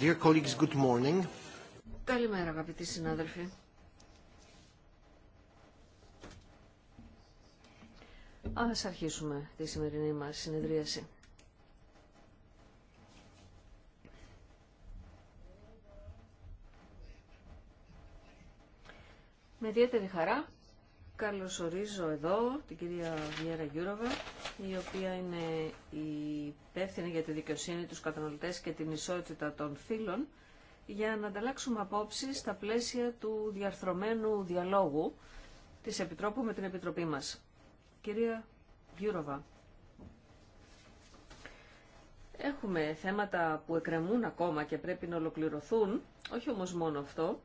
Dear colleagues, good morning. Καλημέρα αγαπητοί συνάδελφοι. Ας αρχίσουμε τη σημερινή μας συνεδρίαση. Με ιδιαίτερη χαρά Καλωσορίζω εδώ την κυρία Βιέρα Γιούροβα, η οποία είναι η υπεύθυνη για τη δικαιοσύνη, τους καταναλωτές και την ισότητα των φύλων, για να ανταλλάξουμε απόψει στα πλαίσια του διαρθρωμένου διαλόγου της Επιτρόπου με την Επιτροπή μας. Κυρία Γιούροβα, έχουμε θέματα που εκρεμούν ακόμα και πρέπει να ολοκληρωθούν, όχι όμως μόνο αυτό,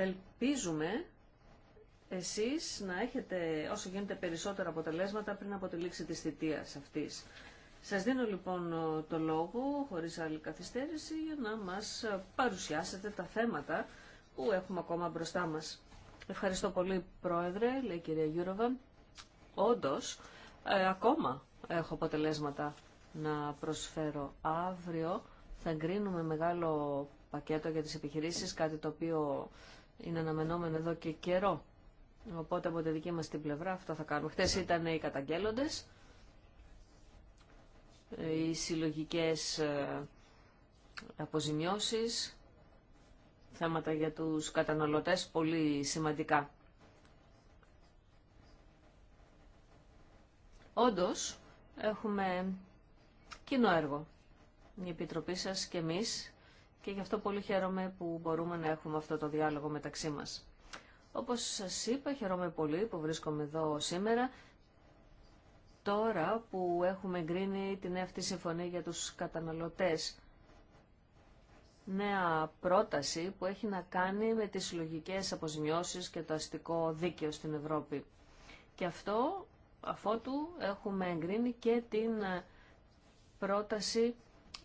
Ελπίζουμε εσείς να έχετε όσο γίνεται περισσότερα αποτελέσματα πριν από τη λήξη της αυτής. Σας δίνω λοιπόν ε, το λόγο, χωρίς άλλη καθυστέρηση, για να μας παρουσιάσετε τα θέματα που έχουμε ακόμα μπροστά μας. Ευχαριστώ πολύ, Πρόεδρε, λέει η κυρία Γιούροβα. Όντως, ε, ακόμα έχω αποτελέσματα να προσφέρω. Αύριο θα εγκρίνουμε μεγάλο πακέτο για τις επιχειρήσεις, κάτι το οποίο είναι αναμενόμενο εδώ και καιρό. Οπότε από τη δική μας την πλευρά αυτό θα κάνουμε. Χτες ήταν οι καταγγέλλοντες, οι συλλογικές ε, αποζημιώσεις, θέματα για τους καταναλωτές πολύ σημαντικά. Όντως, έχουμε κοινό έργο. Η Επιτροπή σας και εμείς και γι' αυτό πολύ χαίρομαι που μπορούμε να έχουμε αυτό το διάλογο μεταξύ μας. Όπως σας είπα, χαίρομαι πολύ που βρίσκομαι εδώ σήμερα, τώρα που έχουμε εγκρίνει την αυτή συμφωνία για τους καταναλωτές. Νέα πρόταση που έχει να κάνει με τις λογικές αποζημιώσεις και το αστικό δίκαιο στην Ευρώπη. Και αυτό, αφότου έχουμε εγκρίνει και την πρόταση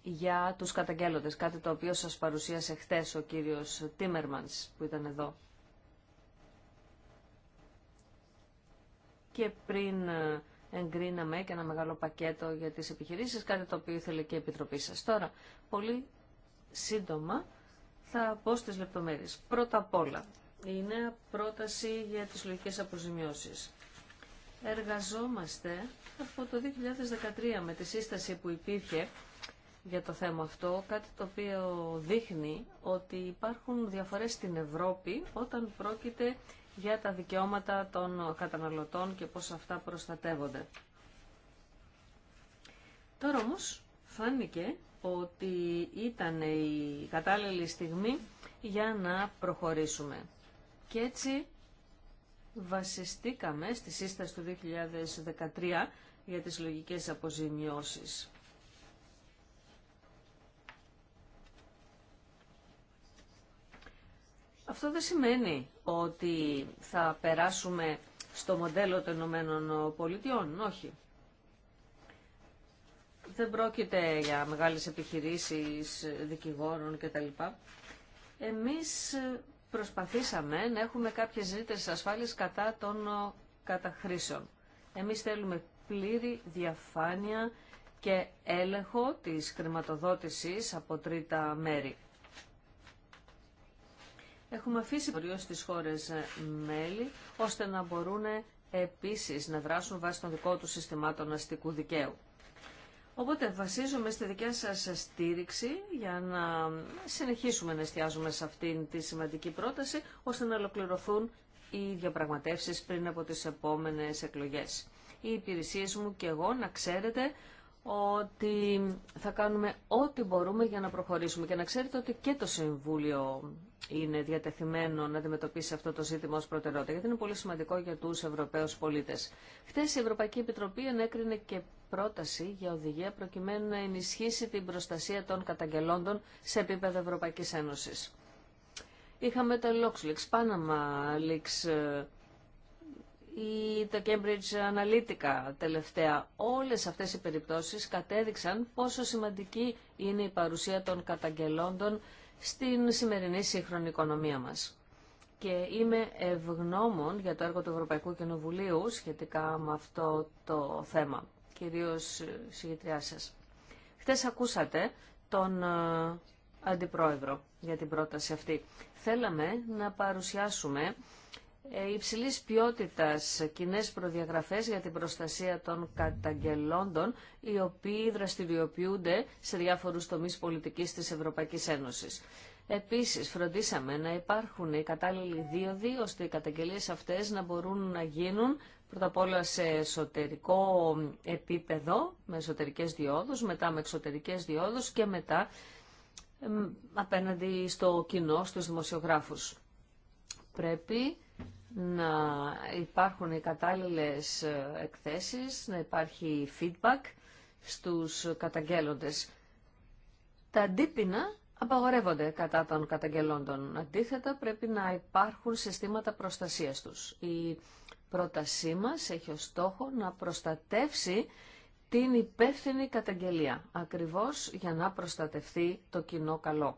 για τους καταγγέλλοντες, κάτι το οποίο σας παρουσίασε χτες ο κύριος Τίμερμανς που ήταν εδώ. Και πριν ε, εγκρίναμε και ένα μεγάλο πακέτο για τις επιχειρήσεις, κάτι το οποίο ήθελε και η Επιτροπή σας. Τώρα, πολύ σύντομα θα πω στις λεπτομέρειες. Πρώτα απ' όλα, η νέα πρόταση για τις λογικές αποζημιώσεις. Εργαζόμαστε από το 2013 με τη σύσταση που υπήρχε για το θέμα αυτό, κάτι το οποίο δείχνει ότι υπάρχουν διαφορές στην Ευρώπη όταν πρόκειται για τα δικαιώματα των καταναλωτών και πώς αυτά προστατεύονται. Τώρα όμως φάνηκε ότι ήταν η κατάλληλη στιγμή για να προχωρήσουμε. Και έτσι βασιστήκαμε στη σύσταση του 2013 για τις λογικές αποζημιώσεις. Αυτό δεν σημαίνει ότι θα περάσουμε στο μοντέλο των Ηνωμένων Πολιτειών, όχι. Δεν πρόκειται για μεγάλες επιχειρήσεις δικηγόρων κτλ. Εμείς προσπαθήσαμε να έχουμε κάποιες ρήτρες ασφάλειας κατά των καταχρήσεων. Εμείς θέλουμε πλήρη διαφάνεια και έλεγχο της χρηματοδότησης από τρίτα μέρη. Έχουμε αφήσει πριό στις χώρες ε, μέλη, ώστε να μπορούν ε, επίσης να δράσουν βάσει των δικών του συστημάτων αστικού δικαίου. Οπότε βασίζομαι στη δικιά σας στήριξη για να συνεχίσουμε να εστιάζουμε σε αυτήν τη σημαντική πρόταση, ώστε να ολοκληρωθούν οι διαπραγματεύσεις πριν από τις επόμενες εκλογές. Οι υπηρεσίε μου και εγώ να ξέρετε ότι θα κάνουμε ό,τι μπορούμε για να προχωρήσουμε και να ξέρετε ότι και το Συμβούλιο είναι διατεθειμένο να αντιμετωπίσει αυτό το ζήτημα ως προτεραιότητα, γιατί είναι πολύ σημαντικό για τους Ευρωπαίους πολίτες. Χθε η Ευρωπαϊκή Επιτροπή ενέκρινε και πρόταση για οδηγία προκειμένου να ενισχύσει την προστασία των καταγγελόντων σε επίπεδο Ευρωπαϊκής Ένωσης. Είχαμε το LuxLeaks, Panama Leaks ε, ή το Cambridge Analytica τελευταία. Όλες αυτές οι περιπτώσεις κατέδειξαν πόσο σημαντική είναι η παρουσία των καταγγελόντων στην σημερινή σύγχρονη οικονομία μας. Και είμαι ευγνώμων για το έργο του Ευρωπαϊκού Κοινοβουλίου σχετικά με αυτό το θέμα, κυρίως ε, συγκεκριά σας. Χτες ακούσατε τον ε, Αντιπρόεδρο για την πρόταση αυτή. Θέλαμε να παρουσιάσουμε ε, υψηλή ποιότητα, κοινέ προδιαγραφές για την προστασία των καταγγελόντων, οι οποίοι δραστηριοποιούνται σε διάφορους τομείς πολιτικής της Ευρωπαϊκή Ένωσης. Επίση, φροντίσαμε να υπάρχουν οι κατάλληλοι δίωδοι, ώστε οι καταγγελίε αυτές να μπορούν να γίνουν πρώτα απ' όλα σε εσωτερικό επίπεδο, με εσωτερικέ διόδου, μετά με εξωτερικέ διόδου και μετά απέναντι στο κοινό, στους δημοσιογράφους. Πρέπει να υπάρχουν οι κατάλληλες εκθέσεις, να υπάρχει feedback στους καταγγέλλοντες. Τα αντίπεινα απαγορεύονται κατά των καταγγελόντων. Αντίθετα, πρέπει να υπάρχουν συστήματα προστασίας τους. Η πρότασή μας έχει ως στόχο να προστατεύσει την υπεύθυνη καταγγελία, ακριβώς για να προστατευτεί το κοινό καλό.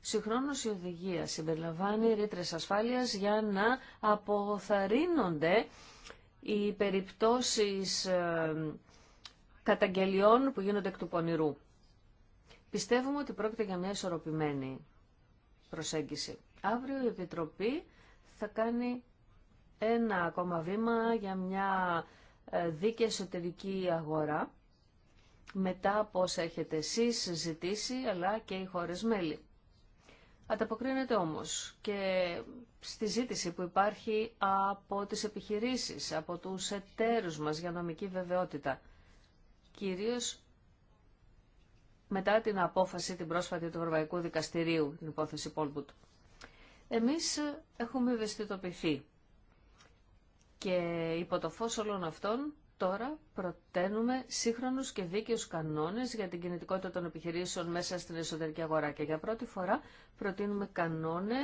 Συγχρόνως η οδηγία συμπεριλαμβάνει ρήτρες ασφάλειας για να αποθαρρύνονται οι περιπτώσεις ε, καταγγελιών που γίνονται εκ του πονηρού. Πιστεύουμε ότι πρόκειται για μια ισορροπημένη προσέγγιση. Αύριο η Επιτροπή θα κάνει ένα ακόμα βήμα για μια ε, δίκαιη εσωτερική αγορά μετά από όσα έχετε εσείς ζητήσει αλλά και οι χώρες μέλη. Ανταποκρίνεται όμως και στη ζήτηση που υπάρχει από τις επιχειρήσεις, από τους εταίρους μας για νομική βεβαιότητα. Κυρίως μετά την απόφαση την πρόσφατη του Ευρωπαϊκού Δικαστηρίου, την υπόθεση Πόλμπουτ. Εμείς έχουμε ευαισθητοποιηθεί και υπό το φως όλων αυτών Τώρα προτείνουμε σύγχρονου και δίκαιου κανόνε για την κινητικότητα των επιχειρήσεων μέσα στην εσωτερική αγορά. Και για πρώτη φορά προτείνουμε κανόνε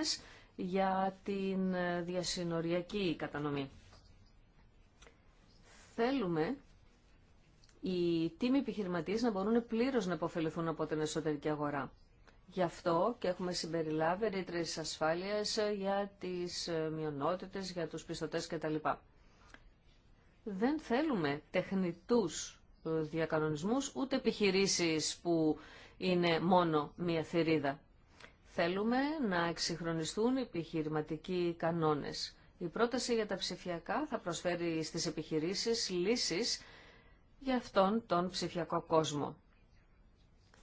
για την διασυνοριακή κατανομή. Θέλουμε οι τίμοι επιχειρηματίε να μπορούν πλήρω να αποφεληθούν από την εσωτερική αγορά. Γι' αυτό και έχουμε συμπεριλάβει ρήτρε ασφάλεια για τι μειονότητε, για του πιστωτέ κτλ δεν θέλουμε τεχνητούς ε, διακανονισμούς, ούτε επιχειρήσεις που είναι μόνο μία θηρίδα. Θέλουμε να εξυγχρονιστούν οι επιχειρηματικοί κανόνες. Η πρόταση για τα ψηφιακά θα προσφέρει στις επιχειρήσεις λύσεις για αυτόν τον ψηφιακό κόσμο.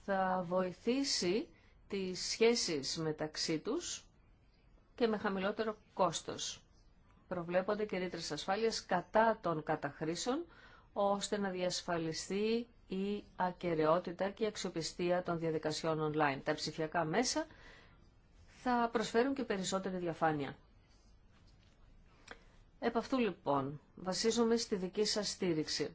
Θα βοηθήσει τις σχέσεις μεταξύ τους και με χαμηλότερο κόστος προβλέπονται και ρήτρες ασφάλειας κατά των καταχρήσεων, ώστε να διασφαλιστεί η ακαιρεότητα και η αξιοπιστία των διαδικασιών online. Τα ψηφιακά μέσα θα προσφέρουν και περισσότερη διαφάνεια. Επ' αυτού λοιπόν βασίζομαι στη δική σας στήριξη.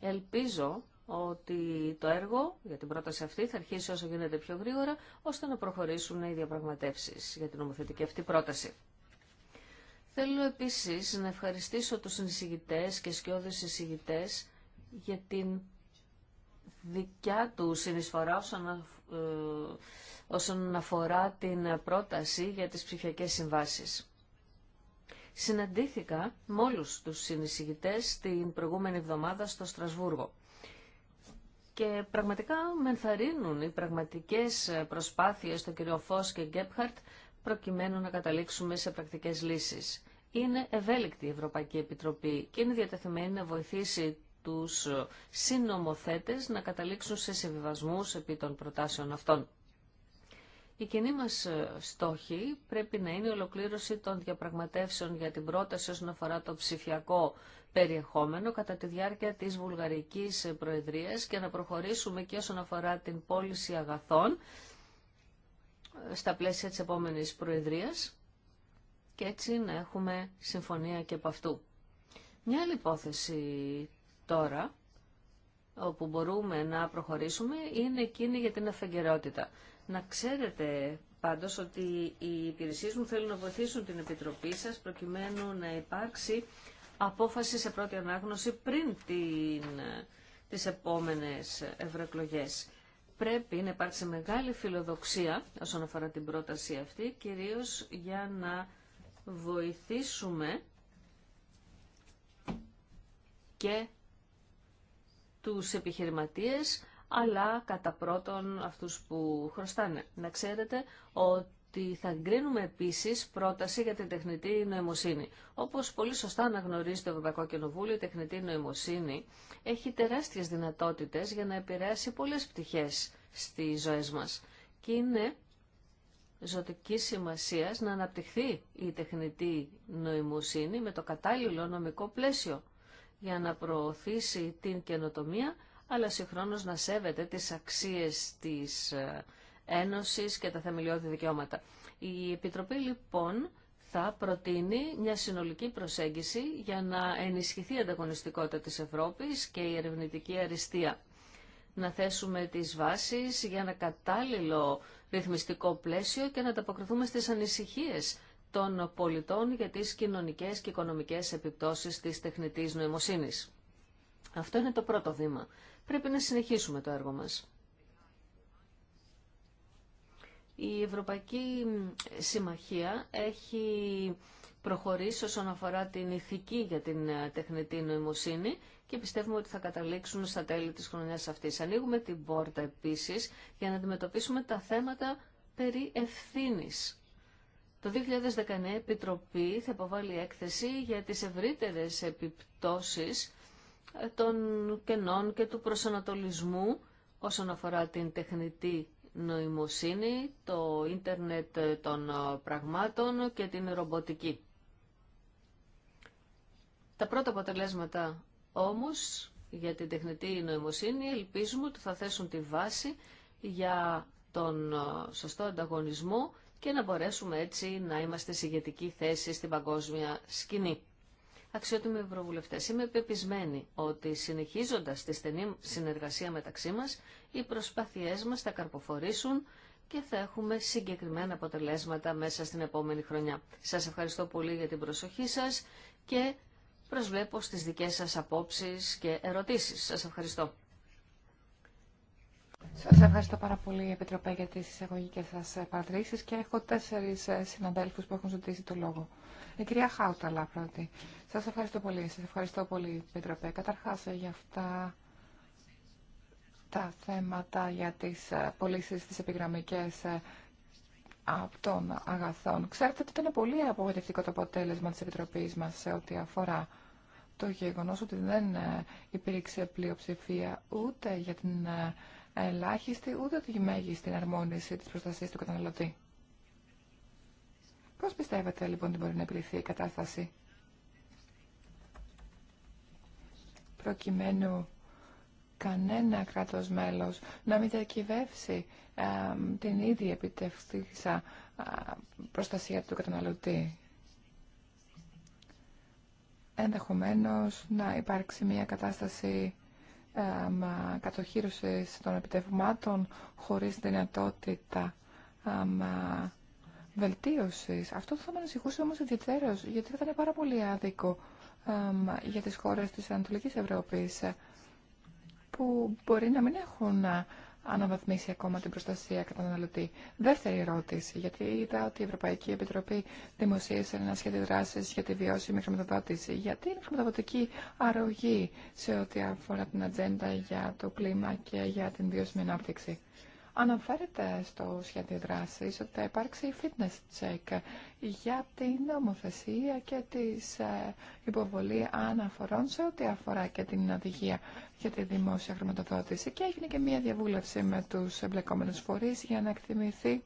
Ελπίζω ότι το έργο για την πρόταση αυτή θα αρχίσει όσο γίνεται πιο γρήγορα, ώστε να προχωρήσουν οι διαπραγματεύσεις για την νομοθετική αυτή πρόταση. Θέλω επίσης να ευχαριστήσω τους συνεισηγητές και σκιώδες συνεισηγητές για την δικιά του συνεισφορά ε, όσον, αφορά την πρόταση για τις ψηφιακές συμβάσεις. Συναντήθηκα με όλους τους συνεισηγητές την προηγούμενη εβδομάδα στο Στρασβούργο. Και πραγματικά με ενθαρρύνουν οι πραγματικές προσπάθειες των κ. Φως και Γκέπχαρτ προκειμένου να καταλήξουμε σε πρακτικές λύσεις είναι ευέλικτη η Ευρωπαϊκή Επιτροπή και είναι διατεθειμένη να βοηθήσει τους συνομοθέτες να καταλήξουν σε συμβιβασμούς επί των προτάσεων αυτών. Η κοινή μας ε, στόχη πρέπει να είναι η ολοκλήρωση των διαπραγματεύσεων για την πρόταση όσον αφορά το ψηφιακό περιεχόμενο κατά τη διάρκεια της Βουλγαρικής Προεδρίας και να προχωρήσουμε και όσον αφορά την πώληση αγαθών ε, στα πλαίσια της επόμενης Προεδρίας και έτσι να έχουμε συμφωνία και από αυτού. Μια άλλη υπόθεση τώρα όπου μπορούμε να προχωρήσουμε είναι εκείνη για την αφεγγερότητα. Να ξέρετε πάντως ότι οι υπηρεσίες μου θέλουν να βοηθήσουν την Επιτροπή σας προκειμένου να υπάρξει απόφαση σε πρώτη ανάγνωση πριν την, τις επόμενες ευρωεκλογές. Πρέπει να υπάρξει μεγάλη φιλοδοξία όσον αφορά την πρόταση αυτή, κυρίως για να βοηθήσουμε και τους επιχειρηματίες, αλλά κατά πρώτον αυτούς που χρωστάνε. Να ξέρετε ότι θα γκρίνουμε επίσης πρόταση για την τεχνητή νοημοσύνη. Όπως πολύ σωστά αναγνωρίζει το Ευρωπαϊκό Κοινοβούλιο, η τεχνητή νοημοσύνη έχει τεράστιες δυνατότητες για να επηρεάσει πολλές πτυχές στις ζωές μας. Και είναι ζωτικής σημασίας να αναπτυχθεί η τεχνητή νοημοσύνη με το κατάλληλο νομικό πλαίσιο για να προωθήσει την καινοτομία αλλά συγχρόνως να σέβεται τις αξίες της ε, Ένωσης και τα θεμελιώδη δικαιώματα. Η Επιτροπή λοιπόν θα προτείνει μια συνολική προσέγγιση για να ενισχυθεί η ανταγωνιστικότητα της Ευρώπης και η ερευνητική αριστεία. Να θέσουμε τις βάσεις για ένα κατάλληλο ρυθμιστικό πλαίσιο και να ανταποκριθούμε στις ανησυχίες των πολιτών για τις κοινωνικές και οικονομικές επιπτώσεις της τεχνητής νοημοσύνης. Αυτό είναι το πρώτο βήμα. Πρέπει να συνεχίσουμε το έργο μας. Η Ευρωπαϊκή Συμμαχία έχει προχωρήσει όσον αφορά την ηθική για την ε, τεχνητή νοημοσύνη και πιστεύουμε ότι θα καταλήξουν στα τέλη της χρονιάς αυτής. Ανοίγουμε την πόρτα επίσης για να αντιμετωπίσουμε τα θέματα περί ευθύνης. Το 2019 η Επιτροπή θα υποβάλει έκθεση για τις ευρύτερες επιπτώσεις ε, των κενών και του προσανατολισμού όσον αφορά την τεχνητή νοημοσύνη, το ίντερνετ ε, των πραγμάτων και την ρομποτική. Τα πρώτα αποτελέσματα όμως για την τεχνητή νοημοσύνη ελπίζουμε ότι θα θέσουν τη βάση για τον ε, σωστό ανταγωνισμό και να μπορέσουμε έτσι να είμαστε σε ηγετική θέση στην παγκόσμια σκηνή. Αξιότιμοι ευρωβουλευτέ, είμαι πεπισμένη ότι συνεχίζοντα τη στενή συνεργασία μεταξύ μα, οι προσπάθειές μα θα καρποφορήσουν και θα έχουμε συγκεκριμένα αποτελέσματα μέσα στην επόμενη χρονιά. Σα ευχαριστώ πολύ για την προσοχή σα και Προσβλέπω στις δικές σας απόψεις και ερωτήσεις. Σας ευχαριστώ. Σας ευχαριστώ πάρα πολύ, Επιτροπέ, για τις εισαγωγικές σας παρατηρήσεις και έχω τέσσερις ε, συναδέλφους που έχουν ζητήσει το λόγο. Η κυρία Χάουτα, πρώτη. Σας ευχαριστώ πολύ. Σας ευχαριστώ πολύ, Επιτροπέ. Καταρχάς, ε, για αυτά τα θέματα για τις ε, πωλήσει τις επιγραμμικές από των αγαθών. Ξέρετε ότι ήταν πολύ απογοητευτικό το αποτέλεσμα της Επιτροπής μας σε ό,τι αφορά το γεγονός ότι δεν ε, υπήρξε πλειοψηφία ούτε για την ε, ελάχιστη ούτε τη μέγιστη αρμόνιση της προστασίας του καταναλωτή. Πώς πιστεύετε λοιπόν ότι μπορεί να επιληθεί η κατάσταση προκειμένου κανένα κράτος μέλος να μην διακυβεύσει την ίδια επιτευχθήσα ε, προστασία του καταναλωτή. Ενδεχομένως να υπάρξει μια κατάσταση ε, κατοχύρωσης των επιτευγμάτων χωρίς δυνατότητα ε, βελτίωσης. Αυτό θα με ανησυχούσε όμως ιδιαίτερος, γιατί θα ήταν πάρα πολύ άδικο για τις χώρες της Ανατολικής Ευρώπης που μπορεί να μην έχουν αναβαθμίσει ακόμα την προστασία καταναλωτή. Δεύτερη ερώτηση, γιατί είδα ότι η Ευρωπαϊκή Επιτροπή δημοσίευσε ένα σχέδιο δράση για τη βιώσιμη χρηματοδότηση. Γιατί είναι χρηματοδοτική αρρωγή σε ό,τι αφορά την ατζέντα για το κλίμα και για την βιώσιμη ανάπτυξη αναφέρεται στο σχέδιο δράση ότι θα υπάρξει fitness check για την νομοθεσία και τη ε, υποβολή αναφορών σε ό,τι αφορά και την οδηγία για τη δημόσια χρηματοδότηση και έγινε και μια διαβούλευση με τους εμπλεκόμενους φορείς για να εκτιμηθεί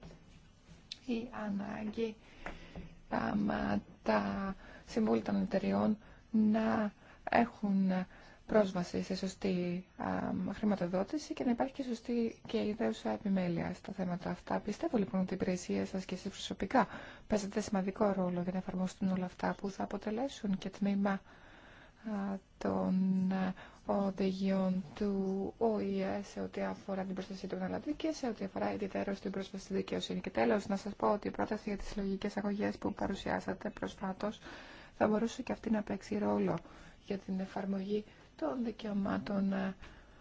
η ανάγκη τα συμβούλια των εταιριών να έχουν πρόσβαση σε σωστή α, χρηματοδότηση και να υπάρχει και σωστή και ιδέουσα επιμέλεια στα θέματα αυτά. Πιστεύω λοιπόν ότι η υπηρεσία σα και εσεί προσωπικά παίζετε σημαντικό ρόλο για να εφαρμόσουν όλα αυτά που θα αποτελέσουν και τμήμα α, των οδηγιών του ΟΗΕ σε ό,τι αφορά την προστασία του καταναλωτή και σε ό,τι αφορά ιδιαίτερα στην πρόσβαση στη δικαιοσύνη. Και τέλο να σα πω ότι η πρόταση για τι συλλογικέ αγωγέ που παρουσιάσατε προσφάτω θα μπορούσε και αυτή να παίξει ρόλο για την εφαρμογή των δικαιωμάτων, ε,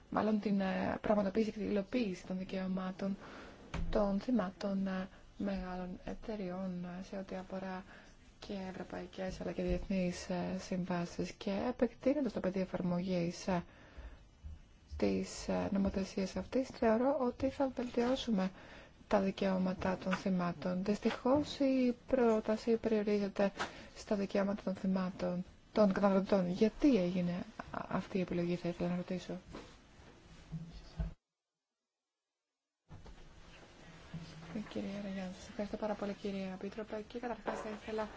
μάλλον την ε, πραγματοποίηση και την υλοποίηση των δικαιωμάτων των θυμάτων ε, μεγάλων εταιριών σε ό,τι αφορά και ευρωπαϊκές αλλά και διεθνείς συμβάσεις και επεκτείνοντας το πεδίο εφαρμογή της νομοθεσίας αυτής θεωρώ ότι θα βελτιώσουμε τα δικαιώματα των θυμάτων. Δυστυχώ η πρόταση περιορίζεται στα δικαιώματα των θυμάτων των καταναλωτών. Γιατί έγινε αυτή η επιλογή θα ήθελα να ρωτήσω. Ε, Κυρία Ραγιάννη, σας ευχαριστώ πάρα πολύ κύριε Επίτροπε και καταρχάς θα ήθελα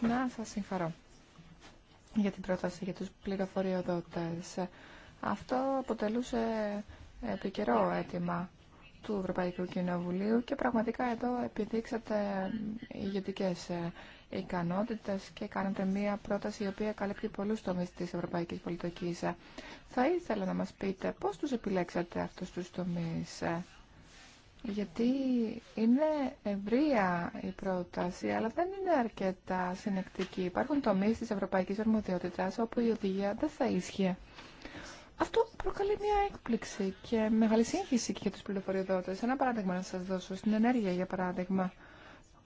να σας συγχαρώ για την πρόταση για τους πληροφοριοδότες. Αυτό αποτελούσε επικαιρό αίτημα του Ευρωπαϊκού Κοινοβουλίου και πραγματικά εδώ επιδείξατε ηγετικέ ικανότητα και κάνατε μία πρόταση η οποία καλύπτει πολλού τομεί τη ευρωπαϊκή πολιτική. Θα ήθελα να μα πείτε πώ του επιλέξατε αυτού του τομεί. Γιατί είναι ευρεία η πρόταση, αλλά δεν είναι αρκετά συνεκτική. Υπάρχουν τομεί τη Ευρωπαϊκή αρμοδιότητα όπου η οδηγία δεν θα ίσχυε. Αυτό προκαλεί μια έκπληξη και μεγάλη σύγχυση και για του πληροφοριοδότες. Ένα παράδειγμα να σα δώσω, στην ενέργεια για παράδειγμα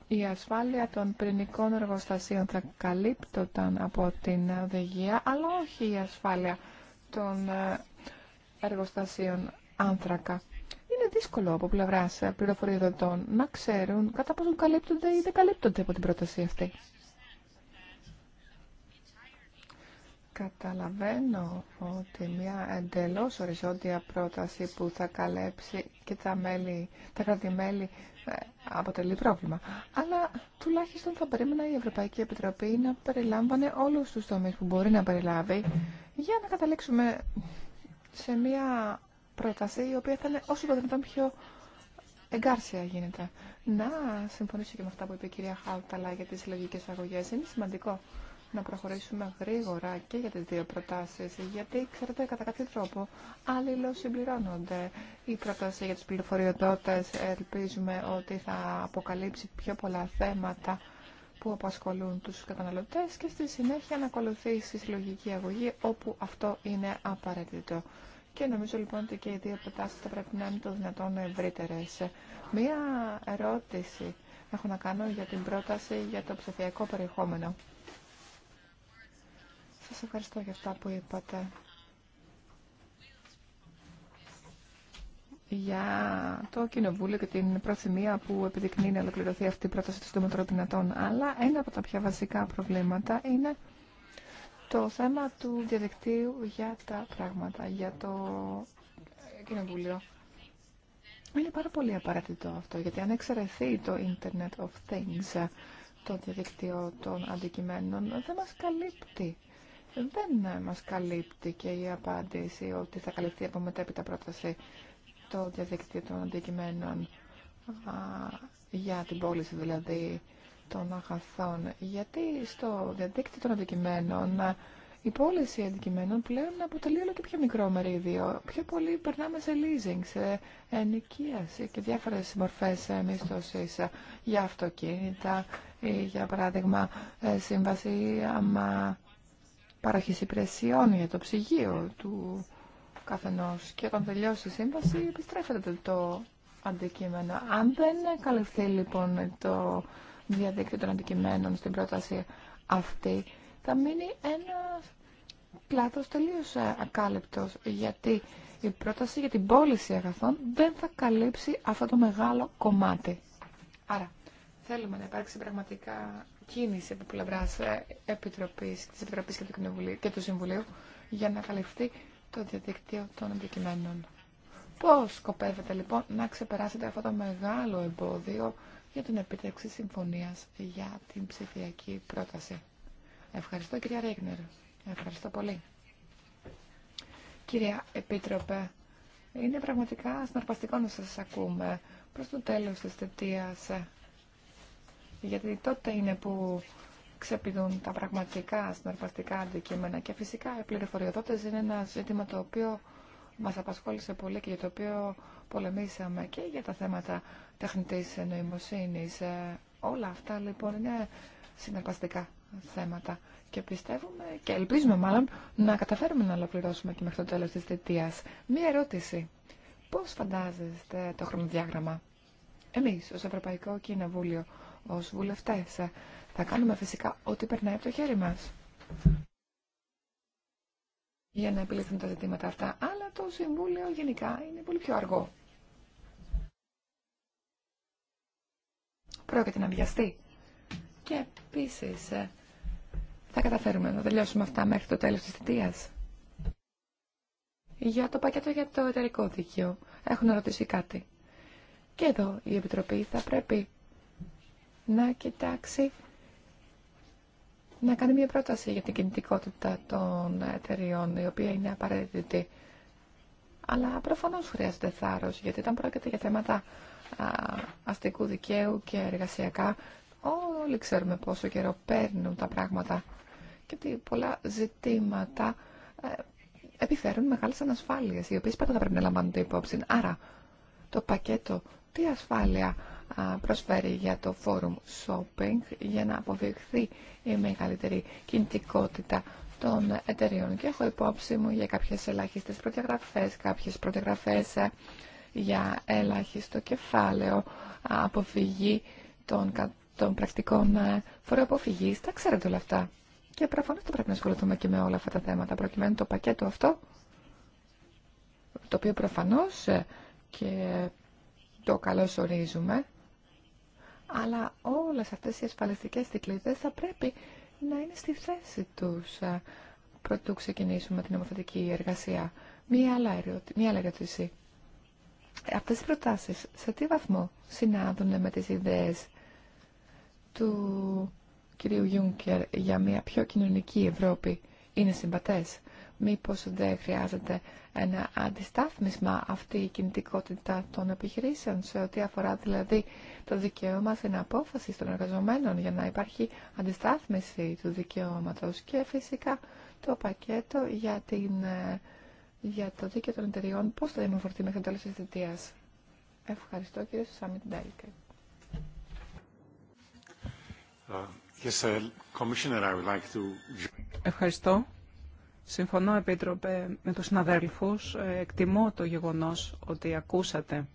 η ασφάλεια των πυρηνικών εργοστασίων θα καλύπτονταν από την οδηγία, αλλά όχι η ασφάλεια των ε, εργοστασίων άνθρακα. Είναι δύσκολο από πλευρά ε, πληροφοριοδοτών να ξέρουν κατά πόσο καλύπτονται ή δεν καλύπτονται από την πρόταση αυτή. Καταλαβαίνω ότι μια εντελώς οριζόντια πρόταση που θα καλέψει και τα, μέλη, τα αποτελεί πρόβλημα. Αλλά τουλάχιστον θα περίμενα η Ευρωπαϊκή Επιτροπή να περιλάμβανε όλους τους τομείς που μπορεί να περιλάβει για να καταλήξουμε σε μια πρόταση η οποία θα είναι όσο το δυνατόν πιο εγκάρσια γίνεται. Να συμφωνήσω και με αυτά που είπε η κυρία Χάουταλα για τις συλλογικέ αγωγές. Είναι σημαντικό να προχωρήσουμε γρήγορα και για τις δύο προτάσεις, γιατί, ξέρετε, κατά κάποιο τρόπο αλληλοσυμπληρώνονται συμπληρώνονται. Η πρόταση για τους πληροφοριοδότες ελπίζουμε ότι θα αποκαλύψει πιο πολλά θέματα που απασχολούν τους καταναλωτές και στη συνέχεια να ακολουθήσει η συλλογική αγωγή όπου αυτό είναι απαραίτητο. Και νομίζω λοιπόν ότι και οι δύο προτάσεις θα πρέπει να είναι το δυνατόν ευρύτερε. Μία ερώτηση έχω να κάνω για την πρόταση για το ψηφιακό περιεχόμενο. Σας ευχαριστώ για αυτά που είπατε. για το Κοινοβούλιο και την προθυμία που επιδεικνύει να ολοκληρωθεί αυτή η πρόταση των Συντομετρών δυνατών. Αλλά ένα από τα πιο βασικά προβλήματα είναι το θέμα του διαδικτύου για τα πράγματα, για το Κοινοβούλιο. Είναι πάρα πολύ απαραίτητο αυτό, γιατί αν εξαιρεθεί το Internet of Things, το διαδικτύο των αντικειμένων, δεν μας καλύπτει δεν μας καλύπτει και η απάντηση ότι θα καλυφθεί από μετέπειτα πρόταση το διαδίκτυο των αντικειμένων α, για την πώληση δηλαδή των αγαθών. Γιατί στο διαδίκτυο των αντικειμένων η πώληση αντικειμένων πλέον αποτελεί όλο και πιο μικρό μερίδιο. Πιο πολύ περνάμε σε leasing, σε ενοικίαση και διάφορες μορφές μίσθωση για αυτοκίνητα ή για παράδειγμα ε, σύμβαση άμα παραχής υπηρεσιών για το ψυγείο του καθενός και όταν τελειώσει η σύμβαση επιστρέφεται το αντικείμενο. Αν δεν καλυφθεί λοιπόν το διαδίκτυο των αντικειμένων στην πρόταση αυτή, θα μείνει ένα πλάτος τελείως ακάλυπτος, γιατί η πρόταση για την πώληση αγαθών δεν θα καλύψει αυτό το μεγάλο κομμάτι. Άρα, θέλουμε να υπάρξει πραγματικά κίνηση από πλευρά ε, Επιτροπής, της Επιτροπής και του, και του Συμβουλίου για να καλυφθεί το διαδικτύο των αντικειμένων. Πώς σκοπεύετε λοιπόν να ξεπεράσετε αυτό το μεγάλο εμπόδιο για την επίτευξη συμφωνίας για την ψηφιακή πρόταση. Ευχαριστώ κυρία Ρίγνερ. Ευχαριστώ πολύ. Κυρία Επίτροπε, είναι πραγματικά συναρπαστικό να σας ακούμε προς το τέλος της θετίας ε, γιατί τότε είναι που ξεπηδούν τα πραγματικά συναρπαστικά αντικείμενα. Και φυσικά οι πληροφοριοδότες είναι ένα ζήτημα το οποίο μας απασχόλησε πολύ και για το οποίο πολεμήσαμε και για τα θέματα τεχνητής νοημοσύνης. Ε, όλα αυτά λοιπόν είναι συναρπαστικά θέματα και πιστεύουμε και ελπίζουμε μάλλον να καταφέρουμε να ολοκληρώσουμε και μέχρι το τέλος της θητείας. Μία ερώτηση. Πώς φαντάζεστε το χρονοδιάγραμμα εμείς ως Ευρωπαϊκό Κοινοβούλιο ως βουλευτές. Ε, θα κάνουμε φυσικά ό,τι περνάει από το χέρι μας για να επιληθούν τα ζητήματα αυτά, αλλά το Συμβούλιο γενικά είναι πολύ πιο αργό. Πρόκειται να βιαστεί. Και επίσης ε, θα καταφέρουμε να τελειώσουμε αυτά μέχρι το τέλος της θητείας. Για το πακέτο για το εταιρικό δίκαιο. Έχουν ρωτήσει κάτι. Και εδώ η Επιτροπή θα πρέπει να κοιτάξει να κάνει μια πρόταση για την κινητικότητα των εταιριών, η οποία είναι απαραίτητη. Αλλά προφανώ χρειάζεται θάρρο, γιατί όταν πρόκειται για θέματα αστικού δικαίου και εργασιακά, όλοι ξέρουμε πόσο καιρό παίρνουν τα πράγματα και ότι πολλά ζητήματα ε, επιφέρουν μεγάλες ανασφάλειες, οι οποίες πάντα θα πρέπει να λαμβάνονται υπόψη. Άρα, το πακέτο, τι ασφάλεια προσφέρει για το forum shopping για να αποδειχθεί η μεγαλύτερη κινητικότητα των εταιρείων. Και έχω υπόψη μου για κάποιες ελάχιστες προτεγραφές κάποιες προτεγραφές ε, για ελάχιστο κεφάλαιο, αποφυγή των, των πρακτικών ε, φοροαποφυγής. Τα ξέρετε όλα αυτά. Και προφανώς θα πρέπει να ασχοληθούμε και με όλα αυτά τα θέματα, προκειμένου το πακέτο αυτό, το οποίο προφανώς ε, και το καλώς ορίζουμε, αλλά όλες αυτές οι ασφαλιστικές δικλείδες θα πρέπει να είναι στη θέση τους ε, πρωτού ξεκινήσουμε την νομοθετική εργασία. Μία άλλη ερώτηση. Αυτές οι προτάσεις σε τι βαθμό συνάδουν με τις ιδέες του κυρίου Γιούνκερ για μια πιο κοινωνική Ευρώπη είναι συμπατές. Μήπως δεν χρειάζεται ένα αντιστάθμισμα αυτή η κινητικότητα των επιχειρήσεων σε ό,τι αφορά δηλαδή το δικαίωμα στην απόφαση των εργαζομένων για να υπάρχει αντιστάθμιση του δικαιώματος και φυσικά το πακέτο για, την, ε, για το δίκαιο των εταιριών πώς θα δημοφορτεί μέχρι το τέλος της Ευχαριστώ κύριε Σουσάμι uh, uh, to... Ευχαριστώ. Συμφωνώ, Επίτροπε, με τους συναδέλφους. Ε, εκτιμώ το γεγονός ότι ακούσατε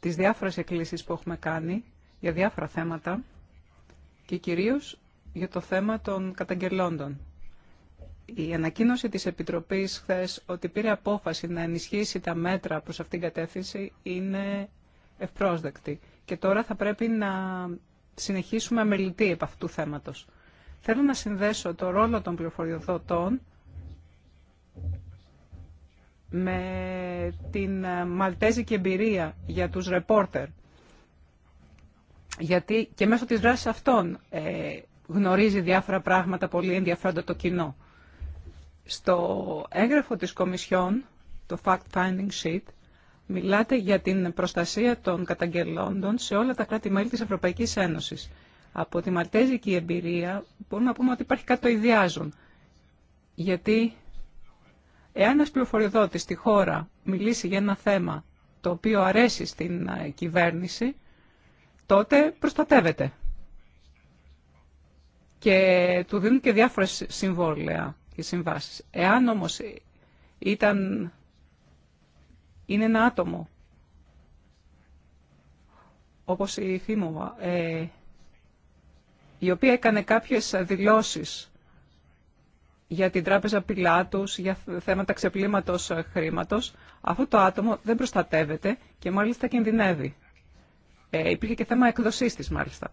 τις διάφορες εκκλήσεις που έχουμε κάνει για διάφορα θέματα και κυρίως για το θέμα των καταγγελόντων. Η ανακοίνωση της Επιτροπής χθε ότι πήρε απόφαση να ενισχύσει τα μέτρα προς αυτήν την κατεύθυνση είναι ευπρόσδεκτη. Και τώρα θα πρέπει να συνεχίσουμε αμελητή επ' αυτού θέματος. Θέλω να συνδέσω το ρόλο των πληροφοριοδοτών με την μαλτέζικη εμπειρία για τους ρεπόρτερ. Γιατί και μέσω της δράσης αυτών ε, γνωρίζει διάφορα πράγματα πολύ ενδιαφέροντα το κοινό. Στο έγγραφο της Κομισιόν, το Fact Finding Sheet, μιλάτε για την προστασία των καταγγελόντων σε όλα τα κράτη-μέλη της Ευρωπαϊκής Ένωσης. Από τη μαλτέζικη εμπειρία μπορούμε να πούμε ότι υπάρχει κάτι το ιδιάζον. Γιατί εάν ένας πληροφοριοδότης στη χώρα μιλήσει για ένα θέμα το οποίο αρέσει στην ε, κυβέρνηση, τότε προστατεύεται. Και του δίνουν και διάφορες συμβόλαια και συμβάσεις. Εάν όμως ήταν, είναι ένα άτομο, όπως η Φίμωβα, ε, η οποία έκανε κάποιες δηλώσεις για την τράπεζα Πιλάτους, για θέματα ξεπλήματος χρήματος, αυτό το άτομο δεν προστατεύεται και μάλιστα κινδυνεύει. Ε, υπήρχε και θέμα εκδοσής της μάλιστα.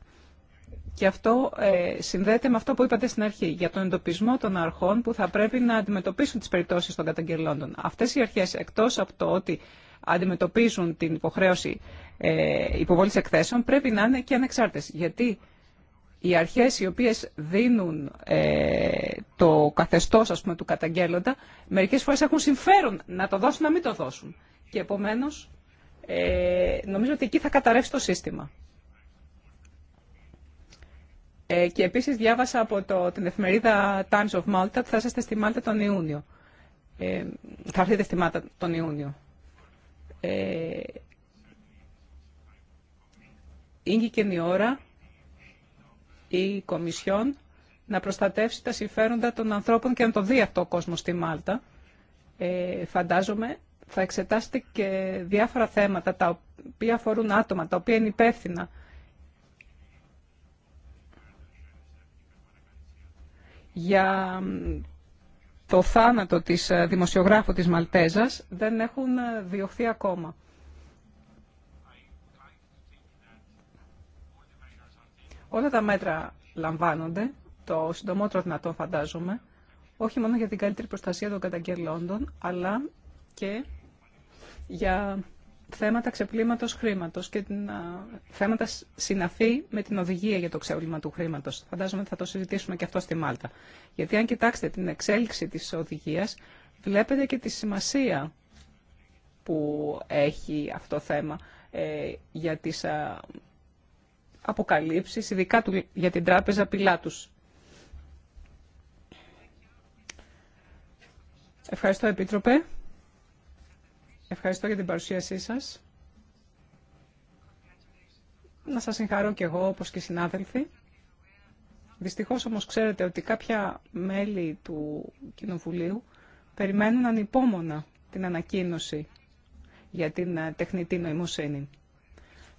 Και αυτό ε, συνδέεται με αυτό που είπατε στην αρχή, για τον εντοπισμό των αρχών που θα πρέπει να αντιμετωπίσουν τις περιπτώσεις των καταγγελόντων. Αυτές οι αρχές, εκτός από το ότι αντιμετωπίζουν την υποχρέωση ε, υποβολής εκθέσεων, πρέπει να είναι και ανεξάρτητες. Γιατί οι αρχές οι οποίες δίνουν ε, το καθεστώς ας πούμε, του καταγγέλλοντα, μερικές φορές έχουν συμφέρον να το δώσουν, να μην το δώσουν. Και επομένως, ε, νομίζω ότι εκεί θα καταρρεύσει το σύστημα. Ε, και επίσης διάβασα από το, την εφημερίδα Times of Malta ότι θα είσαστε στη Μάλτα τον Ιούνιο. Ε, θα έρθετε στη Μάλτα τον Ιούνιο. Ε, και η ώρα η Κομισιόν να προστατεύσει τα συμφέροντα των ανθρώπων και να το δει αυτό ο κόσμο στη Μάλτα. Ε, φαντάζομαι θα εξετάσετε και διάφορα θέματα τα οποία αφορούν άτομα, τα οποία είναι υπεύθυνα. Για το θάνατο της ε, δημοσιογράφου της Μαλτέζας δεν έχουν ε, διωχθεί ακόμα. Όλα τα μέτρα λαμβάνονται, το συντομότερο δυνατό φαντάζομαι, όχι μόνο για την καλύτερη προστασία των καταγγελόντων, αλλά και για θέματα ξεπλήματος χρήματος και την, θέματα συναφή με την οδηγία για το ξεπλήμα του χρήματος. Φαντάζομαι ότι θα το συζητήσουμε και αυτό στη Μάλτα. Γιατί αν κοιτάξετε την εξέλιξη της οδηγίας, βλέπετε και τη σημασία που έχει αυτό το θέμα ε, για τις αποκαλύψεις, ειδικά του, για την τράπεζα Πιλάτους. Ευχαριστώ, Επίτροπε. Ευχαριστώ για την παρουσίασή σας. Να σας συγχαρώ και εγώ, όπως και οι συνάδελφοι. Δυστυχώς όμως ξέρετε ότι κάποια μέλη του Κοινοβουλίου περιμένουν ανυπόμονα την ανακοίνωση για την ε, τεχνητή νοημοσύνη.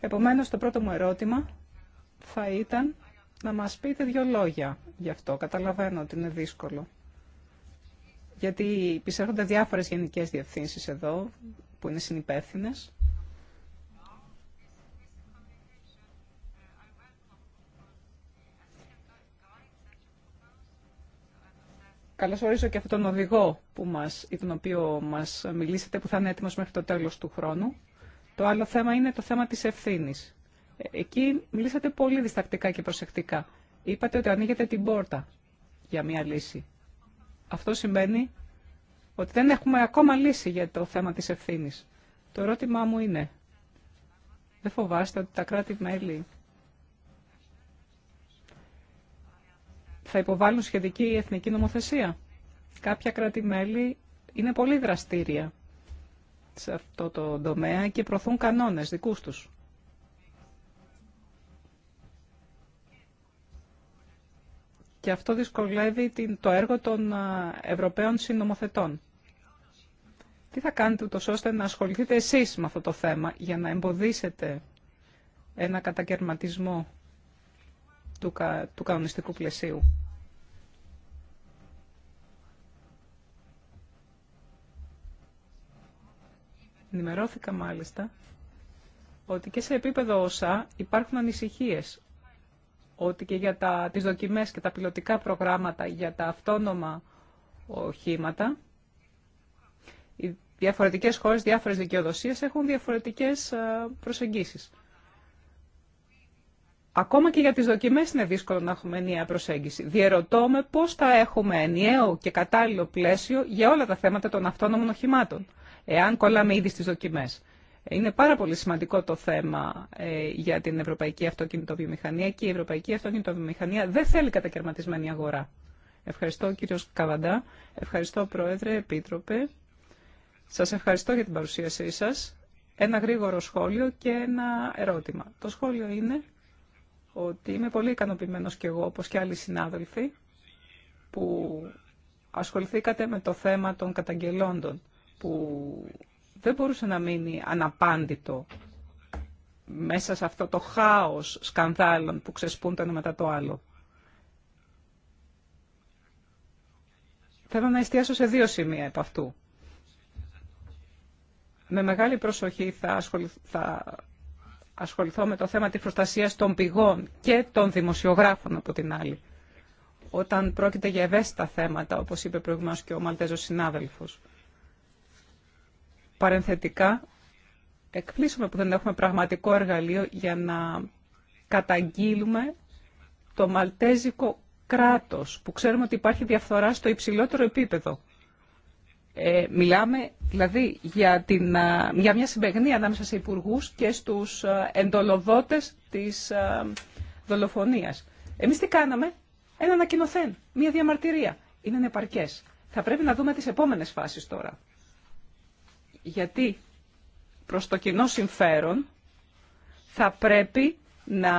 Επομένως, το πρώτο μου ερώτημα θα ήταν να μας πείτε δύο λόγια γι' αυτό. Καταλαβαίνω ότι είναι δύσκολο. Γιατί πισέρχονται διάφορες γενικές διευθύνσεις εδώ που είναι συνυπεύθυνες. Καλώς ορίζω και αυτόν τον οδηγό που μας, ή τον οποίο μας μιλήσατε, που θα είναι έτοιμος μέχρι το τέλος του χρόνου. Το άλλο θέμα είναι το θέμα της ευθύνης. Εκεί μιλήσατε πολύ διστακτικά και προσεκτικά. Είπατε ότι ανοίγετε την πόρτα για μια λύση. Αυτό σημαίνει ότι δεν έχουμε ακόμα λύση για το θέμα της ευθύνη. Το ερώτημά μου είναι, δεν φοβάστε ότι τα κράτη-μέλη θα υποβάλουν σχετική εθνική νομοθεσία. Κάποια κράτη-μέλη είναι πολύ δραστήρια σε αυτό το τομέα και προωθούν κανόνες δικούς τους. και αυτό δυσκολεύει το έργο των Ευρωπαίων συνομοθετών. Τι θα κάνετε ούτως ώστε να ασχοληθείτε εσείς με αυτό το θέμα για να εμποδίσετε ένα κατακαιρματισμό του, του κανονιστικού πλαισίου. Ενημερώθηκα μάλιστα ότι και σε επίπεδο ΩΣΑ υπάρχουν ανησυχίες ότι και για τα, τις δοκιμές και τα πιλωτικά προγράμματα για τα αυτόνομα οχήματα, οι διαφορετικές χώρες, διάφορες δικαιοδοσίες έχουν διαφορετικές ε, προσεγγίσεις. Ακόμα και για τις δοκιμές είναι δύσκολο να έχουμε ενιαία προσέγγιση. Διερωτώμε πώς θα έχουμε ενιαίο και κατάλληλο πλαίσιο για όλα τα θέματα των αυτόνομων οχημάτων, εάν κολλάμε ήδη στις δοκιμές. Είναι πάρα πολύ σημαντικό το θέμα ε, για την ευρωπαϊκή αυτοκινητοβιομηχανία και η ευρωπαϊκή αυτοκινητοβιομηχανία δεν θέλει κατακαιρματισμένη αγορά. Ευχαριστώ κύριο Καβαντά, ευχαριστώ Πρόεδρε, Επίτροπε. Σας ευχαριστώ για την παρουσίασή σας. Ένα γρήγορο σχόλιο και ένα ερώτημα. Το σχόλιο είναι ότι είμαι πολύ ικανοποιημένο κι εγώ, όπως και άλλοι συνάδελφοι, που ασχοληθήκατε με το θέμα των καταγγελόντων που δεν μπορούσε να μείνει αναπάντητο μέσα σε αυτό το χάος σκανδάλων που ξεσπούν το ένα μετά το άλλο. Θέλω να εστιάσω σε δύο σημεία από αυτού. Με μεγάλη προσοχή θα, θα ασχοληθώ με το θέμα της προστασίας των πηγών και των δημοσιογράφων από την άλλη. Όταν πρόκειται για ευαίσθητα θέματα, όπως είπε προηγουμένως και ο Μαλτέζος συνάδελφος. Παρενθετικά, εκπλήσουμε που δεν έχουμε πραγματικό εργαλείο για να καταγγείλουμε το μαλτέζικο κράτος, που ξέρουμε ότι υπάρχει διαφθορά στο υψηλότερο επίπεδο. Ε, μιλάμε δηλαδή για, την, για μια συμπεγνία ανάμεσα σε υπουργού και στους εντολοδότες της δολοφονίας. Εμείς τι κάναμε, ένα ανακοινοθέν, μια διαμαρτυρία. Είναι ανεπαρκές. Θα πρέπει να δούμε τις επόμενες φάσεις τώρα γιατί προς το κοινό συμφέρον θα πρέπει να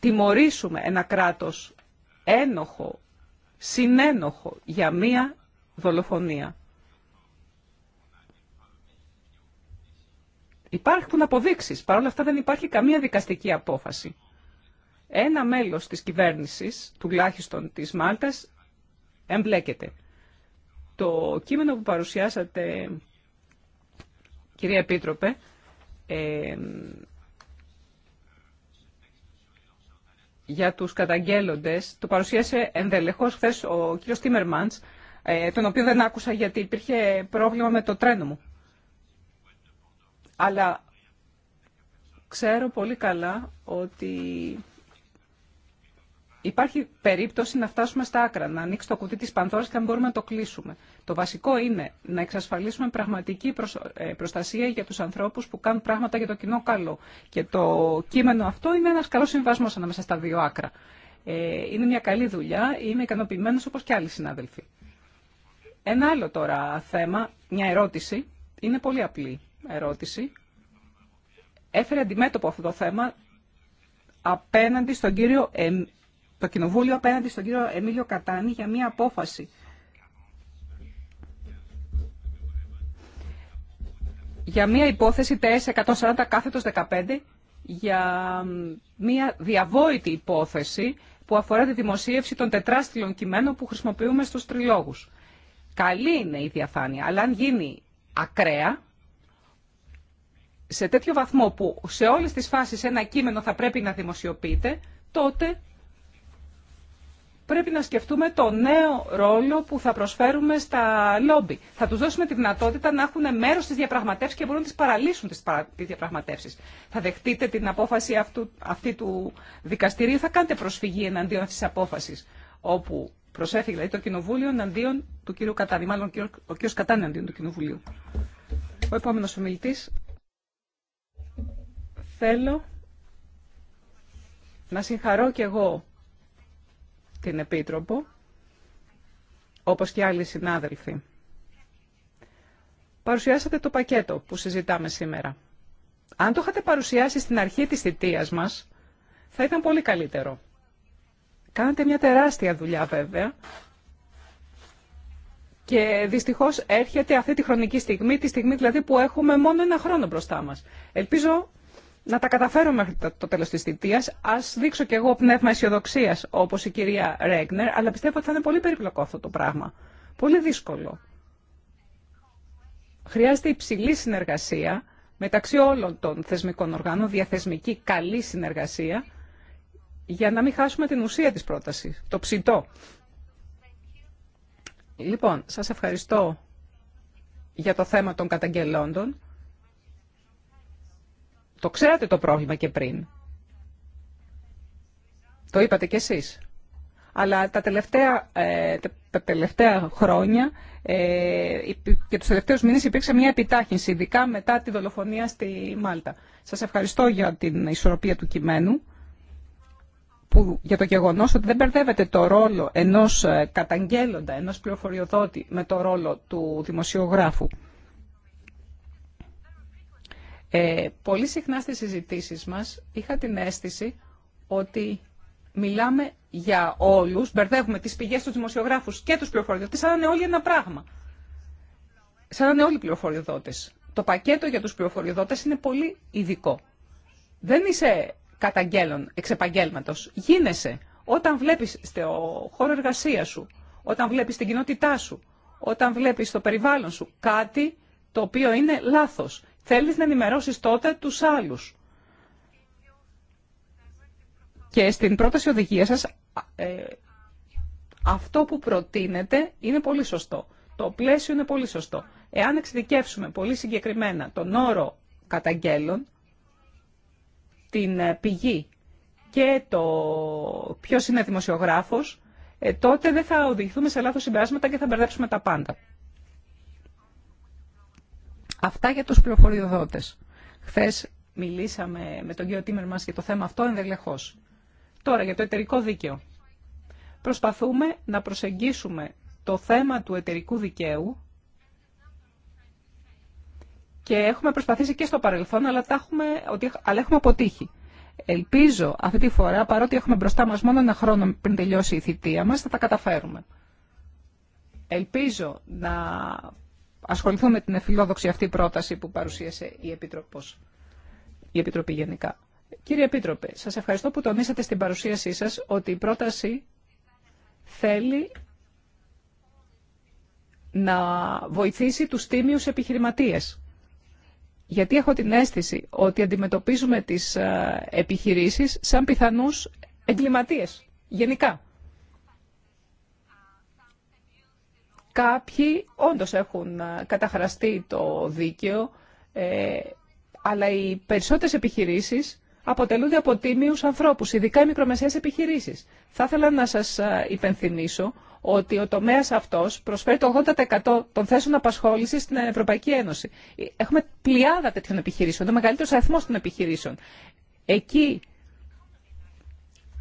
τιμωρήσουμε ένα κράτος ένοχο, συνένοχο για μία δολοφονία. Υπάρχουν αποδείξεις, παρόλα αυτά δεν υπάρχει καμία δικαστική απόφαση. Ένα μέλος της κυβέρνησης, τουλάχιστον της Μάλτας, εμπλέκεται. Το κείμενο που παρουσιάσατε Κυρία Επίτροπε, ε, για τους καταγγέλλοντες, το παρουσίασε ενδελεχώς χθε ο κύριος Τίμερμαντς, ε, τον οποίο δεν άκουσα γιατί υπήρχε πρόβλημα με το τρένο μου. Αλλά ξέρω πολύ καλά ότι υπάρχει περίπτωση να φτάσουμε στα άκρα, να ανοίξει το κουτί τη πανθόρας και να μπορούμε να το κλείσουμε. Το βασικό είναι να εξασφαλίσουμε πραγματική ε, προστασία για του ανθρώπου που κάνουν πράγματα για το κοινό καλό. Και το κείμενο αυτό είναι ένα καλό συμβασμό ανάμεσα στα δύο άκρα. Ε, είναι μια καλή δουλειά, είμαι ικανοποιημένο όπω και άλλοι συνάδελφοι. Ένα άλλο τώρα θέμα, μια ερώτηση, είναι πολύ απλή ερώτηση. Έφερε αντιμέτωπο αυτό το θέμα απέναντι στον κύριο το Κοινοβούλιο απέναντι στον κύριο Εμίλιο Κατάνη για μία απόφαση. Για μία υπόθεση ΤΕΣ 140 κάθετος 15, για μία διαβόητη υπόθεση που αφορά τη δημοσίευση των τετράστιλων κειμένων που χρησιμοποιούμε στους τριλόγους. Καλή είναι η διαφάνεια, αλλά αν γίνει ακραία, σε τέτοιο βαθμό που σε όλες τις φάσεις ένα κείμενο θα πρέπει να δημοσιοποιείται, τότε πρέπει να σκεφτούμε το νέο ρόλο που θα προσφέρουμε στα λόμπι. Θα τους δώσουμε τη δυνατότητα να έχουν μέρος στις διαπραγματεύσεις και μπορούν να τι παραλύσουν τις διαπραγματεύσεις. Θα δεχτείτε την απόφαση αυτού, αυτή του δικαστηρίου, θα κάνετε προσφυγή εναντίον αυτής της απόφασης, όπου προσέφυγε δηλαδή το Κοινοβούλιο εναντίον του κ. Κατάνη, μάλλον ο κ. Κατάνη εναντίον του Κοινοβουλίου. Ο επόμενο ομιλητή. Θέλω να συγχαρώ και εγώ την Επίτροπο, όπως και άλλοι συνάδελφοι. Παρουσιάσατε το πακέτο που συζητάμε σήμερα. Αν το είχατε παρουσιάσει στην αρχή της θητείας μας, θα ήταν πολύ καλύτερο. Κάνατε μια τεράστια δουλειά βέβαια και δυστυχώς έρχεται αυτή τη χρονική στιγμή, τη στιγμή δηλαδή που έχουμε μόνο ένα χρόνο μπροστά μας. Ελπίζω να τα καταφέρω μέχρι το τέλο τη θητεία. Ας δείξω κι εγώ πνεύμα αισιοδοξία, όπως η κυρία Ρέγνερ, αλλά πιστεύω ότι θα είναι πολύ περιπλοκό αυτό το πράγμα. Πολύ δύσκολο. Χρειάζεται υψηλή συνεργασία μεταξύ όλων των θεσμικών οργάνων, διαθεσμική καλή συνεργασία, για να μην χάσουμε την ουσία της πρότασης, το ψητό. Λοιπόν, σας ευχαριστώ για το θέμα των καταγγελόντων. Το ξέρατε το πρόβλημα και πριν. Το είπατε κι εσείς. Αλλά τα τελευταία, ε, τα χρόνια ε, και τους τελευταίους μήνες υπήρξε μια επιτάχυνση, ειδικά μετά τη δολοφονία στη Μάλτα. Σας ευχαριστώ για την ισορροπία του κειμένου, που, για το γεγονός ότι δεν μπερδεύεται το ρόλο ενός ε, καταγγέλλοντα, ενός πληροφοριοδότη με το ρόλο του δημοσιογράφου. Ε, πολύ συχνά στις συζητήσεις μας είχα την αίσθηση ότι μιλάμε για όλους, μπερδεύουμε τις πηγές του δημοσιογράφους και τους πληροφοριοδότες, σαν να είναι όλοι ένα πράγμα. Σαν να είναι όλοι πληροφοριοδότες. Το πακέτο για τους πληροφοριοδότες είναι πολύ ειδικό. Δεν είσαι καταγγέλων, εξ επαγγέλματος. Γίνεσαι όταν βλέπεις το χώρο εργασία σου, όταν βλέπεις την κοινότητά σου, όταν βλέπεις το περιβάλλον σου, κάτι το οποίο είναι λάθος Θέλεις να ενημερώσεις τότε τους άλλους. Και στην πρόταση οδηγία σας ε, αυτό που προτείνετε είναι πολύ σωστό. Το πλαίσιο είναι πολύ σωστό. Εάν εξειδικεύσουμε πολύ συγκεκριμένα τον όρο καταγγέλων, την ε, πηγή και το ποιος είναι δημοσιογράφος, ε, τότε δεν θα οδηγηθούμε σε λάθος συμπεράσματα και θα μπερδέψουμε τα πάντα. Αυτά για τους πληροφοριοδότες. Χθε μιλήσαμε με τον κύριο Τίμερ μας για το θέμα αυτό ενδελεχώς. Τώρα για το εταιρικό δίκαιο. Προσπαθούμε να προσεγγίσουμε το θέμα του εταιρικού δικαίου και έχουμε προσπαθήσει και στο παρελθόν, αλλά, τα έχουμε, αλλά έχουμε αποτύχει. Ελπίζω αυτή τη φορά, παρότι έχουμε μπροστά μας μόνο ένα χρόνο πριν τελειώσει η θητεία μας, θα τα καταφέρουμε. Ελπίζω να Ασχοληθώ με την εφιλόδοξη αυτή πρόταση που παρουσίασε η, Επίτροπος, η Επιτροπή γενικά. Κύριε Επίτροπε, σας ευχαριστώ που τονίσατε στην παρουσίασή σας ότι η πρόταση θέλει να βοηθήσει τους τίμιους επιχειρηματίες. Γιατί έχω την αίσθηση ότι αντιμετωπίζουμε τις ε, επιχειρήσεις σαν πιθανούς εγκληματίες, γενικά. Κάποιοι όντως έχουν ε, καταχραστεί το δίκαιο, ε, αλλά οι περισσότερες επιχειρήσεις αποτελούνται από τίμιους ανθρώπους, ειδικά οι μικρομεσαίες επιχειρήσεις. Θα ήθελα να σας ε, υπενθυμίσω ότι ο τομέας αυτός προσφέρει το 80% των θέσεων απασχόλησης στην Ευρωπαϊκή Ένωση. Έχουμε πλειάδα τέτοιων επιχειρήσεων, το μεγαλύτερο αριθμό των επιχειρήσεων. Εκεί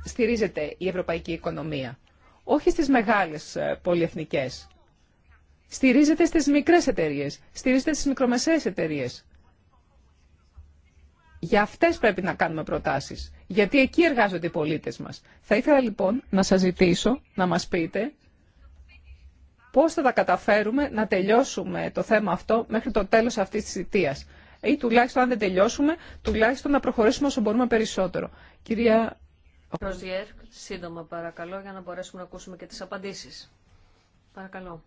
στηρίζεται η ευρωπαϊκή οικονομία, όχι στις μεγάλες πολυεθνικές στηρίζεται στις μικρές εταιρείες, στηρίζεται στις μικρομεσαίες εταιρείες. Για αυτές πρέπει να κάνουμε προτάσεις, γιατί εκεί εργάζονται οι πολίτες μας. Θα ήθελα λοιπόν να σας ζητήσω να μας πείτε πώς θα τα καταφέρουμε να τελειώσουμε το θέμα αυτό μέχρι το τέλος αυτής της θητείας. Ή τουλάχιστον αν δεν τελειώσουμε, τουλάχιστον να προχωρήσουμε όσο μπορούμε περισσότερο. Κυρία Ροζιέρ, σύντομα παρακαλώ για να μπορέσουμε να ακούσουμε και τις απαντήσεις. Παρακαλώ.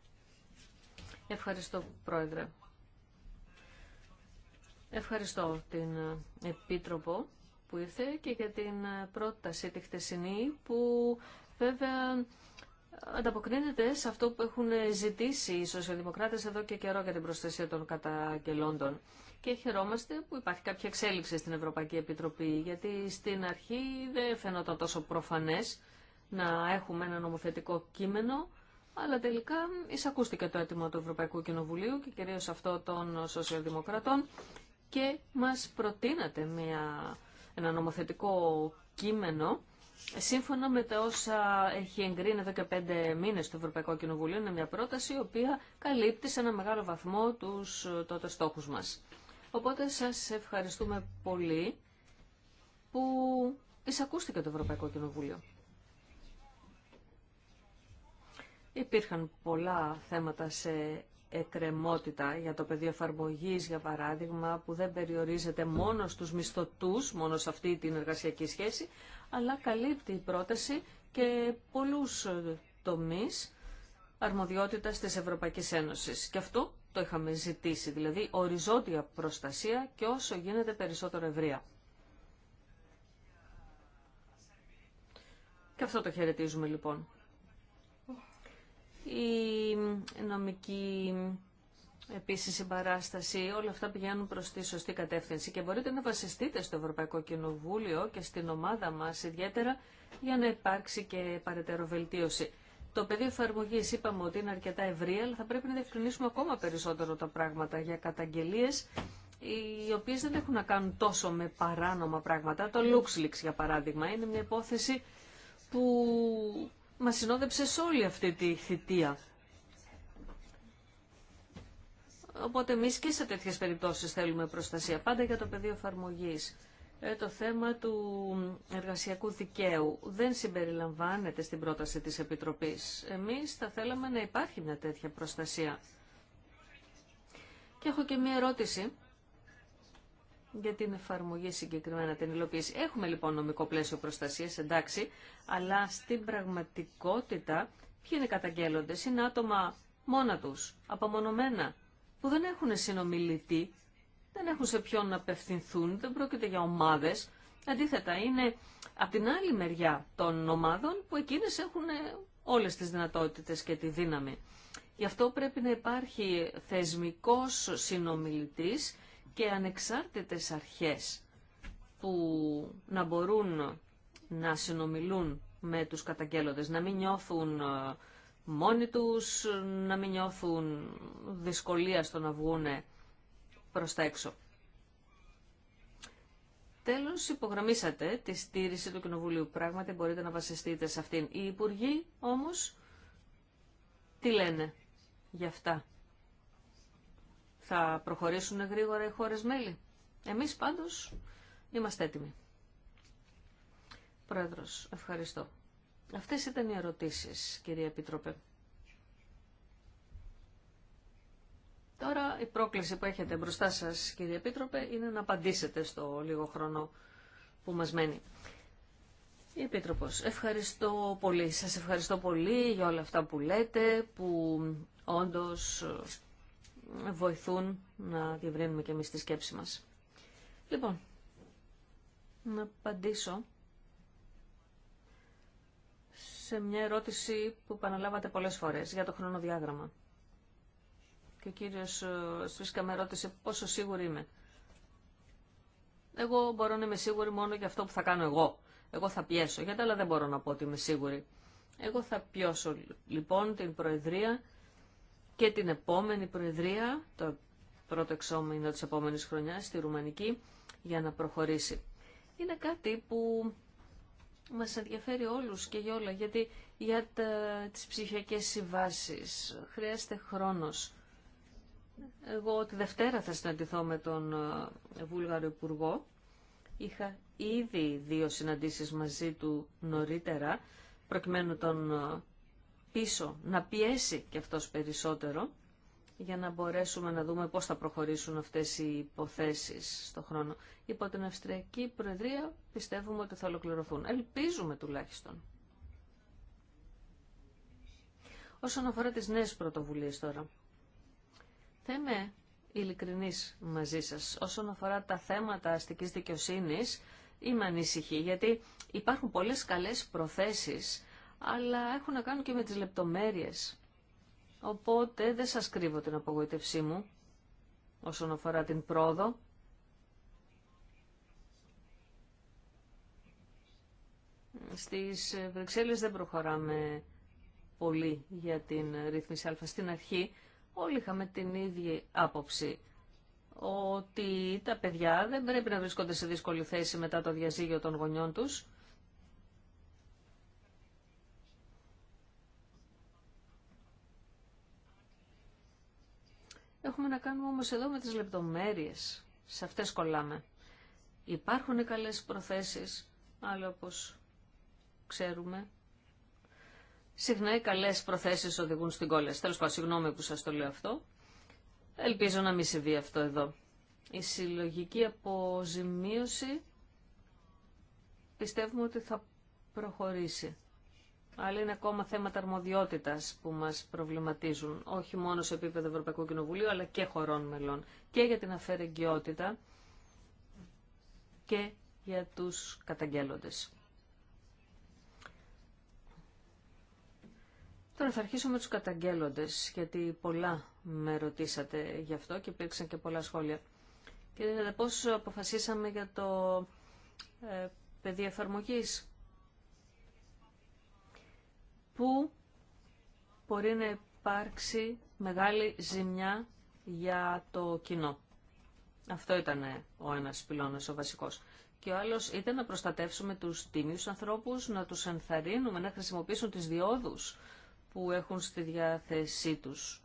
Ευχαριστώ, Πρόεδρε. Ευχαριστώ την ε, Επίτροπο που ήρθε και για την ε, πρόταση τη χτεσινή που βέβαια ανταποκρίνεται σε αυτό που έχουν ζητήσει οι σοσιαλδημοκράτες εδώ και καιρό για την προστασία των καταγγελόντων. Και χαιρόμαστε που υπάρχει κάποια εξέλιξη στην Ευρωπαϊκή Επιτροπή, γιατί στην αρχή δεν φαινόταν τόσο προφανές να έχουμε ένα νομοθετικό κείμενο αλλά τελικά εισακούστηκε το αίτημα του Ευρωπαϊκού Κοινοβουλίου και κυρίω αυτό των σοσιαλδημοκρατών και μας προτείνατε μια, ένα νομοθετικό κείμενο σύμφωνα με τα όσα έχει εγκρίνει εδώ και πέντε μήνες το Ευρωπαϊκό Κοινοβουλίο. Είναι μια πρόταση η οποία καλύπτει σε ένα μεγάλο βαθμό τους τότε στόχους μας. Οπότε σας ευχαριστούμε πολύ που εισακούστηκε το Ευρωπαϊκό Κοινοβούλιο. Υπήρχαν πολλά θέματα σε εκκρεμότητα για το πεδίο εφαρμογή, για παράδειγμα, που δεν περιορίζεται μόνο στους μισθωτούς, μόνο σε αυτή την εργασιακή σχέση, αλλά καλύπτει η πρόταση και πολλούς ε, τομείς αρμοδιότητας της Ευρωπαϊκής Ένωσης. Και αυτό το είχαμε ζητήσει, δηλαδή οριζόντια προστασία και όσο γίνεται περισσότερο ευρεία. Και αυτό το χαιρετίζουμε λοιπόν η νομική επίση συμπαράσταση, όλα αυτά πηγαίνουν προ τη σωστή κατεύθυνση και μπορείτε να βασιστείτε στο Ευρωπαϊκό Κοινοβούλιο και στην ομάδα μα ιδιαίτερα για να υπάρξει και παρετέρω Το πεδίο εφαρμογή είπαμε ότι είναι αρκετά ευρύ, αλλά θα πρέπει να διευκρινίσουμε ακόμα περισσότερο τα πράγματα για καταγγελίε οι οποίε δεν έχουν να κάνουν τόσο με παράνομα πράγματα. Το LuxLeaks, για παράδειγμα, είναι μια υπόθεση που μα συνόδεψε σε όλη αυτή τη θητεία. Οπότε εμεί και σε τέτοιε περιπτώσει θέλουμε προστασία. Πάντα για το πεδίο εφαρμογή. Ε, το θέμα του εργασιακού δικαίου δεν συμπεριλαμβάνεται στην πρόταση της Επιτροπής. Εμείς θα θέλαμε να υπάρχει μια τέτοια προστασία. Και έχω και μια ερώτηση για την εφαρμογή συγκεκριμένα την υλοποίηση. Έχουμε λοιπόν νομικό πλαίσιο προστασία, εντάξει, αλλά στην πραγματικότητα ποιοι είναι καταγγέλλοντες, είναι άτομα μόνα τους, απομονωμένα, που δεν έχουν συνομιλητή, δεν έχουν σε ποιον να απευθυνθούν, δεν πρόκειται για ομάδες. Αντίθετα, είναι από την άλλη μεριά των ομάδων που εκείνες έχουν ε, όλες τις δυνατότητες και τη δύναμη. Γι' αυτό πρέπει να υπάρχει θεσμικός συνομιλητής και ανεξάρτητες αρχές που να μπορούν να συνομιλούν με τους καταγγέλλοντες, να μην νιώθουν ε, μόνοι τους, να μην νιώθουν δυσκολία στο να βγούνε προς τα έξω. Τέλος, υπογραμμίσατε τη στήριξη του Κοινοβουλίου. Πράγματι μπορείτε να βασιστείτε σε αυτήν. Οι Υπουργοί όμως τι λένε γι' αυτά. Θα προχωρήσουν γρήγορα οι χώρες μέλη. Εμείς πάντως είμαστε έτοιμοι. Πρόεδρος, ευχαριστώ. Αυτές ήταν οι ερωτήσεις, κυρία Επίτροπε. Τώρα η πρόκληση που έχετε μπροστά σας, κύριε Επίτροπε, είναι να απαντήσετε στο λίγο χρόνο που μας μένει. Η Επίτροπος, ευχαριστώ πολύ. Σας ευχαριστώ πολύ για όλα αυτά που λέτε, που όντως βοηθούν να διευρύνουμε και εμείς τη σκέψη μας. Λοιπόν, να απαντήσω σε μια ερώτηση που επαναλάβατε πολλές φορές για το χρονοδιάγραμμα. Και ο κύριος Σφίσκα ε, με ρώτησε πόσο σίγουρη είμαι. Εγώ μπορώ να είμαι σίγουρη μόνο για αυτό που θα κάνω εγώ. Εγώ θα πιέσω, γιατί άλλα δεν μπορώ να πω ότι είμαι σίγουρη. Εγώ θα πιώσω λοιπόν την Προεδρία και την επόμενη Προεδρία, το πρώτο εξώμενο της επόμενης χρονιάς, στη Ρουμανική, για να προχωρήσει. Είναι κάτι που μας ενδιαφέρει όλους και για όλα, γιατί για τα, τις ψυχιακές συμβάσεις χρειάζεται χρόνος. Εγώ τη Δευτέρα θα συναντηθώ με τον ε, Βούλγαρο Υπουργό. Είχα ήδη δύο συναντήσεις μαζί του νωρίτερα, προκειμένου τον ε, πίσω, να πιέσει και αυτός περισσότερο για να μπορέσουμε να δούμε πώς θα προχωρήσουν αυτές οι υποθέσεις στον χρόνο. Υπό την Αυστριακή Προεδρία πιστεύουμε ότι θα ολοκληρωθούν. Ελπίζουμε τουλάχιστον. Όσον αφορά τις νέες πρωτοβουλίες τώρα, θα είμαι ειλικρινής μαζί σας. Όσον αφορά τα θέματα αστικής δικαιοσύνης, είμαι ανήσυχη, γιατί υπάρχουν πολλές καλές προθέσεις αλλά έχουν να κάνουν και με τις λεπτομέρειες. Οπότε δεν σας κρύβω την απογοήτευσή μου όσον αφορά την πρόοδο. Στις Βρυξέλλες δεν προχωράμε πολύ για την ρύθμιση α. Στην αρχή όλοι είχαμε την ίδια άποψη ότι τα παιδιά δεν πρέπει να βρίσκονται σε δύσκολη θέση μετά το διαζύγιο των γονιών τους Έχουμε να κάνουμε όμως εδώ με τις λεπτομέρειες. Σε αυτές κολλάμε. Υπάρχουν καλές προθέσεις, αλλά όπως ξέρουμε, συχνά οι καλές προθέσεις οδηγούν στην κόλαση. Τέλος πάντων, συγγνώμη που σας το λέω αυτό. Ελπίζω να μην συμβεί αυτό εδώ. Η συλλογική αποζημίωση πιστεύουμε ότι θα προχωρήσει αλλά είναι ακόμα θέματα αρμοδιότητα που μας προβληματίζουν, όχι μόνο σε επίπεδο Ευρωπαϊκού Κοινοβουλίου, αλλά και χωρών μελών, και για την αφαιρεγκαιότητα και για τους καταγγέλλοντε. Τώρα θα αρχίσω με τους καταγγέλλοντες, γιατί πολλά με ρωτήσατε γι' αυτό και υπήρξαν και πολλά σχόλια. Και πώς αποφασίσαμε για το ε, πεδίο εφαρμογής που μπορεί να υπάρξει μεγάλη ζημιά για το κοινό. Αυτό ήταν ο ένας πυλώνας, ο βασικός. Και ο άλλος ήταν να προστατεύσουμε τους τίμιους ανθρώπους, να τους ενθαρρύνουμε να χρησιμοποιήσουν τις διόδους που έχουν στη διάθεσή τους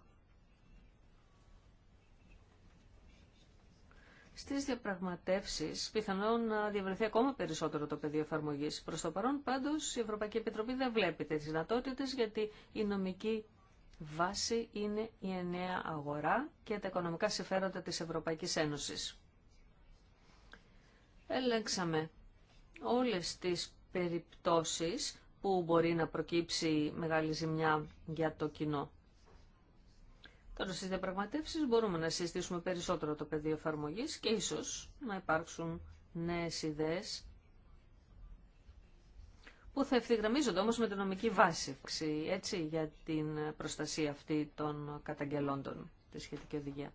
Στι διαπραγματεύσει, πιθανόν να διαβρεθεί ακόμα περισσότερο το πεδίο εφαρμογή. Προ το παρόν πάντως η Ευρωπαϊκή Επιτροπή δεν βλέπει τις δυνατότητε γιατί η νομική βάση είναι η ενιαία αγορά και τα οικονομικά συμφέροντα της Ευρωπαϊκής Ένωσης. Ελέγξαμε όλες τις περιπτώσεις που μπορεί να προκύψει μεγάλη ζημιά για το κοινό. Τώρα στις διαπραγματεύσεις μπορούμε να συζητήσουμε περισσότερο το πεδίο εφαρμογή και ίσως να υπάρξουν νέες ιδέες που θα ευθυγραμμίζονται όμως με την νομική βάση έτσι, για την προστασία αυτή των καταγγελόντων, τη σχετική οδηγία.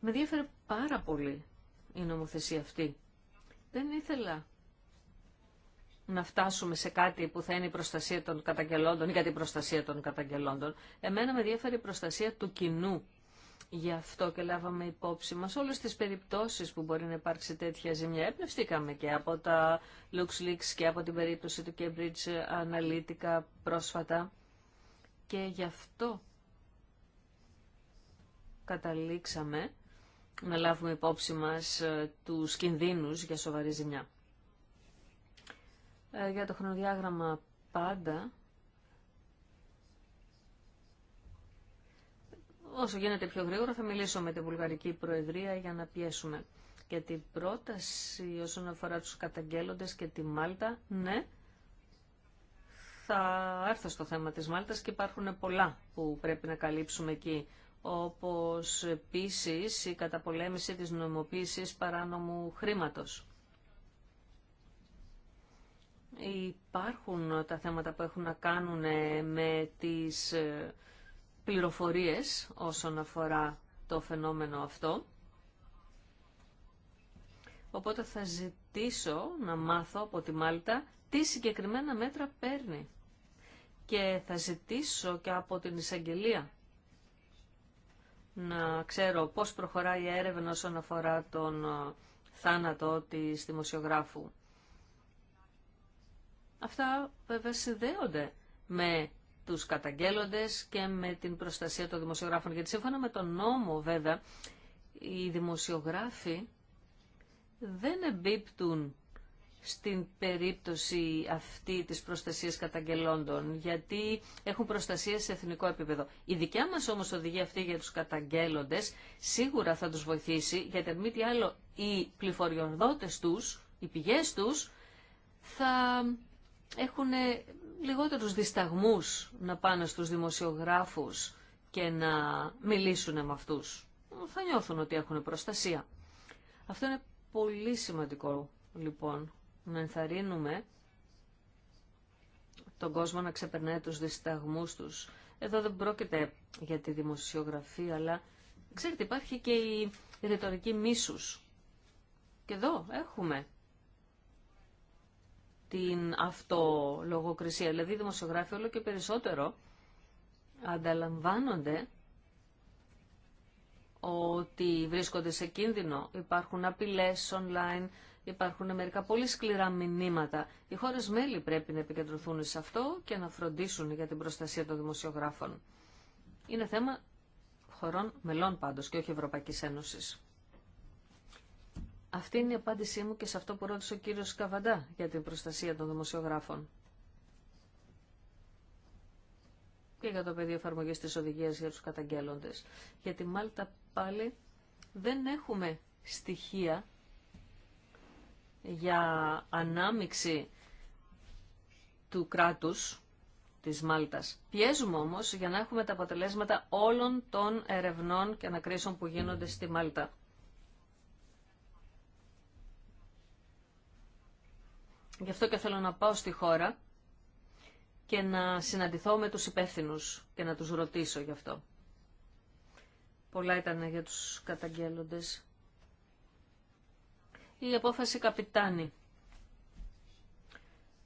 Με διέφερε πάρα πολύ η νομοθεσία αυτή. Δεν ήθελα να φτάσουμε σε κάτι που θα είναι η προστασία των καταγγελόντων ή για την προστασία των καταγγελόντων. Εμένα με ενδιαφέρει η προστασία του κοινού. Γι' αυτό και λάβαμε υπόψη μας όλες τις περιπτώσεις που μπορεί να υπάρξει τέτοια ζημιά. Επνευστήκαμε και από τα LuxLeaks και από την περίπτωση του Cambridge Analytica πρόσφατα. Και γι' αυτό καταλήξαμε να λάβουμε υπόψη μας ε, τους κινδύνους για σοβαρή ζημιά. Ε, για το χρονοδιάγραμμα πάντα, όσο γίνεται πιο γρήγορα θα μιλήσω με την Βουλγαρική Προεδρία για να πιέσουμε. Και την πρόταση όσον αφορά τους καταγγέλλοντες και τη Μάλτα, ναι, θα έρθω στο θέμα της Μάλτας και υπάρχουν πολλά που πρέπει να καλύψουμε εκεί όπως επίσης η καταπολέμηση της νομοποίησης παράνομου χρήματος. Υπάρχουν τα θέματα που έχουν να κάνουν ε, με τις ε, πληροφορίες όσον αφορά το φαινόμενο αυτό. Οπότε θα ζητήσω να μάθω από τη Μάλτα τι συγκεκριμένα μέτρα παίρνει. Και θα ζητήσω και από την εισαγγελία να ξέρω πώς προχωράει η έρευνα όσον αφορά τον ε, θάνατο της δημοσιογράφου Αυτά βέβαια συνδέονται με τους καταγγέλλοντες και με την προστασία των δημοσιογράφων. Γιατί σύμφωνα με τον νόμο βέβαια, οι δημοσιογράφοι δεν εμπίπτουν στην περίπτωση αυτή της προστασίας καταγγελόντων, γιατί έχουν προστασία σε εθνικό επίπεδο. Η δικιά μας όμως οδηγία αυτή για τους καταγγέλλοντες σίγουρα θα τους βοηθήσει, γιατί αν μη τι άλλο οι πληφοριοδότες τους, οι πηγές τους, θα έχουν ε, λιγότερους δισταγμούς να πάνε στους δημοσιογράφους και να μιλήσουν με αυτούς. Θα νιώθουν ότι έχουν προστασία. Αυτό είναι πολύ σημαντικό, λοιπόν, να ενθαρρύνουμε τον κόσμο να ξεπερνάει τους δισταγμούς τους. Εδώ δεν πρόκειται για τη δημοσιογραφία, αλλά ξέρετε υπάρχει και η ρητορική μίσους. Και εδώ έχουμε την αυτολογοκρισία. Δηλαδή οι δημοσιογράφοι όλο και περισσότερο ανταλαμβάνονται ότι βρίσκονται σε κίνδυνο. Υπάρχουν απειλές online, υπάρχουν μερικά πολύ σκληρά μηνύματα. Οι χώρες μέλη πρέπει να επικεντρωθούν σε αυτό και να φροντίσουν για την προστασία των δημοσιογράφων. Είναι θέμα χωρών μελών πάντως και όχι Ευρωπαϊκής Ένωσης. Αυτή είναι η απάντησή μου και σε αυτό που ρώτησε ο κύριος Καβαντά για την προστασία των δημοσιογράφων. Και για το πεδίο εφαρμογή της οδηγίας για τους καταγγέλλοντες. Για τη Μάλτα πάλι δεν έχουμε στοιχεία για ανάμιξη του κράτους της Μάλτας. Πιέζουμε όμως για να έχουμε τα αποτελέσματα όλων των ερευνών και ανακρίσεων που γίνονται στη Μάλτα. Γι' αυτό και θέλω να πάω στη χώρα και να συναντηθώ με τους υπεύθυνου και να τους ρωτήσω γι' αυτό. Πολλά ήταν για τους καταγγέλλοντες. Η απόφαση καπιτάνη.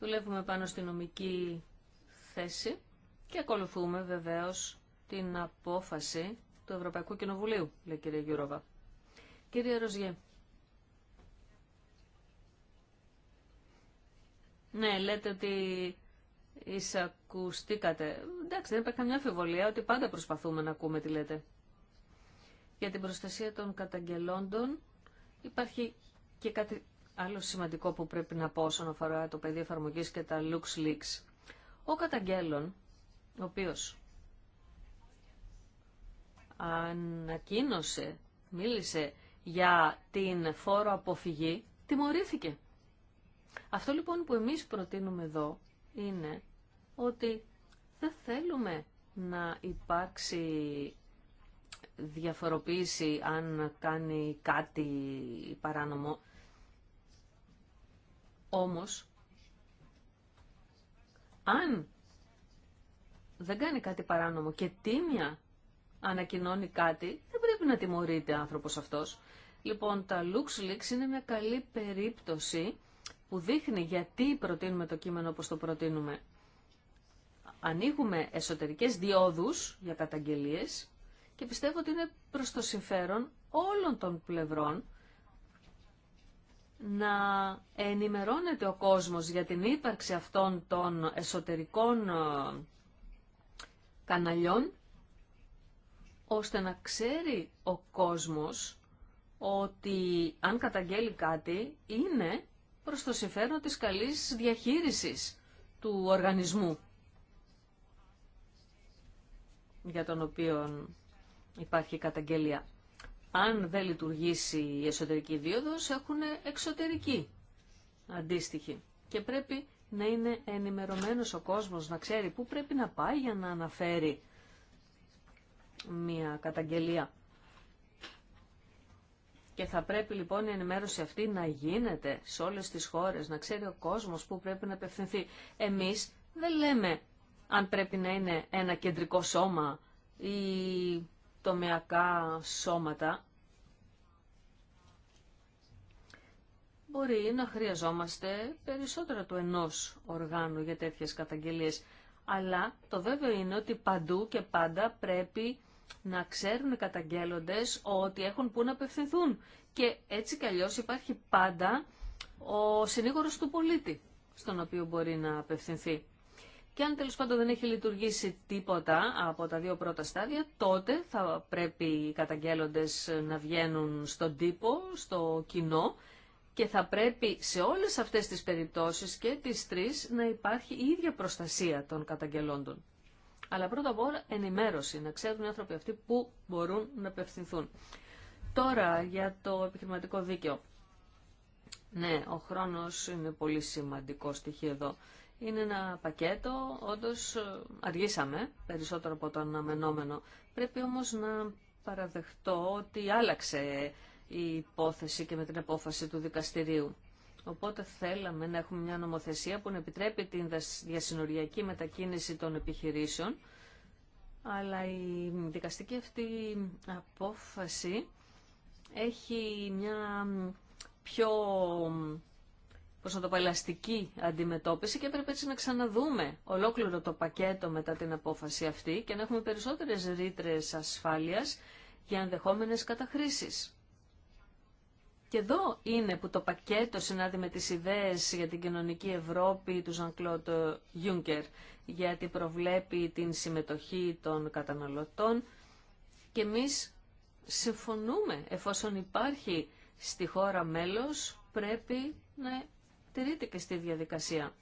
Δουλεύουμε πάνω στη νομική θέση και ακολουθούμε βεβαίως την απόφαση του Ευρωπαϊκού Κοινοβουλίου, λέει κυρία Γιούροβα. Κύριε Ροζιέ, Ναι, λέτε ότι εισακουστήκατε. Εντάξει, δεν υπάρχει καμιά αμφιβολία ότι πάντα προσπαθούμε να ακούμε τι λέτε. Για την προστασία των καταγγελόντων υπάρχει και κάτι άλλο σημαντικό που πρέπει να πω όσον αφορά το πεδίο εφαρμογή και τα LuxLeaks. Ο καταγγέλων, ο οποίος ανακοίνωσε, μίλησε για την φόρο αποφυγή, τιμωρήθηκε. Αυτό λοιπόν που εμείς προτείνουμε εδώ είναι ότι δεν θέλουμε να υπάρξει διαφοροποίηση αν κάνει κάτι παράνομο. Όμως, αν δεν κάνει κάτι παράνομο και τίμια ανακοινώνει κάτι, δεν πρέπει να τιμωρείται άνθρωπος αυτός. Λοιπόν, τα LuxLeaks είναι μια καλή περίπτωση που δείχνει γιατί προτείνουμε το κείμενο όπως το προτείνουμε. Ανοίγουμε εσωτερικές διόδους για καταγγελίες και πιστεύω ότι είναι προς το συμφέρον όλων των πλευρών να ενημερώνεται ο κόσμος για την ύπαρξη αυτών των εσωτερικών ε, καναλιών ώστε να ξέρει ο κόσμος ότι αν καταγγέλει κάτι είναι προς το συμφέρον της καλής διαχείρισης του οργανισμού για τον οποίο υπάρχει καταγγελία. Αν δεν λειτουργήσει η εσωτερική δίωδος, έχουν εξωτερική αντίστοιχη. Και πρέπει να είναι ενημερωμένος ο κόσμος, να ξέρει πού πρέπει να πάει για να αναφέρει μια καταγγελία. Και θα πρέπει λοιπόν η ενημέρωση αυτή να γίνεται σε όλες τις χώρες, να ξέρει ο κόσμος που πρέπει να απευθυνθεί. Εμείς δεν λέμε αν πρέπει να είναι ένα κεντρικό σώμα ή τομεακά σώματα. Μπορεί να χρειαζόμαστε περισσότερα του ενός οργάνου για τέτοιες καταγγελίες. Αλλά το βέβαιο είναι ότι παντού και πάντα πρέπει να ξέρουν οι καταγγέλλοντες ότι έχουν που να απευθυνθούν. Και έτσι κι αλλιώς υπάρχει πάντα ο συνήγορος του πολίτη, στον οποίο μπορεί να απευθυνθεί. Και αν τέλος πάντων δεν έχει λειτουργήσει τίποτα από τα δύο πρώτα στάδια, τότε θα πρέπει οι καταγγέλλοντες να βγαίνουν στον τύπο, στο κοινό, και θα πρέπει σε όλες αυτές τις περιπτώσεις και τις τρεις να υπάρχει η ίδια προστασία των καταγγελόντων. Αλλά πρώτα απ' όλα ενημέρωση, να ξέρουν οι άνθρωποι αυτοί που μπορούν να απευθυνθούν. Τώρα για το επιχειρηματικό δίκαιο. Ναι, ο χρόνος είναι πολύ σημαντικό στοιχείο εδώ. Είναι ένα πακέτο, όντως ε, αργήσαμε περισσότερο από το αναμενόμενο. Πρέπει όμως να παραδεχτώ ότι άλλαξε η υπόθεση και με την απόφαση του δικαστηρίου. Οπότε θέλαμε να έχουμε μια νομοθεσία που να επιτρέπει την διασυνοριακή μετακίνηση των επιχειρήσεων, αλλά η δικαστική αυτή απόφαση έχει μια πιο πώς το αντιμετώπιση και έπρεπε έτσι να ξαναδούμε ολόκληρο το πακέτο μετά την απόφαση αυτή και να έχουμε περισσότερες ρήτρες ασφάλειας για ενδεχόμενες καταχρήσεις. Και εδώ είναι που το πακέτο συνάδει με τις ιδέες για την κοινωνική Ευρώπη του Ζανκλώτ Γιούγκερ, γιατί προβλέπει την συμμετοχή των καταναλωτών και εμείς συμφωνούμε εφόσον υπάρχει στη χώρα μέλος πρέπει να τηρείται και στη διαδικασία.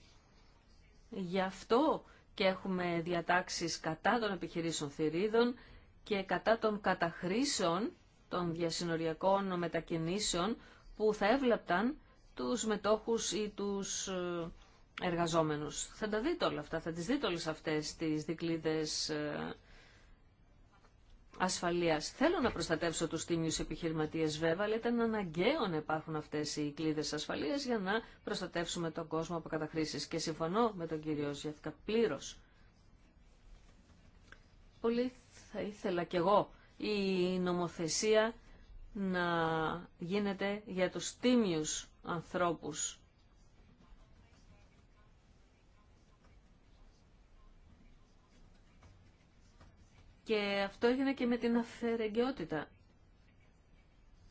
Γι' αυτό και έχουμε διατάξεις κατά των επιχειρήσεων θηρίδων και κατά των καταχρήσεων των διασυνοριακών μετακινήσεων που θα έβλεπταν τους μετόχους ή τους ε, εργαζόμενους. Θα τα δείτε όλα αυτά, θα τις δείτε όλες αυτές τις δικλίδες ε, ασφαλείας. Θέλω να προστατεύσω τους τίμιους επιχειρηματίες βέβαια, αλλά ήταν αναγκαίο να υπάρχουν αυτές οι κλίδες ασφαλείας για να προστατεύσουμε τον κόσμο από καταχρήσεις. Και συμφωνώ με τον κύριο Ζιέφκα πλήρω. Πολύ θα ήθελα κι εγώ η νομοθεσία να γίνεται για τους τίμιους ανθρώπους. Και αυτό έγινε και με την αφαιρεγκαιότητα.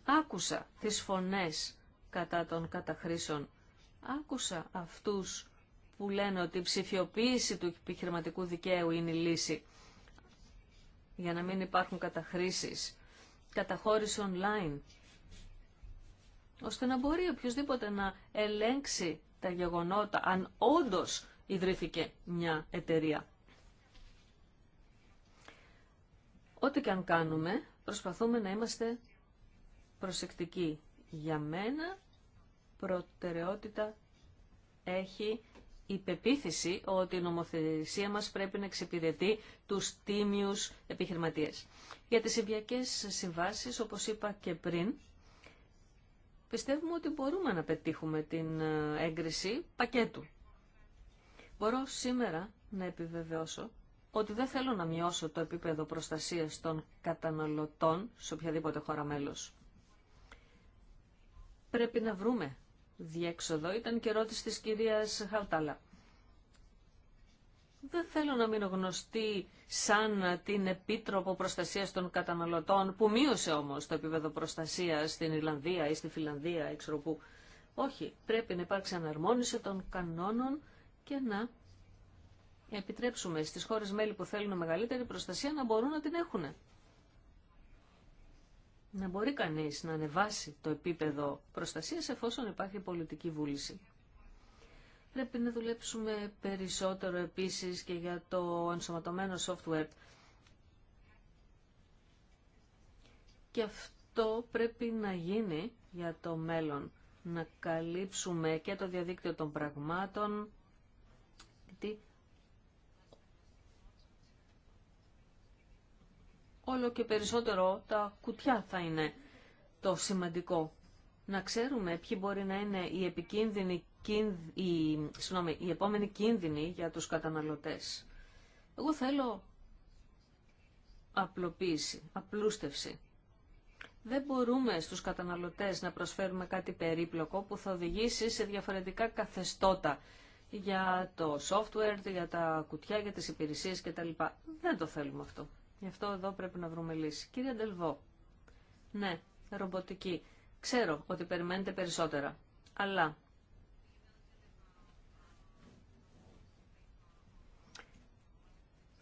Άκουσα τις φωνές κατά των καταχρήσεων. Άκουσα αυτούς που λένε ότι η ψηφιοποίηση του επιχειρηματικού δικαίου είναι η λύση για να μην υπάρχουν καταχρήσεις, καταχώρηση online, ώστε να μπορεί οποιοδήποτε να ελέγξει τα γεγονότα αν όντως ιδρύθηκε μια εταιρεία. Ό,τι και αν κάνουμε, προσπαθούμε να είμαστε προσεκτικοί. Για μένα προτεραιότητα έχει η πεποίθηση ότι η νομοθεσία μας πρέπει να εξυπηρετεί τους τίμιους επιχειρηματίες. Για τις συμβιακές συμβάσεις, όπως είπα και πριν, πιστεύουμε ότι μπορούμε να πετύχουμε την ε, έγκριση πακέτου. Μπορώ σήμερα να επιβεβαιώσω ότι δεν θέλω να μειώσω το επίπεδο προστασίας των καταναλωτών σε οποιαδήποτε χώρα μέλος. Πρέπει να βρούμε διέξοδο ήταν και ερώτηση της κυρίας Χαουτάλα. Δεν θέλω να μείνω γνωστή σαν την Επίτροπο Προστασίας των Καταναλωτών, που μείωσε όμως το επίπεδο προστασίας στην Ιρλανδία ή στη Φιλανδία, έξω που. Όχι, πρέπει να υπάρξει αναρμόνιση των κανόνων και να επιτρέψουμε στις χώρες μέλη που θέλουν μεγαλύτερη προστασία να μπορούν να την έχουν να μπορεί κανείς να ανεβάσει το επίπεδο προστασίας εφόσον υπάρχει πολιτική βούληση. Πρέπει να δουλέψουμε περισσότερο επίσης και για το ενσωματωμένο software. Και αυτό πρέπει να γίνει για το μέλλον. Να καλύψουμε και το διαδίκτυο των πραγμάτων, γιατί όλο και περισσότερο τα κουτιά θα είναι το σημαντικό. Να ξέρουμε ποιοι μπορεί να είναι οι επικίνδυνοι, οι, επόμενοι κίνδυνοι για τους καταναλωτές. Εγώ θέλω απλοποίηση, απλούστευση. Δεν μπορούμε στους καταναλωτές να προσφέρουμε κάτι περίπλοκο που θα οδηγήσει σε διαφορετικά καθεστώτα για το software, για τα κουτιά, για τις υπηρεσίες κτλ. Δεν το θέλουμε αυτό. Γι' αυτό εδώ πρέπει να βρούμε λύση. Κύριε Ντελβό, ναι, ρομποτική. Ξέρω ότι περιμένετε περισσότερα, αλλά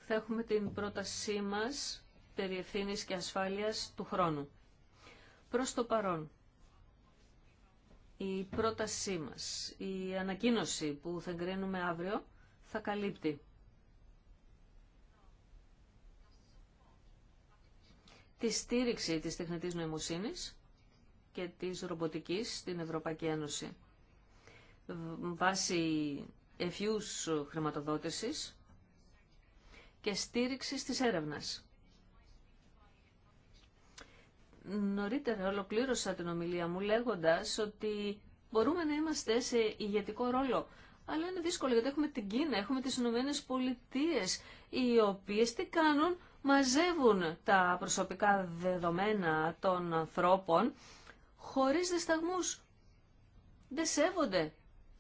θα έχουμε την πρότασή μας περί και ασφάλειας του χρόνου. Προς το παρόν, η πρότασή μας, η ανακοίνωση που θα εγκρίνουμε αύριο, θα καλύπτει τη στήριξη της τεχνητής νοημοσύνης και της ρομποτικής στην Ευρωπαϊκή Ένωση. Βάσει εφιούς χρηματοδότησης και στήριξης της έρευνας. Νωρίτερα ολοκλήρωσα την ομιλία μου λέγοντας ότι μπορούμε να είμαστε σε ηγετικό ρόλο, αλλά είναι δύσκολο γιατί έχουμε την Κίνα, έχουμε τις Ηνωμένε Πολιτείες, οι οποίες τι κάνουν, μαζεύουν τα προσωπικά δεδομένα των ανθρώπων χωρίς δισταγμούς. Δεν σέβονται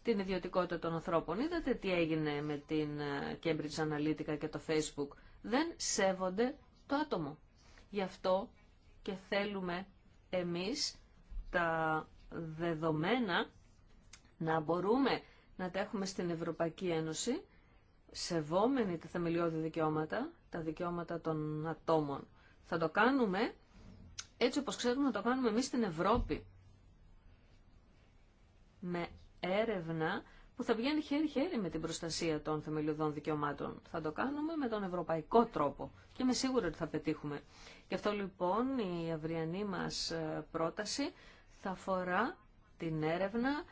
την ιδιωτικότητα των ανθρώπων. Είδατε τι έγινε με την ε, Cambridge Analytica και το Facebook. Δεν σέβονται το άτομο. Γι' αυτό και θέλουμε εμείς τα δεδομένα να μπορούμε να τα έχουμε στην Ευρωπαϊκή Ένωση σεβόμενοι τα θεμελιώδη δικαιώματα τα δικαιώματα των ατόμων. Θα το κάνουμε έτσι όπως ξέρουμε να το κάνουμε εμείς στην Ευρώπη. Με έρευνα που θα πηγαίνει χέρι-χέρι με την προστασία των θεμελιωδών δικαιωμάτων. Θα το κάνουμε με τον ευρωπαϊκό τρόπο και είμαι σίγουρη ότι θα πετύχουμε. Γι' αυτό λοιπόν η αυριανή μας ε, πρόταση θα αφορά την έρευνα,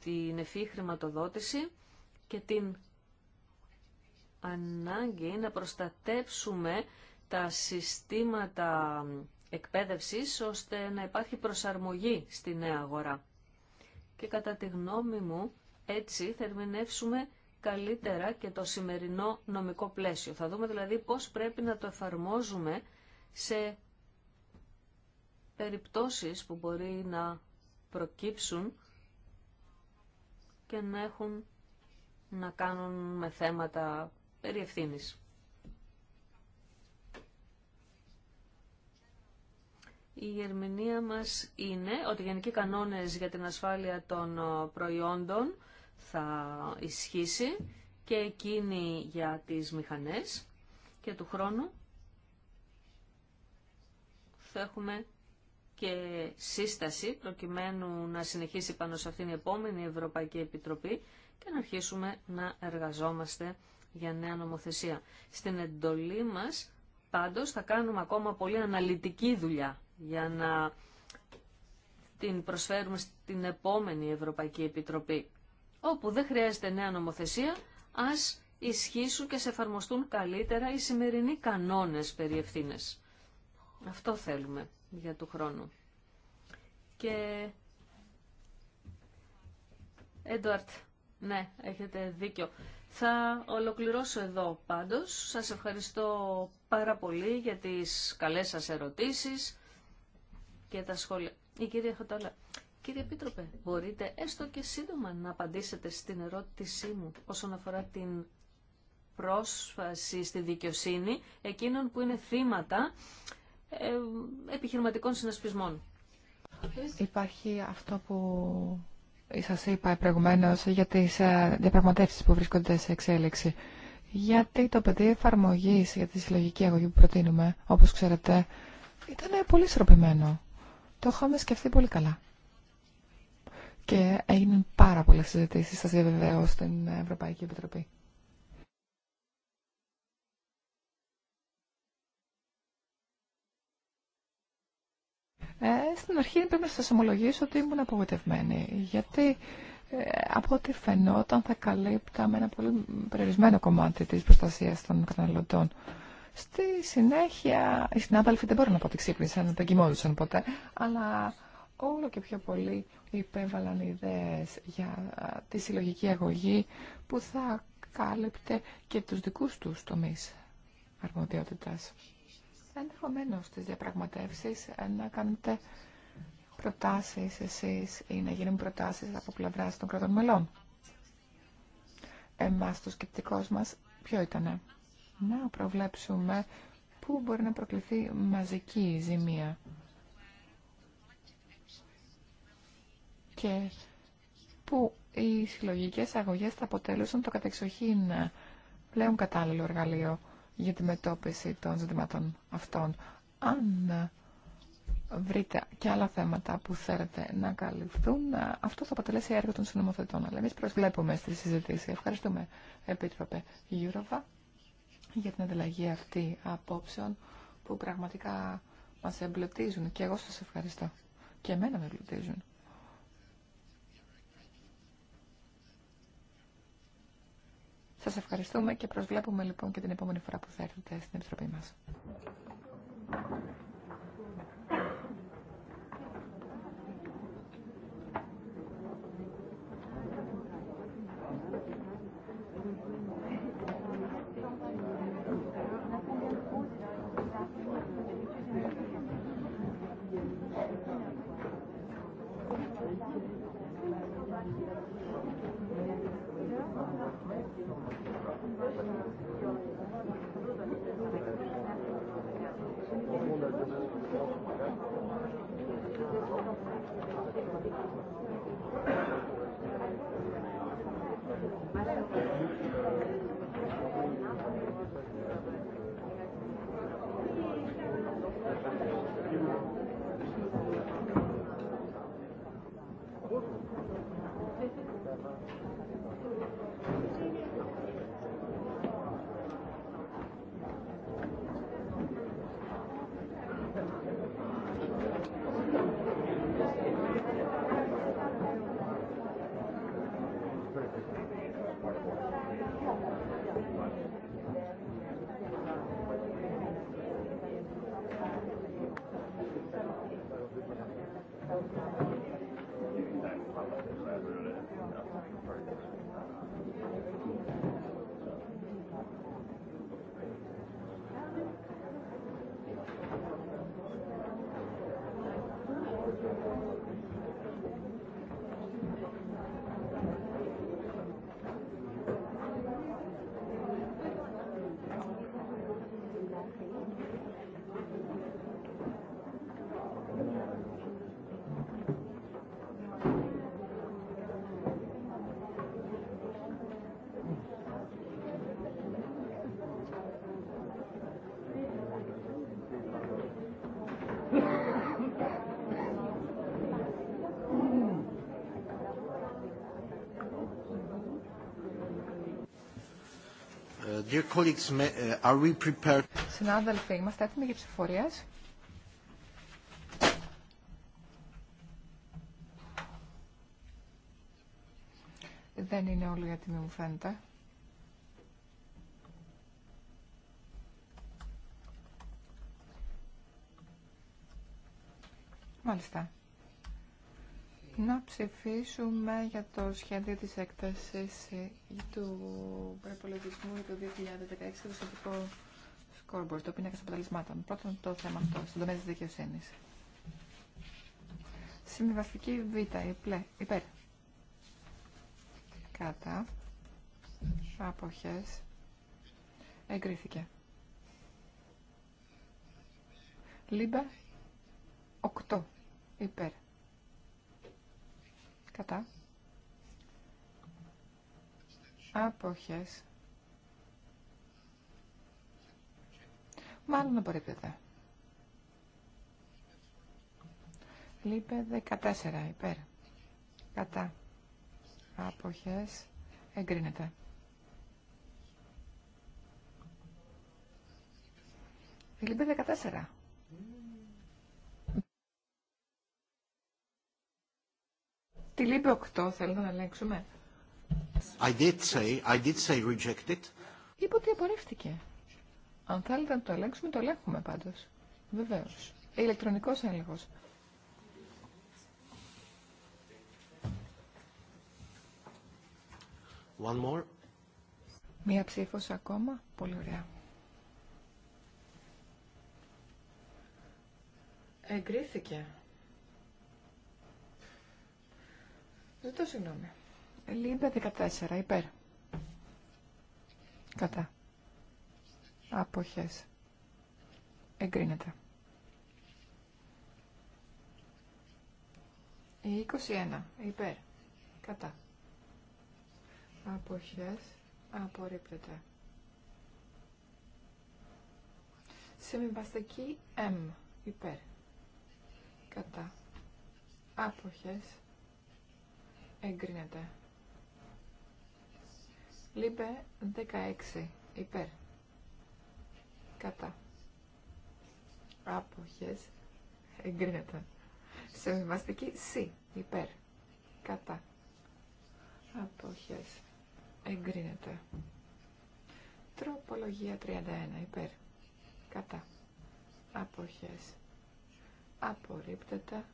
την ευφύ χρηματοδότηση και την ανάγκη να προστατέψουμε τα συστήματα εκπαίδευσης ώστε να υπάρχει προσαρμογή στη νέα αγορά. Και κατά τη γνώμη μου έτσι θα ερμηνεύσουμε καλύτερα και το σημερινό νομικό πλαίσιο. Θα δούμε δηλαδή πώς πρέπει να το εφαρμόζουμε σε περιπτώσεις που μπορεί να προκύψουν και να έχουν να κάνουν με θέματα περί Η ερμηνεία μας είναι ότι οι γενικοί κανόνες για την ασφάλεια των ε, προϊόντων θα ισχύσει και εκείνη για τις μηχανές και του χρόνου θα έχουμε και σύσταση προκειμένου να συνεχίσει πάνω σε αυτήν η επόμενη Ευρωπαϊκή Επιτροπή και να αρχίσουμε να εργαζόμαστε για νέα νομοθεσία. Στην εντολή μας πάντως θα κάνουμε ακόμα πολύ αναλυτική δουλειά για να την προσφέρουμε στην επόμενη Ευρωπαϊκή Επιτροπή. Όπου δεν χρειάζεται νέα νομοθεσία, ας ισχύσουν και σε εφαρμοστούν καλύτερα οι σημερινοί κανόνες περί ευθύνες. Αυτό θέλουμε για του χρόνου. Και... Έντουαρτ, ναι, έχετε δίκιο. Θα ολοκληρώσω εδώ πάντως. Σας ευχαριστώ πάρα πολύ για τις καλές σας ερωτήσεις και τα σχόλια. Η κυρία Χατάλα, κύριε Επίτροπε, μπορείτε έστω και σύντομα να απαντήσετε στην ερώτησή μου όσον αφορά την πρόσφαση στη δικαιοσύνη εκείνων που είναι θύματα ε, επιχειρηματικών συνασπισμών. Υπάρχει αυτό που σας είπα προηγουμένως για τις ε, διαπραγματεύσεις που βρίσκονται σε εξέλιξη. Γιατί το πεδίο εφαρμογή για τη συλλογική αγωγή που προτείνουμε, όπως ξέρετε, ήταν πολύ στροπημένο. Το είχαμε σκεφτεί πολύ καλά. Και έγιναν πάρα πολλές συζητήσεις, σας διαβεβαίω, στην Ευρωπαϊκή Επιτροπή. Ε, στην αρχή πρέπει να σας ομολογήσω ότι ήμουν απογοητευμένη, γιατί ε, από ό,τι φαινόταν θα καλύπταμε ένα πολύ περιορισμένο κομμάτι της προστασίας των καταναλωτών. Στη συνέχεια, οι συνάδελφοι δεν μπορούν να πω ότι ξύπνησαν, δεν κοιμόντουσαν ποτέ, αλλά όλο και πιο πολύ υπέβαλαν ιδέες για τη συλλογική αγωγή που θα κάλυπτε και τους δικούς τους τομείς αρμοδιότητας ενδεχομένω στι διαπραγματεύσει ε, να κάνετε προτάσει εσεί ή να γίνουν προτάσει από πλευρά των κρατών μελών. Εμά το σκεπτικό μα ποιο ήταν να προβλέψουμε πού μπορεί να προκληθεί μαζική ζημία. Και που οι συλλογικές αγωγές θα αποτέλεσαν το κατεξοχήν ε, πλέον κατάλληλο εργαλείο για τη μετώπιση των ζητημάτων αυτών. Αν ε, βρείτε και άλλα θέματα που θέλετε να καλυφθούν, ε, αυτό θα αποτελέσει έργο των συνομοθετών. Αλλά εμείς προσβλέπουμε στη συζήτηση. Ευχαριστούμε, Επίτροπε Γιούροβα, για την ανταλλαγή αυτή απόψεων που πραγματικά μας εμπλουτίζουν. Και εγώ σας ευχαριστώ. Και εμένα με εμπλουτίζουν. Σας ευχαριστούμε και προσβλέπουμε λοιπόν και την επόμενη φορά που θα έρθετε στην Επιτροπή μας. Dear colleagues, uh, are prepared... Συνάδελφοι, είμαστε έτοιμοι για ψηφορίες. Δεν είναι όλοι τιμή μου φαίνεται. Μάλιστα να ψηφίσουμε για το σχέδιο της έκτασης του προπολογισμού του το 2016 το σχετικό σκόρμπορ, το πίνακα των αποτελεσμάτων. Πρώτον το θέμα αυτό, στον τομέα της δικαιοσύνης. Συμβιβαστική Β, υπέρ. Κατά. Αποχές. Εγκρίθηκε. Λίμπα Οκτώ. υπέρ. Κατά. Αποχές. Μάλλον απορρίπτεται. Λείπε 14 υπέρ. Κατά. Αποχές. Εγκρίνεται. Λείπε 14. Τη λείπει 8, θέλετε να ελέγξουμε. I did say, I did say Είπα ότι απορρίφθηκε. Αν θέλετε να το ελέγξουμε, το ελέγχουμε πάντως. Βεβαίως. Ηλεκτρονικός έλεγχος. One more. Μία ψήφος ακόμα. Πολύ ωραία. Εγκρίθηκε. Ζητώ συγγνώμη. Λίμπε 14, υπέρ. Κατά. Αποχές. Εγκρίνεται. 21, υπέρ. Κατά. Αποχές. Απορρίπτεται. Συμβαστική M, υπέρ. Κατά. Άποχες Εγκρίνεται. Λίπε 16. Υπέρ. Κατά. Άποχες. Εγκρίνεται. Σεμιβαστική σί, Υπέρ. Κατά. Άποχες. Εγκρίνεται. Τροπολογία 31. Υπέρ. Κατά. Άποχες. Απορρίπτεται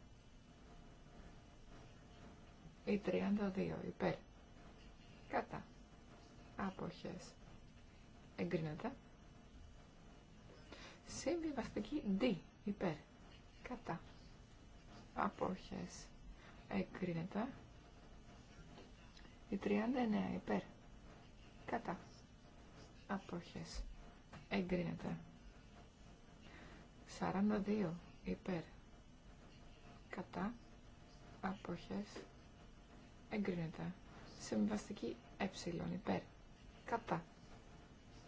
ή 32 υπέρ κατά αποχές εγκρίνεται συμβιβαστική D υπέρ κατά αποχές εγκρίνεται η 39 υπέρ κατά αποχές εγκρίνεται 42 υπέρ κατά αποχές εγκρίνεται. Συμβαστική ε, υπέρ. Κατά.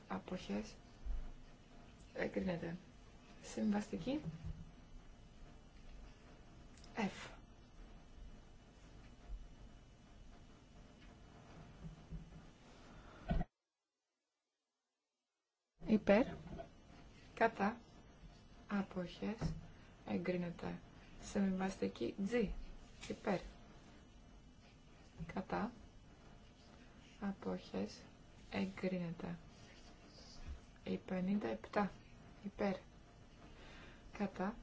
Αποχές. Εγκρίνεται. Συμβαστική F. Υπέρ. Κατά. Αποχές. Εγκρίνεται. Συμβαστική G. Υπέρ κατά απόχες εγκρίνεται η 57 υπέρ κατά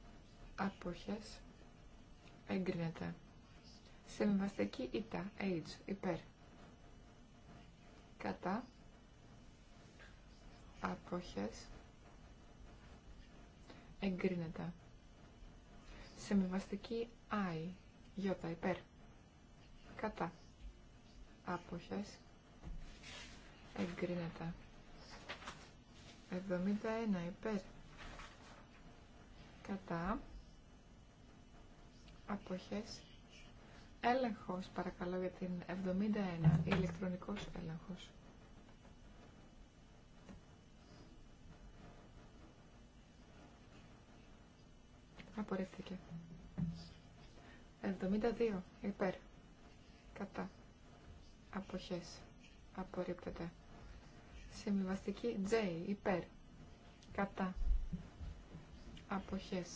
απόχες εγκρίνεται συμβαστική ήττα H υπέρ κατά απόχες εγκρίνεται συμβαστική I Ι υπέρ κατά αποχές εγκρίνεται 71 υπέρ κατά αποχές έλεγχος παρακαλώ για την 71 ηλεκτρονικός έλεγχος απορρίφθηκε 72 υπέρ κατά αποχές απορρίπτεται. Συμβιβαστική J υπέρ κατά αποχές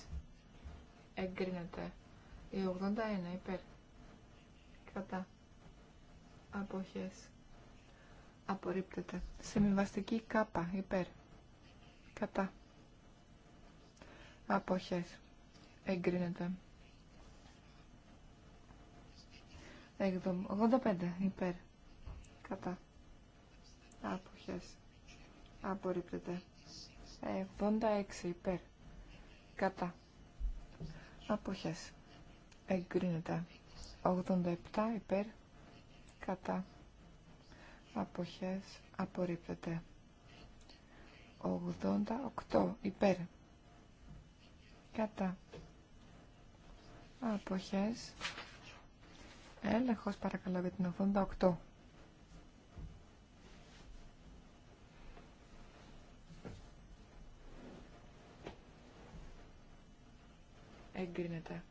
εγκρίνεται. Η 81 υπέρ κατά αποχές απορρίπτεται. Συμβιβαστική K υπέρ κατά αποχές εγκρίνεται. 85 υπέρ. Κατά. Αποχέ. Απορρίπτεται. 76 υπέρ. Κατά. Αποχέ. Εγκρίνεται. 87 υπέρ. Κατά. Αποχέ. Απορρίπτεται. 88 υπέρ. Κατά. Αποχές. Έλεγχος παρακαλώ για την 88. Εγκρίνεται.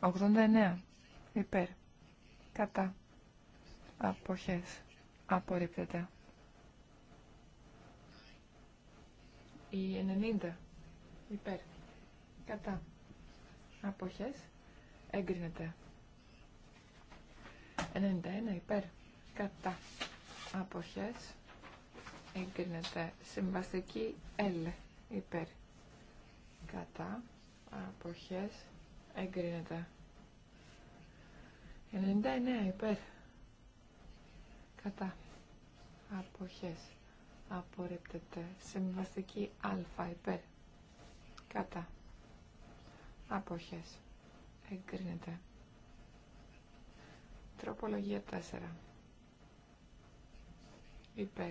89. Υπέρ. Κατά. Αποχές. Απορρίπτεται. Η 90. Υπέρ. Κατά αποχές εγκρίνεται 91 υπέρ κατά αποχές εγκρίνεται συμβαστική L υπέρ κατά αποχές εγκρίνεται 99 υπέρ κατά αποχές απορρίπτεται συμβαστική α υπέρ κατά Απόχες. Εγκρίνεται. Τροπολογία 4. Υπέρ.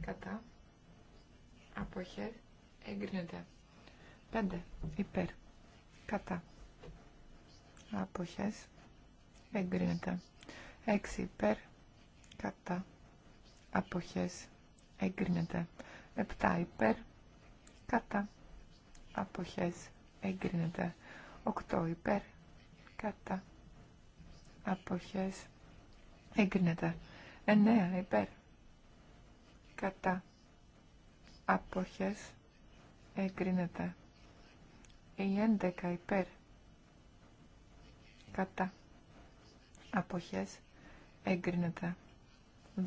Κατά. Απόχες. Εγκρίνεται. 5. Υπέρ. Κατά. Απόχες. Εγκρίνεται. 6. Υπέρ. Κατά. Απόχες. Εγκρίνεται. 7. Υπέρ. Κατά. Απόχες εγκρίνεται. 8 υπέρ κατά αποχές εγκρίνεται. 9 υπέρ κατά αποχές εγκρίνεται. 11 υπέρ κατά αποχές εγκρίνεται.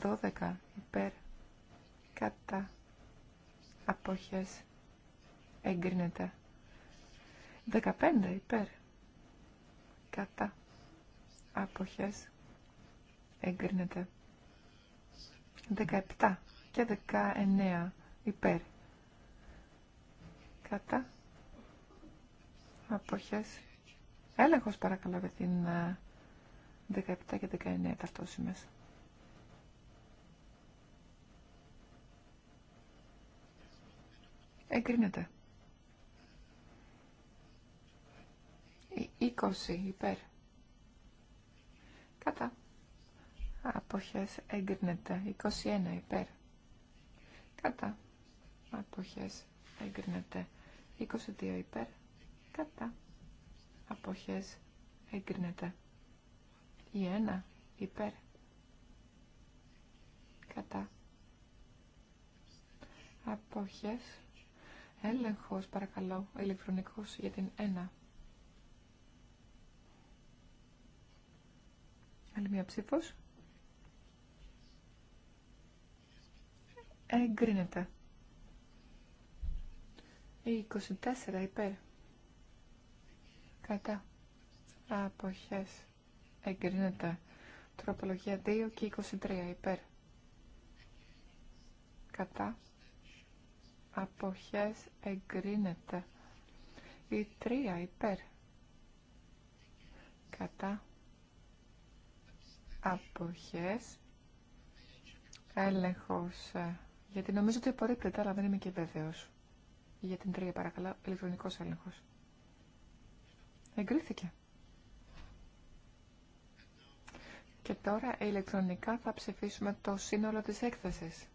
12 υπέρ κατά αποχές εγκρίνεται. 15 υπέρ. Κατά. Αποχές. Εγκρίνεται. 17 και 19 υπέρ. Κατά. Αποχές. Έλεγχος παρακαλώ για την 17 ε, και 19 ταυτόσημες. Εγκρίνεται. 20 υπέρ. Κατά. Αποχές έγκρινεται. 21 υπέρ. Κατά. Αποχές έγκρινεται. 22 υπέρ. Κατά. Αποχές έγκρινεται. Η 1 υπέρ. Κατά. Αποχές. Έλεγχος παρακαλώ ηλεκτρονικός για την 1. Άλλη μία ψήφος. Εγκρίνεται. 24 υπέρ. Κατά. Αποχές. Εγκρίνεται. Τροπολογία 2 και 23 υπέρ. Κατά. Αποχές εγκρίνεται. Η 3 υπέρ. Κατά αποχές, έλεγχος, ε, γιατί νομίζω ότι απορρίπτεται, αλλά δεν είμαι και βέβαιος. Για την τρία παρακαλώ, ηλεκτρονικός έλεγχος. Εγκρίθηκε. Και τώρα ηλεκτρονικά θα ψηφίσουμε το σύνολο της έκθεσης.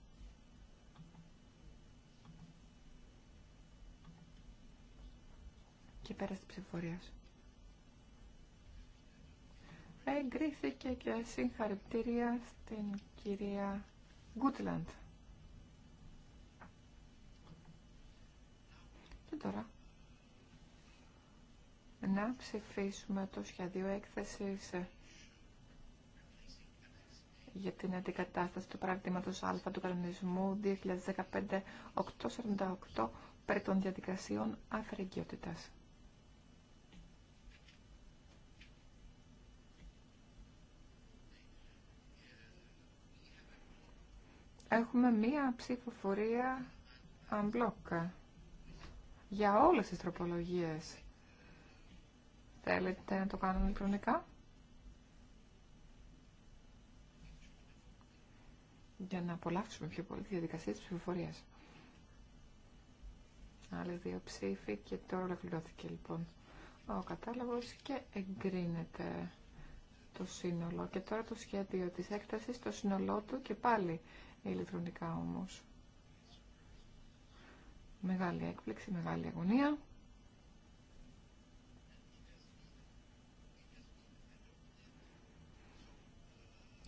Και πέρα της ψηφορίας εγκρίθηκε και συγχαρητήρια στην κυρία Γκούτλαντ. Και τώρα να ψηφίσουμε το σχέδιο έκθεση για την αντικατάσταση του παρακτήματος Α του κανονισμού 2015-848 περί των διαδικασιών αφαιρεγγιότητας. έχουμε μία ψηφοφορία αμπλόκα ε, για όλες τις τροπολογίες. Θέλετε να το κάνουμε ηλεκτρονικά. Για να απολαύσουμε πιο πολύ τη διαδικασία της ψηφοφορίας. Άλλε δύο ψήφοι και τώρα ολοκληρώθηκε λοιπόν ο κατάλογος και εγκρίνεται το σύνολο. Και τώρα το σχέδιο της έκτασης, το σύνολό του και πάλι ηλεκτρονικά όμως. Μεγάλη έκπληξη, μεγάλη αγωνία.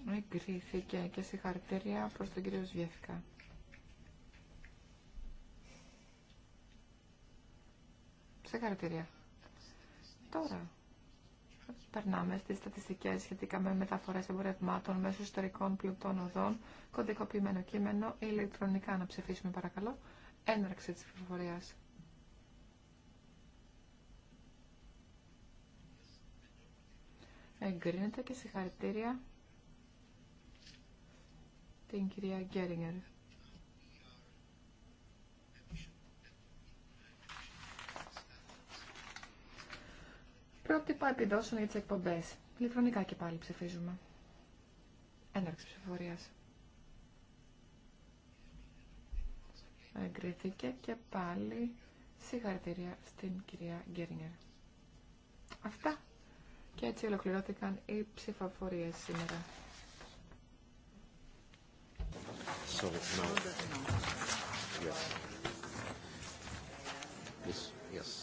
Εγκρίθηκε και συγχαρητήρια προς τον κύριο σε Συγχαρητήρια. Τώρα, Περνάμε στις στατιστικέ σχετικά με μεταφορές εμπορευμάτων μέσω ιστορικών πλουτών οδών, κωδικοποιημένο κείμενο, ηλεκτρονικά να ψηφίσουμε παρακαλώ, έναρξη τη πληροφορία. Εγκρίνεται και συγχαρητήρια την κυρία Γκέρινγκερ. πρότυπα επιδόσεων για τι εκπομπές. Ηλεκτρονικά και πάλι ψηφίζουμε. Έναρξη ψηφοφορίας. Εγκρίθηκε και πάλι συγχαρητήρια στην κυρία Γκέρνιερ. Αυτά και έτσι ολοκληρώθηκαν οι ψηφοφορίες σήμερα. So, no. Yes. Yes.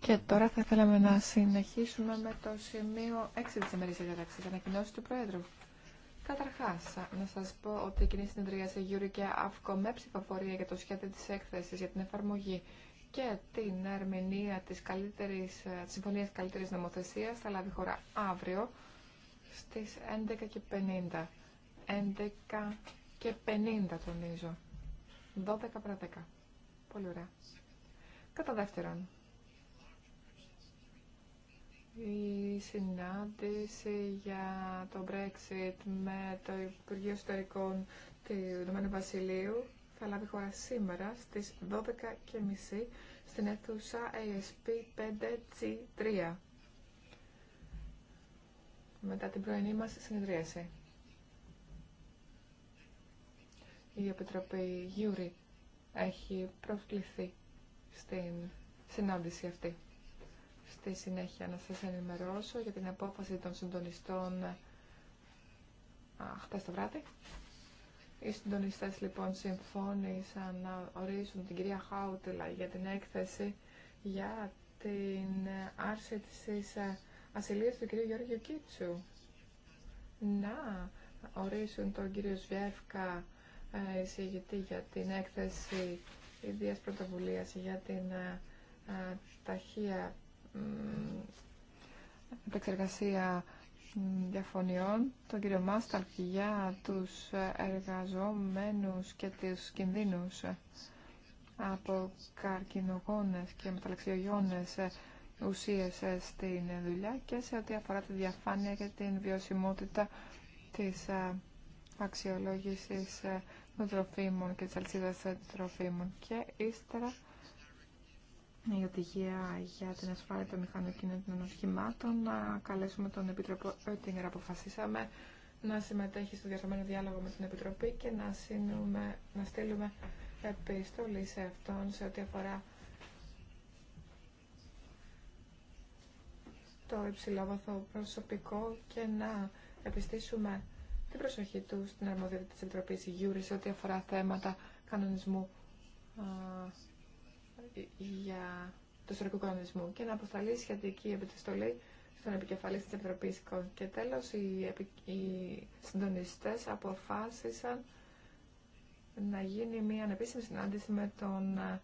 Και τώρα θα θέλαμε να συνεχίσουμε με το σημείο 6 της ημερής να ανακοινώσει του Πρόεδρου. Καταρχάς, να σας πω ότι η κοινή σε Γιούρι και Αύκο με ψηφοφορία για το σχέδιο της έκθεσης για την εφαρμογή και την ερμηνεία της, καλύτερης, της Συμφωνίας Καλύτερης Νομοθεσίας θα λάβει χώρα αύριο στις 11.50. 11.50, τονίζω. 12 παρά 10. Πολύ ωραία. Κατά δεύτερον, η συνάντηση για το Brexit με το Υπουργείο Ιστορικών του Ηνωμένου Βασιλείου θα λάβει χώρα σήμερα στις 12.30 στην αίθουσα ASP 5G3 μετά την πρωινή μας συνεδρίαση. η Επιτροπή Γιούρι έχει προσκληθεί στην συνάντηση αυτή. Στη συνέχεια να σας ενημερώσω για την απόφαση των συντονιστών χτες το βράδυ. Οι συντονιστές λοιπόν συμφώνησαν να ορίσουν την κυρία Χάουτελα για την έκθεση για την άρση της ε, ασυλίας του κυρίου Γιώργιου Κίτσου. Να ορίσουν τον κύριο Σβιεύκα εισηγητή για την έκθεση ιδίας πρωτοβουλίας για την ε, ε, ταχεία επεξεργασία διαφωνιών, τον κύριο Μάσταλκ για τους εργαζομένους και τους κινδύνους από καρκινογόνες και μεταλλαξιογόνε ουσίες στην δουλειά και σε ό,τι αφορά τη διαφάνεια και την βιωσιμότητα της ε, αξιολόγησης των τροφίμων και της αλυσίδας των τροφίμων και ύστερα η οδηγία για την ασφάλεια των μηχανοκίνητων οχημάτων. Να καλέσουμε τον Επίτροπο Ότιγκερ Αποφασίσαμε να συμμετέχει στο διαρθωμένο διάλογο με την Επιτροπή και να, σύνουμε, να στείλουμε επίστολη σε αυτόν σε ό,τι αφορά το υψηλό προσωπικό και να επιστήσουμε την προσοχή του στην αρμοδιότητα της Επιτροπής Γιούρη σε ό,τι αφορά θέματα κανονισμού α, για το ιστορικό κανονισμού και να αποσταλεί σχετική επιστολή στον επικεφαλής της Επιτροπής Και τέλος, οι, οι συντονιστές αποφάσισαν να γίνει μια ανεπίσημη συνάντηση με τον α,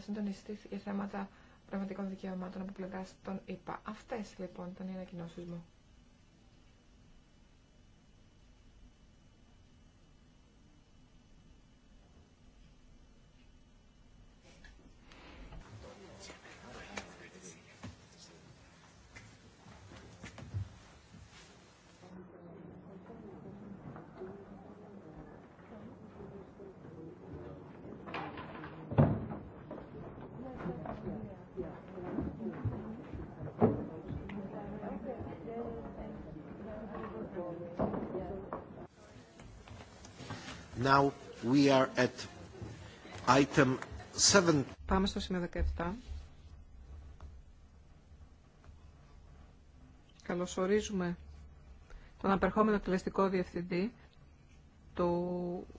συντονιστή για θέματα πραγματικών δικαιωμάτων από πλευρά των ΗΠΑ. Αυτές λοιπόν ήταν οι ανακοινώσεις μου. Now we are at item 7. Πάμε στο σημείο 17. Καλωσορίζουμε τον απερχόμενο εκτελεστικό διευθυντή του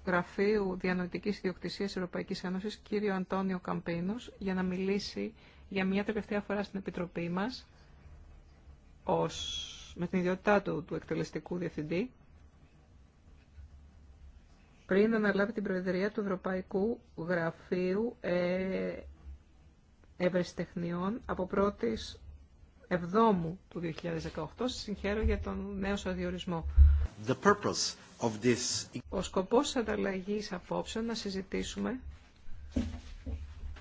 Γραφείου Διανοητικής Ιδιοκτησίας Ευρωπαϊκής Ένωσης, κύριο Αντώνιο Καμπίνος, για να μιλήσει για μια τελευταία φορά στην Επιτροπή μας, ως, με την ιδιότητά του του εκτελεστικού διευθυντή, πριν αναλάβει την Προεδρία του Ευρωπαϊκού Γραφείου ε, Ευρεσιτεχνιών πρώτης 1η Εβδόμου του 2018. Συγχαίρω για τον νέο σου this... Ο σκοπός της ανταλλαγής να συζητήσουμε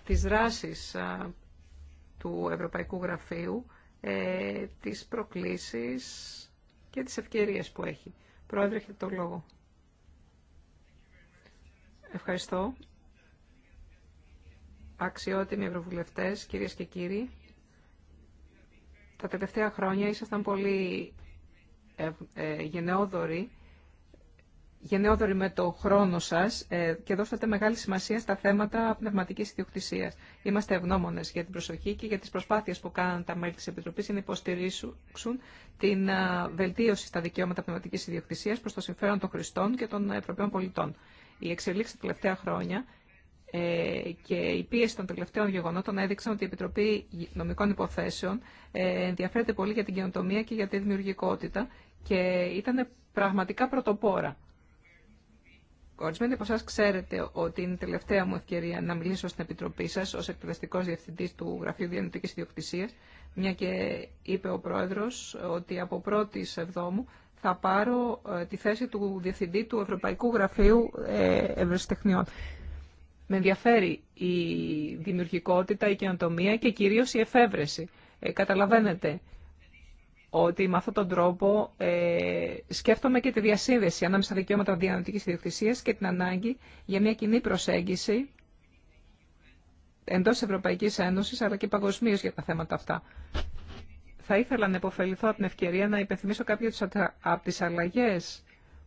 τις δράσεις του Ευρωπαϊκού Γραφείου, ε, τις προκλήσεις και τις ευκαιρίες που έχει. Πρόεδρε, έχετε το λόγο. Ευχαριστώ. Αξιότιμοι ευρωβουλευτές, κυρίες και κύριοι, τα τελευταία χρόνια ήσασταν πολύ ε, ε, γενναιόδοροι, με το χρόνο σας ε, και δώσατε μεγάλη σημασία στα θέματα πνευματικής ιδιοκτησίας. Είμαστε ευγνώμονες για την προσοχή και για τις προσπάθειες που κάναν τα μέλη της Επιτροπής για να υποστηρίξουν την βελτίωση στα δικαιώματα πνευματικής ιδιοκτησίας προς το συμφέρον των χριστών και των Ευρωπαίων πολιτών. Η εξελίξη τα τελευταία χρόνια ε, και η πίεση των τελευταίων γεγονότων έδειξαν ότι η Επιτροπή Νομικών Υποθέσεων ε, ενδιαφέρεται πολύ για την καινοτομία και για τη δημιουργικότητα και ήταν πραγματικά πρωτοπόρα. Ορισμένοι από εσά ξέρετε ότι είναι η τελευταία μου ευκαιρία να μιλήσω στην Επιτροπή σα ω εκπαιδευτικό διευθυντή του Γραφείου Διανοητική Ιδιοκτησία, μια και είπε ο Πρόεδρο ότι από πρώτη εβδόμου θα πάρω ε, τη θέση του Διευθυντή του Ευρωπαϊκού Γραφείου ε, Ευρεσιτεχνιών. Με ενδιαφέρει η δημιουργικότητα, η καινοτομία και κυρίως η εφεύρεση. Ε, καταλαβαίνετε ότι με αυτόν τον τρόπο ε, σκέφτομαι και τη διασύνδεση ανάμεσα στα δικαιώματα διανοητικής ιδιοκτησίας και την ανάγκη για μια κοινή προσέγγιση εντός Ευρωπαϊκής Ένωσης αλλά και παγκοσμίω για τα θέματα αυτά. Θα ήθελα να υποφεληθώ από την ευκαιρία να υπενθυμίσω κάποιες από τις αλλαγές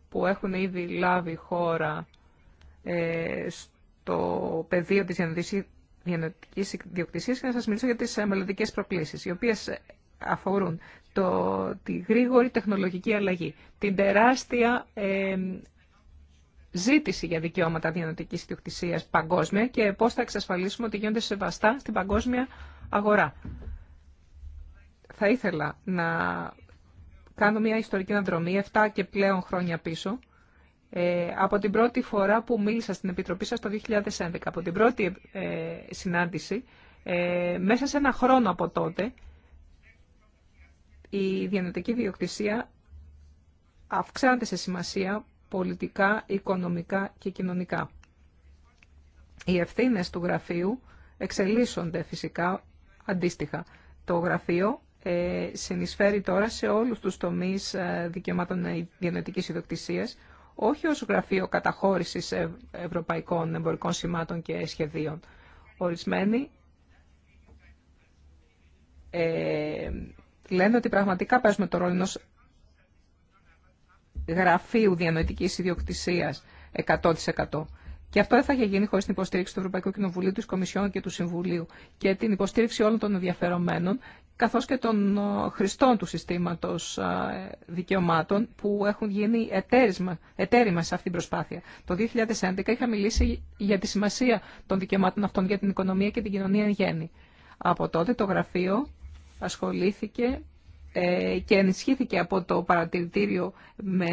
που έχουν ήδη λάβει χώρα ε, στο πεδίο της διανοητικής ιδιοκτησίας και να σας μιλήσω για τις ε, μελλοντικέ προκλήσεις, οι οποίες ε, αφορούν το, τη γρήγορη τεχνολογική αλλαγή, την τεράστια ζήτηση για δικαιώματα διανοητικής ιδιοκτησίας παγκόσμια και πώς θα εξασφαλίσουμε ότι γίνονται σεβαστά στην παγκόσμια αγορά θα ήθελα να κάνω μια ιστορική αναδρομή 7 και πλέον χρόνια πίσω ε, από την πρώτη φορά που μίλησα στην Επιτροπή σας το 2011, από την πρώτη ε, συνάντηση, ε, μέσα σε ένα χρόνο από τότε, η διανοητική διοκτησία αυξάνεται σε σημασία πολιτικά, οικονομικά και κοινωνικά. Οι ευθύνε του γραφείου εξελίσσονται φυσικά αντίστοιχα. Το γραφείο ε, συνεισφέρει τώρα σε όλους τους τομείς ε, δικαιωμάτων γενετικής ιδιοκτησίας, όχι ως γραφείο καταχώρησης ε, ευρωπαϊκών εμπορικών σημάτων και σχεδίων. Ορισμένοι ε, λένε ότι πραγματικά παίζουμε το ρόλο ενός γραφείου διανοητικής ιδιοκτησίας 100%. Και αυτό δεν θα είχε γίνει χωρί την υποστήριξη του Ευρωπαϊκού Κοινοβουλίου, τη Κομισιόν και του Συμβουλίου και την υποστήριξη όλων των ενδιαφερομένων καθώς και των ε, χρηστών του συστήματος ε, δικαιωμάτων που έχουν γίνει εταίροι σε αυτήν την προσπάθεια. Το 2011 είχα μιλήσει για τη σημασία των δικαιωμάτων αυτών για την οικονομία και την κοινωνία εν γέννη. Από τότε το γραφείο ασχολήθηκε ε, και ενισχύθηκε από το παρατηρητήριο με,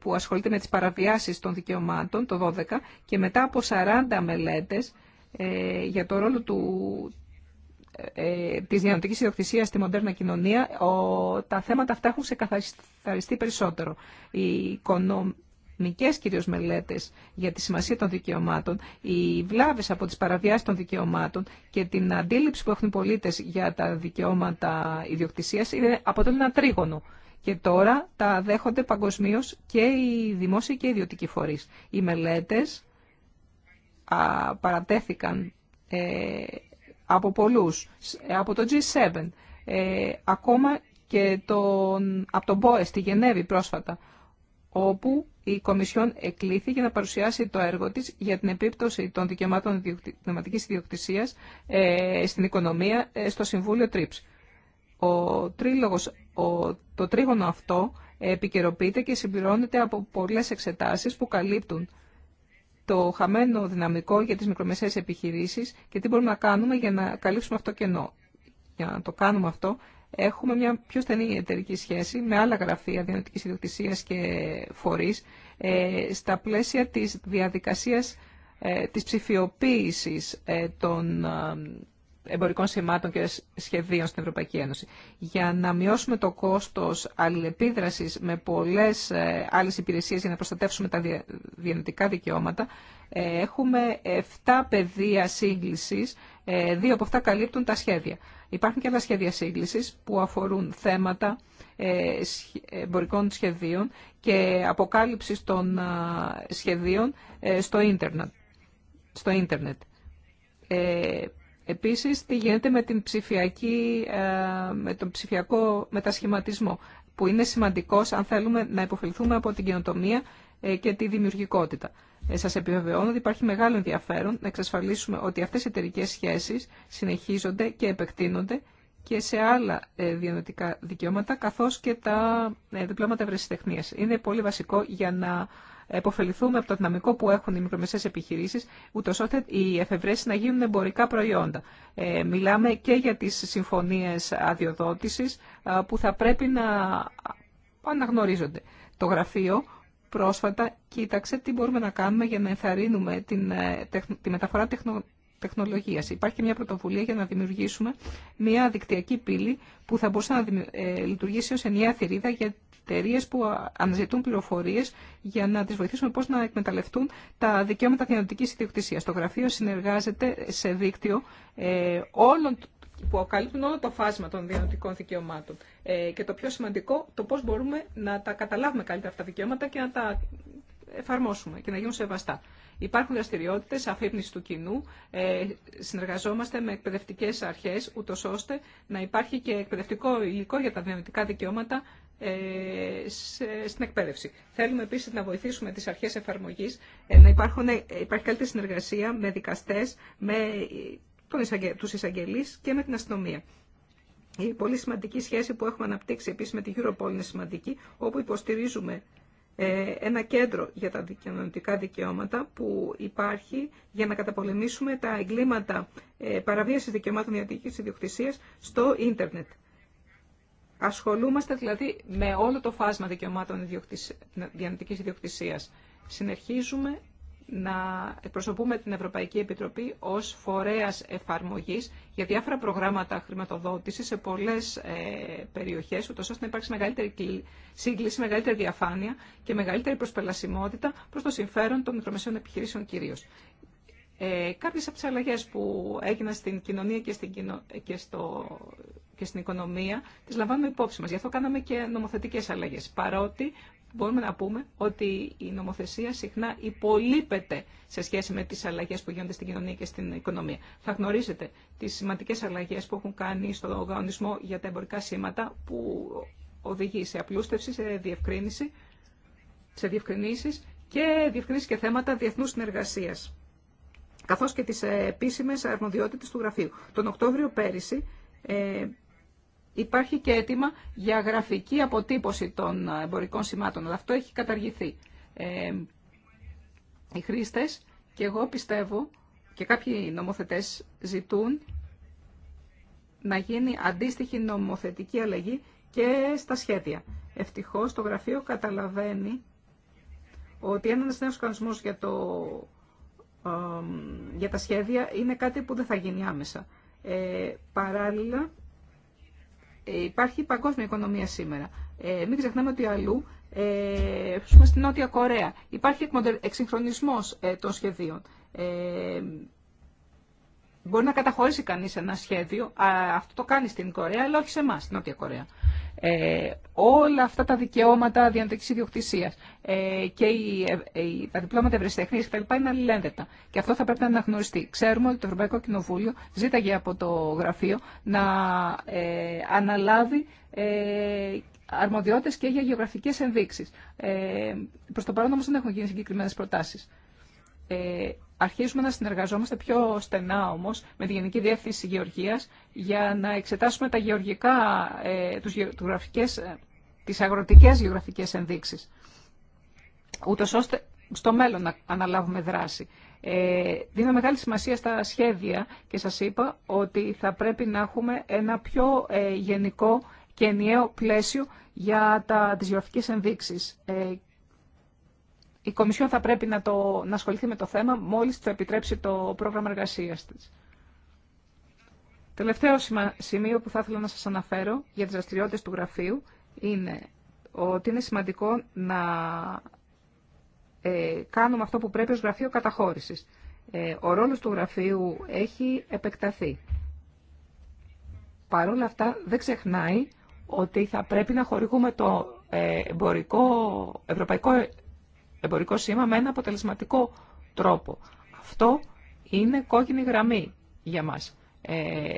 που ασχολείται με τις παραβιάσεις των δικαιωμάτων το 2012 και μετά από 40 μελέτες για το ρόλο του, ε, τη διανοτική ιδιοκτησία ιδιοκτησίας στη μοντέρνα κοινωνία, τα θέματα αυτά έχουν ξεκαθαριστεί περισσότερο. Οι οικονομικές κυρίως μελέτες για τη σημασία των δικαιωμάτων, οι βλάβες από τις παραβιάσεις των δικαιωμάτων και την αντίληψη που έχουν οι πολίτες για τα δικαιώματα ιδιοκτησίας είναι, αποτελούν ένα τρίγωνο. Και τώρα τα δέχονται παγκοσμίω και οι δημόσιοι και οι ιδιωτικοί φορείς. Οι μελέτες παρατέθηκαν ε, από πολλούς, ε, από το G7, ε, ακόμα και τον, από τον ΠΟΕ στη Γενέβη πρόσφατα, όπου η Κομισιόν εκλήθη για να παρουσιάσει το έργο της για την επίπτωση των δικαιωμάτων πνευματικής ιδιοκτησίας ε, στην οικονομία ε, στο Συμβούλιο TRIPS. Ο τρίλογος, το τρίγωνο αυτό επικαιροποιείται και συμπληρώνεται από πολλές εξετάσεις που καλύπτουν το χαμένο δυναμικό για τις μικρομεσαίες επιχειρήσεις και τι μπορούμε να κάνουμε για να καλύψουμε αυτό κενό. Για να το κάνουμε αυτό, έχουμε μια πιο στενή εταιρική σχέση με άλλα γραφεία διανοητικής ιδιοκτησίας και φορείς ε, στα πλαίσια της διαδικασίας ε, της ψηφιοποίησης ε, των εμπορικών σημάτων και σχεδίων στην Ευρωπαϊκή Ένωση. Για να μειώσουμε το κόστος αλληλεπίδρασης με πολλές ε, άλλες υπηρεσίες για να προστατεύσουμε τα διανοητικά δικαιώματα, ε, έχουμε 7 πεδία σύγκλησης, ε, δύο από αυτά καλύπτουν τα σχέδια. Υπάρχουν και άλλα σχέδια σύγκλησης που αφορούν θέματα εμπορικών σχεδίων και αποκάλυψης των σχεδίων στο ίντερνετ. Στο Επίσης, τι γίνεται με, την ε, με τον ψηφιακό μετασχηματισμό, που είναι σημαντικός αν θέλουμε να υποφελθούμε από την καινοτομία ε, και τη δημιουργικότητα. Ε, σας επιβεβαιώνω ότι υπάρχει μεγάλο ενδιαφέρον να εξασφαλίσουμε ότι αυτές οι εταιρικέ σχέσεις συνεχίζονται και επεκτείνονται και σε άλλα διανοητικά δικαιώματα, καθώς και τα διπλώματα ευρεσιτεχνίας. Είναι πολύ βασικό για να εποφεληθούμε από το δυναμικό που έχουν οι μικρομεσαίες επιχειρήσεις, ούτω ώστε οι εφευρέσεις να γίνουν εμπορικά προϊόντα. Ε, μιλάμε και για τις συμφωνίες αδειοδότησης που θα πρέπει να αναγνωρίζονται. Το γραφείο πρόσφατα κοίταξε τι μπορούμε να κάνουμε για να ενθαρρύνουμε την, ε, τη μεταφορά τεχνο, τεχνολογίας. Υπάρχει και μια πρωτοβουλία για να δημιουργήσουμε μια δικτυακή πύλη που θα μπορούσε να ε, λειτουργήσει ως ενιαία θηρίδα για εταιρείε που αναζητούν πληροφορίε για να τι βοηθήσουμε πώ να εκμεταλλευτούν τα δικαιώματα κοινωνική ιδιοκτησία. Το γραφείο συνεργάζεται σε δίκτυο ε, όλων που αποκαλύπτουν όλο το φάσμα των διανοητικών δικαιωμάτων. Ε, και το πιο σημαντικό, το πώ μπορούμε να τα καταλάβουμε καλύτερα αυτά τα δικαιώματα και να τα εφαρμόσουμε και να γίνουν σεβαστά. Υπάρχουν δραστηριότητε αφύπνιση του κοινού. Ε, συνεργαζόμαστε με εκπαιδευτικέ αρχέ, ούτω ώστε να υπάρχει και εκπαιδευτικό υλικό για τα διανοητικά δικαιώματα ε, στην εκπαίδευση. Θέλουμε επίσης να βοηθήσουμε τις αρχές εφαρμογής ε, να υπάρχουν, ε, υπάρχει καλύτερη συνεργασία με δικαστές, με εισαγγε, τους εισαγγελείς και με την αστυνομία. Η πολύ σημαντική σχέση που έχουμε αναπτύξει επίσης με την Europol είναι σημαντική, όπου υποστηρίζουμε ένα κέντρο για τα δικαιωματικά δικαιώματα που υπάρχει για να καταπολεμήσουμε τα εγκλήματα παραβίασης δικαιωμάτων ιατρικής ιδιοκτησίας στο ίντερνετ. Ασχολούμαστε δηλαδή με όλο το φάσμα δικαιωμάτων διανοητική ιδιοκτησία. Συνεχίζουμε να εκπροσωπούμε την Ευρωπαϊκή Επιτροπή ω φορέα εφαρμογή για διάφορα προγράμματα χρηματοδότηση σε πολλέ ε, περιοχές, ούτως ώστε να υπάρξει μεγαλύτερη σύγκληση, μεγαλύτερη διαφάνεια και μεγαλύτερη προσπελασιμότητα προ το συμφέρον των μικρομεσαίων επιχειρήσεων κυρίω. Ε, κάποιες από τι αλλαγέ που έγιναν στην κοινωνία και, στην και στο και στην οικονομία, τις λαμβάνουμε υπόψη μας. Γι' αυτό κάναμε και νομοθετικές αλλαγές. Παρότι μπορούμε να πούμε ότι η νομοθεσία συχνά υπολείπεται σε σχέση με τις αλλαγές που γίνονται στην κοινωνία και στην οικονομία. Θα γνωρίζετε τις σημαντικές αλλαγές που έχουν κάνει στον οργανισμό για τα εμπορικά σήματα που οδηγεί σε απλούστευση, σε διευκρίνηση, σε διευκρινήσεις και διευκρινήσει και θέματα διεθνούς συνεργασία. Καθώ και τι επίσημε αρμοδιότητες του γραφείου. Τον Οκτώβριο πέρυσι ε, Υπάρχει και αίτημα για γραφική αποτύπωση των εμπορικών σημάτων, αλλά αυτό έχει καταργηθεί. Ε, οι χρήστες και εγώ πιστεύω και κάποιοι νομοθετές ζητούν να γίνει αντίστοιχη νομοθετική αλλαγή και στα σχέδια. Ευτυχώς το γραφείο καταλαβαίνει ότι ένα νέο κανονισμό για, τα σχέδια είναι κάτι που δεν θα γίνει άμεσα. Ε, παράλληλα, Υπάρχει παγκόσμια οικονομία σήμερα. Ε, μην ξεχνάμε ότι αλλού, ε, στην Νότια Κορέα, υπάρχει εξυγχρονισμός ε, των σχεδίων. Ε, Μπορεί να καταχωρήσει κανείς ένα σχέδιο, αυτό το κάνει στην Κορέα, αλλά όχι σε εμά, στην Νότια Κορέα. Ε, όλα αυτά τα δικαιώματα διανοητικής ιδιοκτησίας ε, και οι, ε, ε τα διπλώματα ευρεσιτεχνίας κτλ. είναι αλληλένδετα. Και αυτό θα πρέπει να αναγνωριστεί. Ξέρουμε ότι το Ευρωπαϊκό Κοινοβούλιο ζήταγε από το γραφείο να ε, αναλάβει ε, αρμοδιότητες και για γεωγραφικές ενδείξεις. Ε, προς το παρόν όμως δεν έχουν γίνει συγκεκριμένες προτάσεις. Ε, Αρχίζουμε να συνεργαζόμαστε πιο στενά όμως με τη Γενική Διεύθυνση Γεωργίας για να εξετάσουμε τα γεωργικά, ε, τους γεωγραφικές, ε, τις αγροτικές γεωγραφικές ενδείξεις. Ούτως ώστε στο μέλλον να αναλάβουμε δράση. Ε, δίνω μεγάλη σημασία στα σχέδια και σας είπα ότι θα πρέπει να έχουμε ένα πιο ε, γενικό και ενιαίο πλαίσιο για τα, τις γεωγραφικές ενδείξεις η Κομισιόν θα πρέπει να, το, να ασχοληθεί με το θέμα μόλις το επιτρέψει το πρόγραμμα εργασίας της. Τελευταίο σημείο που θα ήθελα να σας αναφέρω για τις δραστηριότητε του γραφείου είναι ότι είναι σημαντικό να ε, κάνουμε αυτό που πρέπει ως γραφείο καταχώρησης. Ε, ο ρόλος του γραφείου έχει επεκταθεί. Παρ' όλα αυτά δεν ξεχνάει ότι θα πρέπει να χορηγούμε το ε, εμπορικό, ευρωπαϊκό εμπορικό σήμα με ένα αποτελεσματικό τρόπο. Αυτό είναι κόκκινη γραμμή για μας. Ε,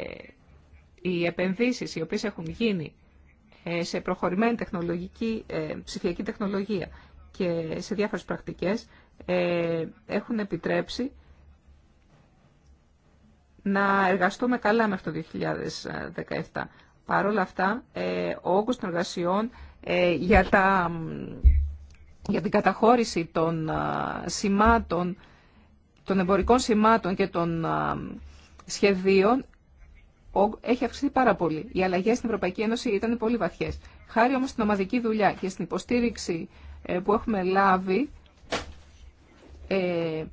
οι επενδύσεις οι οποίες έχουν γίνει ε, σε προχωρημένη τεχνολογική, ε, ψηφιακή τεχνολογία και σε διάφορες πρακτικές ε, έχουν επιτρέψει να εργαστούμε καλά μέχρι το 2017. Παρ' όλα αυτά, ε, ο όγκος των εργασιών για τα για την καταχώρηση των σημάτων, των εμπορικών σημάτων και των σχεδίων έχει αυξηθεί πάρα πολύ. Οι αλλαγές στην Ευρωπαϊκή Ένωση ήταν πολύ βαθιές. Χάρη όμως στην ομαδική δουλειά και στην υποστήριξη ε, που έχουμε λάβει ε,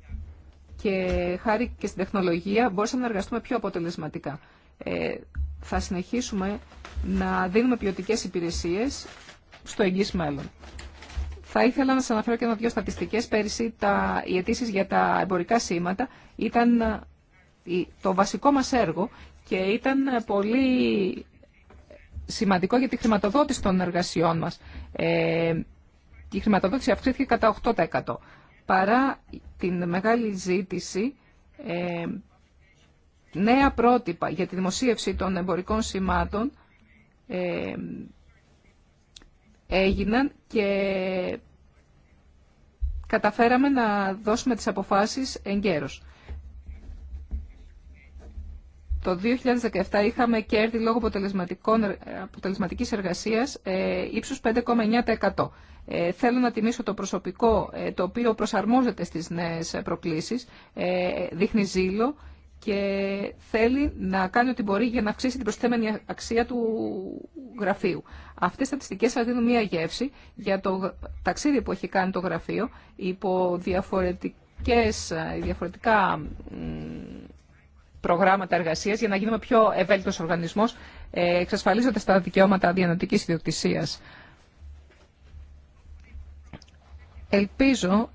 και χάρη και στην τεχνολογία μπορούσαμε να εργαστούμε πιο αποτελεσματικά. Ε, θα συνεχίσουμε να δίνουμε ποιοτικέ υπηρεσίες στο εγγύς μέλλον. Θα ήθελα να σας αναφέρω και ένα-δυο στατιστικές. Πέρυσι τα, οι αιτήσει για τα εμπορικά σήματα ήταν ε, το βασικό μας έργο και ήταν ε, πολύ σημαντικό για τη χρηματοδότηση των εργασιών μας. Ε, η χρηματοδότηση αυξήθηκε κατά 8%. Παρά την μεγάλη ζήτηση, νέα πρότυπα για τη δημοσίευση των εμπορικών σημάτων έγιναν και καταφέραμε να δώσουμε τις αποφάσεις εγκαίρως. Το 2017 είχαμε κέρδη λόγω αποτελεσματικής εργασίας ε, ύψους 5,9%. Ε, θέλω να τιμήσω το προσωπικό ε, το οποίο προσαρμόζεται στις νέες προκλήσεις, ε, δείχνει ζήλο και θέλει να κάνει ό,τι μπορεί για να αυξήσει την προσθέμενη αξία του γραφείου. Αυτές οι στατιστικές θα δίνουν μια γεύση για το ταξίδι που έχει κάνει το γραφείο υπό διαφορετικές, ε, διαφορετικά προγράμματα εργασίας για να γίνουμε πιο ευέλικτος οργανισμός ε, εξασφαλίζοντας τα δικαιώματα διανοτικής ιδιοκτησίας. Ελπίζω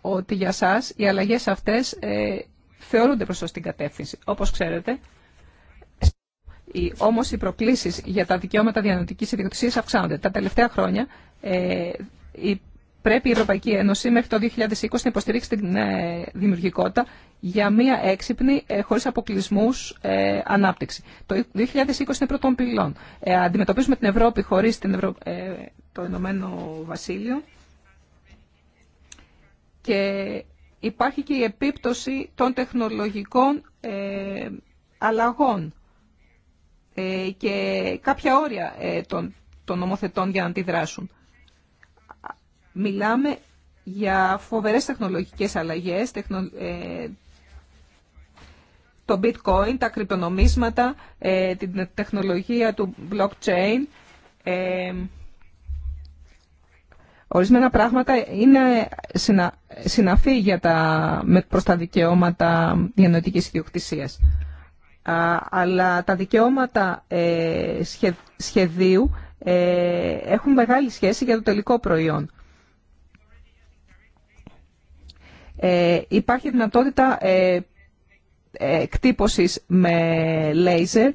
ότι για σας οι αλλαγές αυτές ε, θεωρούνται προς την κατεύθυνση. Όπως ξέρετε, Όμω οι προκλήσει για τα δικαιώματα διανοητικής ιδιοκτησία αυξάνονται. Τα τελευταία χρόνια ε, πρέπει η Ευρωπαϊκή Ένωση μέχρι το 2020 να υποστηρίξει την ε, δημιουργικότητα για μια έξυπνη, ε, χωρίς χωρί αποκλεισμού, ανάπτυξη. Το 2020 είναι πρώτον πυλών. Αντιμετωπίζουμε την Ευρώπη χωρί το Ηνωμένο Βασίλειο και υπάρχει και η επίπτωση των τεχνολογικών ε, αλλαγών ε, και κάποια όρια ε, των, των νομοθετών για να αντιδράσουν. Μιλάμε για φοβερές τεχνολογικές αλλαγές, τεχνο, ε, το bitcoin, τα κρυπτονομίσματα, την τεχνολογία του blockchain, Ορισμένα πράγματα είναι συνα, συναφή για τα, προς τα δικαιώματα διανοητικής ιδιοκτησίας. αλλά τα δικαιώματα ε, σχεδίου ε, έχουν μεγάλη σχέση για το τελικό προϊόν. Ε, υπάρχει δυνατότητα ε, ε με λέιζερ.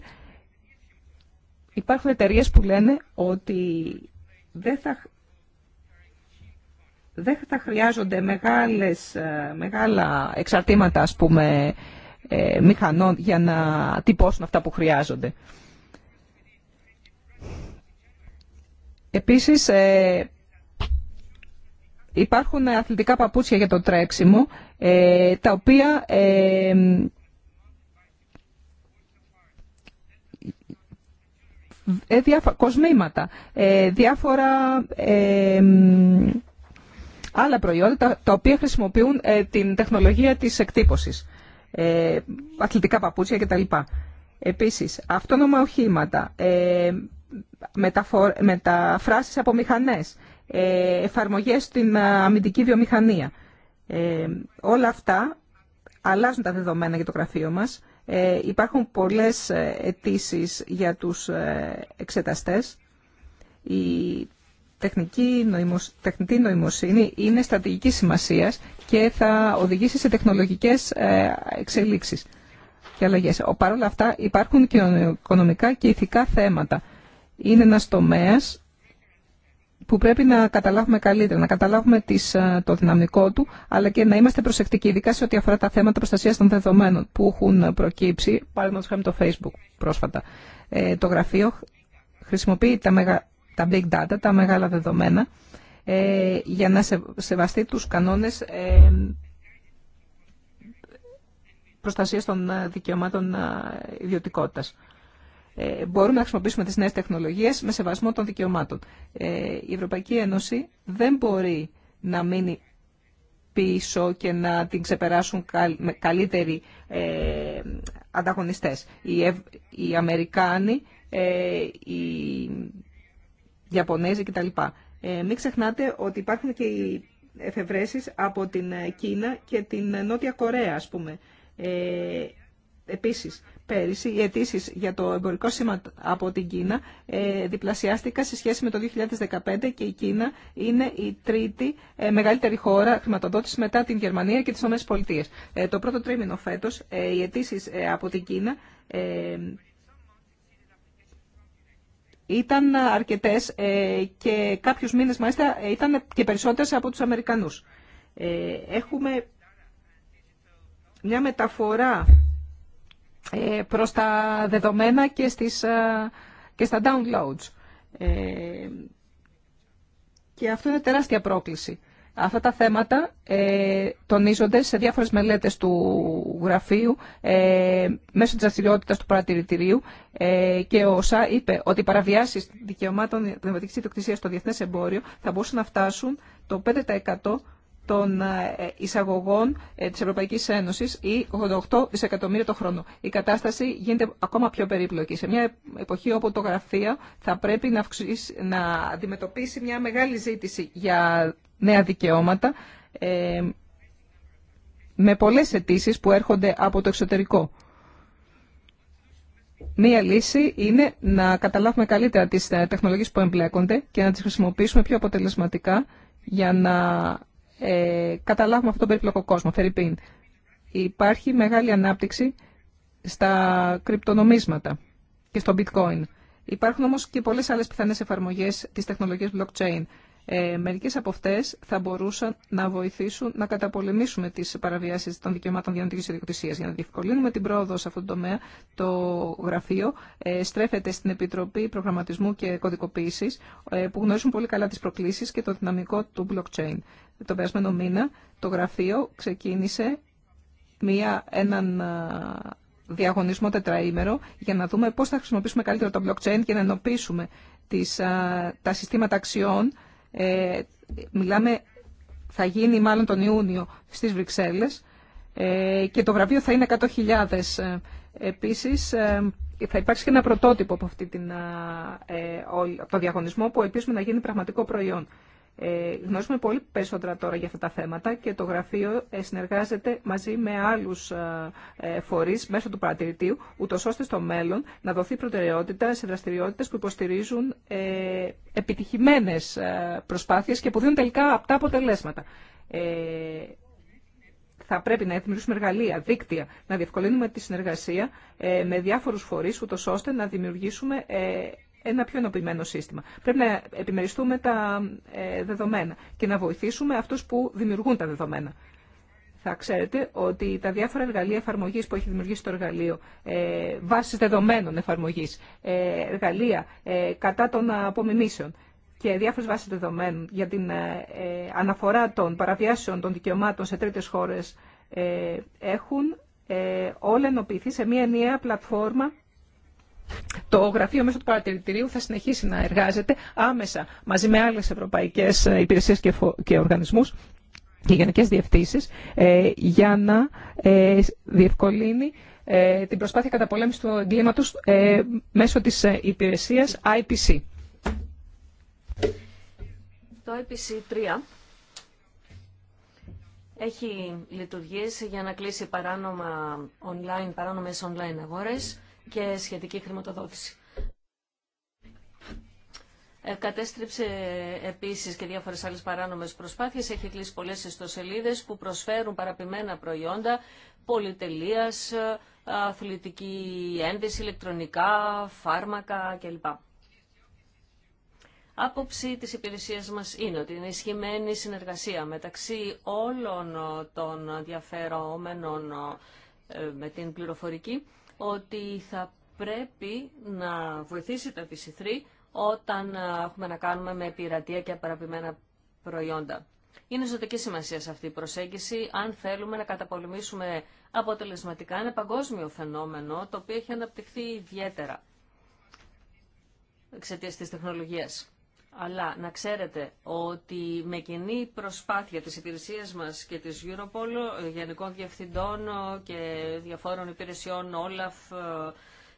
Υπάρχουν εταιρείες που λένε ότι δεν θα δεν θα χρειάζονται μεγάλες, ε, μεγάλα εξαρτήματα ας πούμε, ε, μηχανών για να τυπώσουν αυτά που χρειάζονται. Επίσης, ε, υπάρχουν αθλητικά παπούτσια για το τρέξιμο, τα οποία κοσμήματα, διάφορα άλλα προϊόντα τα οποία χρησιμοποιούν ε, την τεχνολογία της εκτύπωσης, ε, αθλητικά παπούτσια κτλ. Επίσης, αυτόνομα οχήματα, ε, μεταφράσεις από μηχανές, εφαρμογές στην αμυντική βιομηχανία. Όλα αυτά αλλάζουν τα δεδομένα για το γραφείο μας. Υπάρχουν πολλές αιτήσει για τους εξεταστές τεχνική νοημοσ... τεχνητή νοημοσύνη είναι στρατηγική σημασία και θα οδηγήσει σε τεχνολογικέ ε, εξελίξει και αλλαγέ. Παρ' όλα αυτά υπάρχουν και οικονομικά και ηθικά θέματα. Είναι ένα τομέα που πρέπει να καταλάβουμε καλύτερα, να καταλάβουμε τις, ε, το δυναμικό του, αλλά και να είμαστε προσεκτικοί, ειδικά σε ό,τι αφορά τα θέματα προστασία των δεδομένων που έχουν προκύψει, παραδείγματο χάρη το Facebook πρόσφατα. Ε, το γραφείο χρησιμοποιεί τα μεγα τα big data, τα μεγάλα δεδομένα, ε, για να σεβαστεί τους κανόνες ε, προστασίας των ε, δικαιωμάτων ιδιωτικότητας. Μπορούμε να χρησιμοποιήσουμε τις νέες τεχνολογίες με σεβασμό των δικαιωμάτων. Η Ευρωπαϊκή Ένωση δεν μπορεί να μείνει πίσω και να την ξεπεράσουν καλύτεροι ανταγωνιστές. Οι Αμερικάνοι, οι Ιαπωνέζοι κτλ. Ε, μην ξεχνάτε ότι υπάρχουν και οι εφευρέσεις από την Κίνα και την Νότια Κορέα, ας πούμε. Ε, επίσης, πέρυσι οι αιτήσει για το εμπορικό σήμα από την Κίνα ε, διπλασιάστηκαν σε σχέση με το 2015 και η Κίνα είναι η τρίτη ε, μεγαλύτερη χώρα χρηματοδότηση μετά την Γερμανία και τις ΗΠΑ. Ε, το πρώτο τρίμηνο φέτος ε, οι αιτήσει ε, από την Κίνα ήταν αρκετές ε, και κάποιους μήνε μάλιστα ήταν και περισσότερε από τους Αμερικανούς. Ε, έχουμε μια μεταφορά ε, προς τα δεδομένα και, στις, και στα downloads. Και αυτό είναι τεράστια πρόκληση. Αυτά τα θέματα ε, τονίζονται σε διάφορες μελέτες του γραφείου ε, μέσω της δραστηριότητα του παρατηρητηρίου ε, και ο ΣΑ είπε ότι οι παραβιάσεις δικαιωμάτων δημοτικής ιδιοκτησίας στο διεθνές εμπόριο θα μπορούσαν να φτάσουν το 5% των ε, εισαγωγών ε, της Ευρωπαϊκής Ένωσης ή 88 δισεκατομμύρια το χρόνο. Η κατάσταση γίνεται ακόμα πιο περίπλοκη. Σε μια εποχή όπου το γραφείο θα πρέπει να, να αντιμετωπίσει μια μεγάλη ζήτηση για νέα δικαιώματα ε, με πολλές αιτήσει που έρχονται από το εξωτερικό. Μία λύση είναι να καταλάβουμε καλύτερα τις τεχνολογίες που εμπλέκονται και να τις χρησιμοποιήσουμε πιο αποτελεσματικά για να ε, καταλάβουμε αυτόν τον περίπλοκο κόσμο. Θερυπίν. υπάρχει μεγάλη ανάπτυξη στα κρυπτονομίσματα και στο bitcoin. Υπάρχουν όμως και πολλές άλλες πιθανές εφαρμογές της τεχνολογίας blockchain ε, μερικές από αυτέ θα μπορούσαν να βοηθήσουν να καταπολεμήσουμε τι παραβιάσεις των δικαιωμάτων διανοητική ιδιοκτησία. Για να διευκολύνουμε την πρόοδο σε αυτόν τον τομέα, το γραφείο ε, στρέφεται στην Επιτροπή Προγραμματισμού και κωδικοποίηση ε, που γνωρίζουν πολύ καλά τι προκλήσει και το δυναμικό του blockchain. Το περασμένο μήνα το γραφείο ξεκίνησε μία, έναν διαγωνισμό τετραήμερο για να δούμε πώς θα χρησιμοποιήσουμε καλύτερα το blockchain και να ενοποιήσουμε τις, τα συστήματα αξιών ε, μιλάμε, θα γίνει μάλλον τον Ιούνιο στις Βρυξέλλες ε, και το βραβείο θα είναι 100.000. Ε, επίσης, ε, θα υπάρξει και ένα πρωτότυπο από, αυτή την, ε, το διαγωνισμό που ελπίζουμε να γίνει πραγματικό προϊόν. Ε, γνωρίζουμε πολύ περισσότερα τώρα για αυτά τα θέματα και το γραφείο ε, συνεργάζεται μαζί με άλλου ε, ε, φορεί μέσω του παρατηρητήου, ούτω ώστε στο μέλλον να δοθεί προτεραιότητα σε δραστηριότητε που υποστηρίζουν ε, επιτυχημένε προσπάθειε και που δίνουν τελικά απτά αποτελέσματα. θα πρέπει να δημιουργήσουμε εργαλεία, δίκτυα, να διευκολύνουμε τη συνεργασία με διάφορου φορεί, ούτω ώστε να δημιουργήσουμε ένα πιο ενοποιημένο σύστημα. Πρέπει να επιμεριστούμε τα ε, δεδομένα και να βοηθήσουμε αυτούς που δημιουργούν τα δεδομένα. Θα ξέρετε ότι τα διάφορα εργαλεία εφαρμογή που έχει δημιουργήσει το εργαλείο, ε, βάσει δεδομένων εφαρμογή, ε, εργαλεία ε, κατά των απομιμήσεων και διάφορε βάσει δεδομένων για την ε, αναφορά των παραβιάσεων των δικαιωμάτων σε τρίτε χώρε έχουν όλα ενοποιηθεί σε μία ενιαία πλατφόρμα το γραφείο μέσω του παρατηρητηρίου θα συνεχίσει να εργάζεται άμεσα μαζί με άλλες ευρωπαϊκές υπηρεσίες και οργανισμούς και γενικές διευθύνσεις ε, για να ε, διευκολύνει ε, την προσπάθεια καταπολέμησης του εγκλήματος μέσω της υπηρεσίας IPC. Το IPC 3 έχει λειτουργήσει για να κλείσει παράνομα online, παράνομες online αγορές και σχετική χρηματοδότηση. Κατέστρεψε επίση και διάφορε άλλε παράνομε προσπάθειε. Έχει κλείσει πολλέ ιστοσελίδε που προσφέρουν παραπημένα προϊόντα πολυτελεία, αθλητική ένδυση, ηλεκτρονικά, φάρμακα κλπ. Άποψη της υπηρεσίας μας είναι ότι είναι ισχυμένη συνεργασία μεταξύ όλων των διαφερόμενων ε, με την πληροφορική ότι θα πρέπει να βοηθήσει το pc όταν έχουμε να κάνουμε με πειρατεία και απαραπημένα προϊόντα. Είναι ζωτική σημασία σε αυτή η προσέγγιση αν θέλουμε να καταπολεμήσουμε αποτελεσματικά ένα παγκόσμιο φαινόμενο το οποίο έχει αναπτυχθεί ιδιαίτερα εξαιτία της τεχνολογίας. Αλλά να ξέρετε ότι με κοινή προσπάθεια της υπηρεσίας μας και της Europol, Γενικών Διευθυντών και διαφόρων υπηρεσιών, Όλαφ,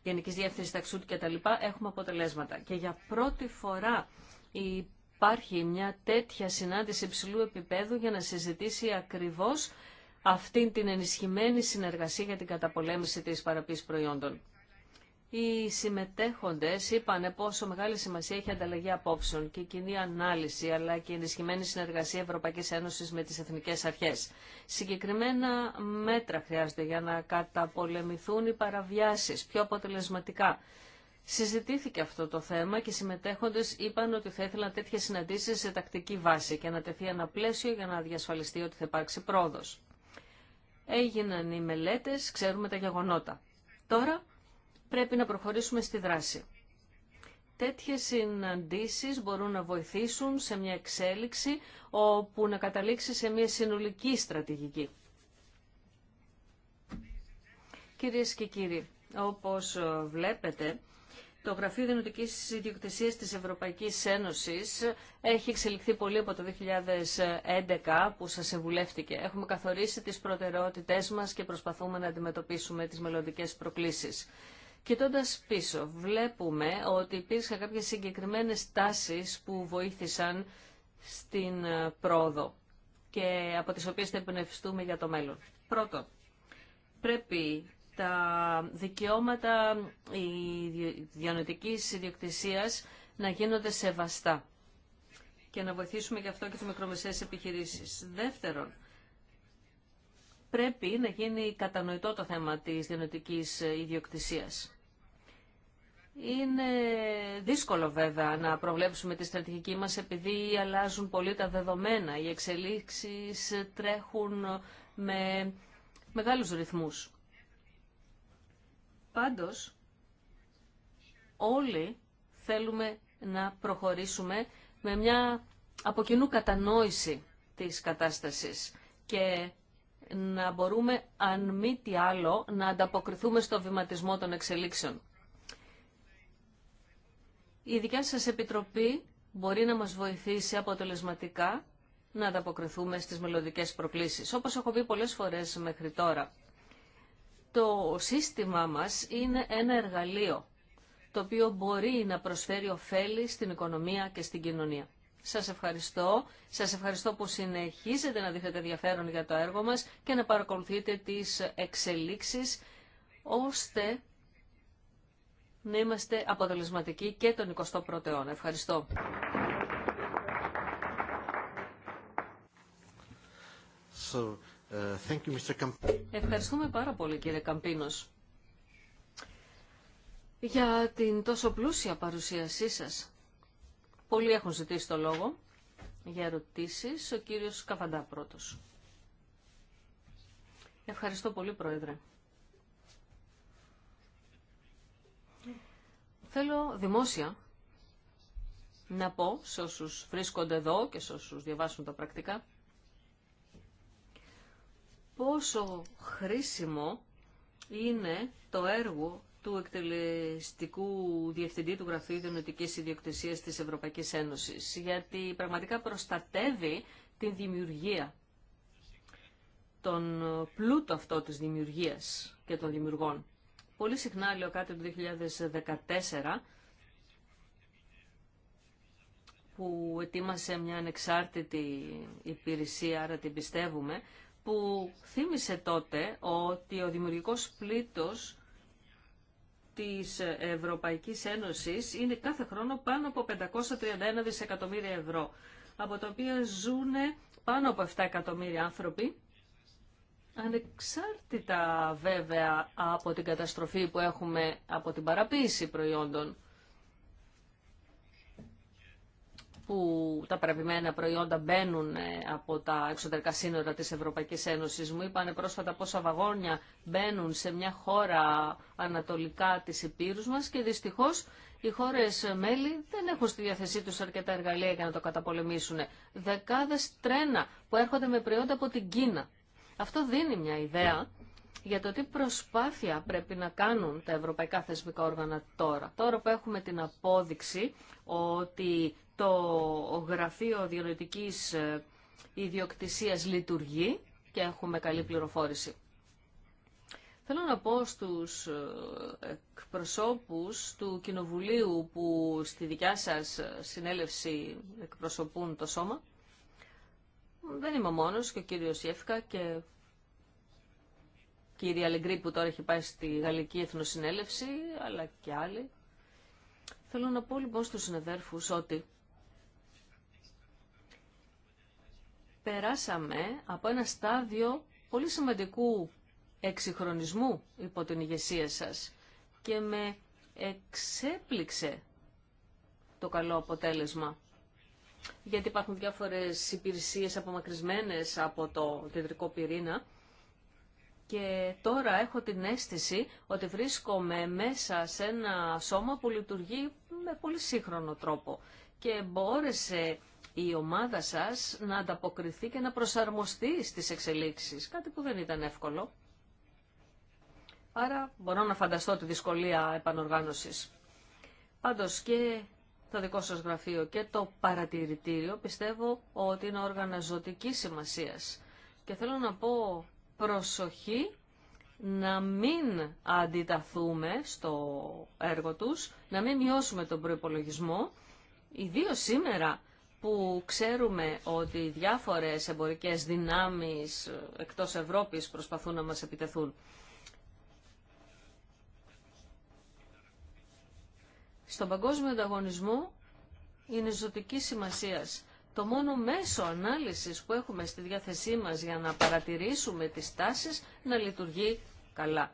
Γενικής Διεύθυνσης Ταξούτ και τα λοιπά, έχουμε αποτελέσματα. Και για πρώτη φορά υπάρχει μια τέτοια συνάντηση υψηλού επίπεδου για να συζητήσει ακριβώς αυτήν την ενισχυμένη συνεργασία για την καταπολέμηση της παραπής προϊόντων οι συμμετέχοντες είπαν πόσο μεγάλη σημασία έχει η ανταλλαγή απόψεων και η κοινή ανάλυση αλλά και η ενισχυμένη συνεργασία Ευρωπαϊκής Ένωσης με τις εθνικές αρχές. Συγκεκριμένα μέτρα χρειάζονται για να καταπολεμηθούν οι παραβιάσεις πιο αποτελεσματικά. Συζητήθηκε αυτό το θέμα και οι συμμετέχοντες είπαν ότι θα ήθελαν τέτοιες συναντήσεις σε τακτική βάση και να τεθεί ένα πλαίσιο για να διασφαλιστεί ότι θα υπάρξει πρόοδο. Έγιναν οι μελέτες, ξέρουμε τα γεγονότα. Τώρα πρέπει να προχωρήσουμε στη δράση. Τέτοιες συναντήσεις μπορούν να βοηθήσουν σε μια εξέλιξη όπου να καταλήξει σε μια συνολική στρατηγική. Κυρίες και κύριοι, όπως βλέπετε, το Γραφείο δημοτικής Ιδιοκτησίας της Ευρωπαϊκής Ένωσης έχει εξελιχθεί πολύ από το 2011 που σας συμβουλεύτηκε. Έχουμε καθορίσει τις προτεραιότητές μας και προσπαθούμε να αντιμετωπίσουμε τις μελλοντικές προκλήσεις. Κοιτώντας πίσω, βλέπουμε ότι υπήρξαν κάποιες συγκεκριμένες τάσεις που βοήθησαν στην ε, πρόοδο και από τις οποίες θα εμπνευστούμε για το μέλλον. Πρώτο, πρέπει τα δικαιώματα διανοητικής ιδιοκτησίας να γίνονται σεβαστά και να βοηθήσουμε γι' αυτό και τις μικρομεσαίες επιχειρήσεις. Δεύτερον, πρέπει να γίνει κατανοητό το θέμα της διανοητικής ιδιοκτησίας. Είναι δύσκολο βέβαια να προβλέψουμε τη στρατηγική μας επειδή αλλάζουν πολύ τα δεδομένα. Οι εξελίξεις τρέχουν με μεγάλους ρυθμούς. Πάντως, όλοι θέλουμε να προχωρήσουμε με μια αποκοινού κατανόηση της κατάστασης και να μπορούμε, αν μη τι άλλο, να ανταποκριθούμε στο βηματισμό των εξελίξεων. Η δικιά σας Επιτροπή μπορεί να μας βοηθήσει αποτελεσματικά να ανταποκριθούμε στις μελλοντικές προκλήσεις. Όπως έχω πει πολλές φορές μέχρι τώρα, το σύστημά μας είναι ένα εργαλείο το οποίο μπορεί να προσφέρει ωφέλη στην οικονομία και στην κοινωνία. Σας ευχαριστώ. Σας ευχαριστώ που συνεχίζετε να δείχνετε ενδιαφέρον για το έργο μας και να παρακολουθείτε τις εξελίξεις ώστε να είμαστε αποτελεσματικοί και τον 21ο αιώνα. Ευχαριστώ. So, uh, thank you, Mr. Ευχαριστούμε πάρα πολύ κύριε Καμπίνος για την τόσο πλούσια παρουσίασή σας. Πολλοί έχουν ζητήσει το λόγο για ερωτήσεις. Ο κύριος Καβαντά πρώτος. Ευχαριστώ πολύ, Πρόεδρε. Θέλω δημόσια να πω σε όσους βρίσκονται εδώ και σε όσους διαβάσουν τα πρακτικά πόσο χρήσιμο είναι το έργο του εκτελεστικού διευθυντή του Γραφείου Ιδιωτική Ιδιοκτησίας της Ευρωπαϊκής Ένωσης, γιατί πραγματικά προστατεύει την δημιουργία, τον πλούτο αυτό της δημιουργίας και των δημιουργών. Πολύ συχνά, λέω κάτι το 2014, που ετοίμασε μια ανεξάρτητη υπηρεσία, άρα την πιστεύουμε, που θύμισε τότε ότι ο δημιουργικός πλήτος της Ευρωπαϊκής Ένωσης είναι κάθε χρόνο πάνω από 531 δισεκατομμύρια ευρώ, από τα οποία ζουν πάνω από 7 εκατομμύρια άνθρωποι, ανεξάρτητα βέβαια από την καταστροφή που έχουμε από την παραποίηση προϊόντων. που τα παραβημένα προϊόντα μπαίνουν ε, από τα εξωτερικά σύνορα της Ευρωπαϊκής Ένωσης. Μου είπανε πρόσφατα πόσα βαγόνια μπαίνουν σε μια χώρα ανατολικά της Επίρους μας και δυστυχώς οι χώρες μέλη δεν έχουν στη διάθεσή τους αρκετά εργαλεία για να το καταπολεμήσουν. Δεκάδες τρένα που έρχονται με προϊόντα από την Κίνα. Αυτό δίνει μια ιδέα για το τι προσπάθεια πρέπει να κάνουν τα ευρωπαϊκά θεσμικά όργανα τώρα. Τώρα που έχουμε την απόδειξη ότι το γραφείο διανοητικής ιδιοκτησίας λειτουργεί και έχουμε καλή πληροφόρηση. Θέλω να πω στους ε, εκπροσώπους του Κοινοβουλίου που στη δικιά σας συνέλευση εκπροσωπούν το σώμα. Δεν είμαι μόνος και ο κύριος Ιεύκα και η κυρία Λεγκρή που τώρα έχει πάει στη Γαλλική Εθνοσυνέλευση, αλλά και άλλοι. Θέλω να πω λοιπόν στους συνεδέρφους ότι περάσαμε από ένα στάδιο πολύ σημαντικού εξυγχρονισμού υπό την ηγεσία σας και με εξέπληξε το καλό αποτέλεσμα. Γιατί υπάρχουν διάφορες υπηρεσίες απομακρυσμένες από το κεντρικό πυρήνα και τώρα έχω την αίσθηση ότι βρίσκομαι μέσα σε ένα σώμα που λειτουργεί με πολύ σύγχρονο τρόπο και μπόρεσε η ομάδα σας να ανταποκριθεί και να προσαρμοστεί στις εξελίξεις, κάτι που δεν ήταν εύκολο. Άρα μπορώ να φανταστώ τη δυσκολία επανοργάνωσης. Πάντως και το δικό σας γραφείο και το παρατηρητήριο πιστεύω ότι είναι όργανα ζωτικής σημασίας. Και θέλω να πω προσοχή να μην αντιταθούμε στο έργο τους, να μην μειώσουμε τον προϋπολογισμό, ιδίως σήμερα που ξέρουμε ότι διάφορες εμπορικές δυνάμεις ε, εκτός Ευρώπης προσπαθούν να μας επιτεθούν. Στον παγκόσμιο ανταγωνισμό είναι ζωτική σημασία. Το μόνο μέσο ανάλυσης που έχουμε στη διάθεσή μας για να παρατηρήσουμε τις τάσεις να λειτουργεί καλά.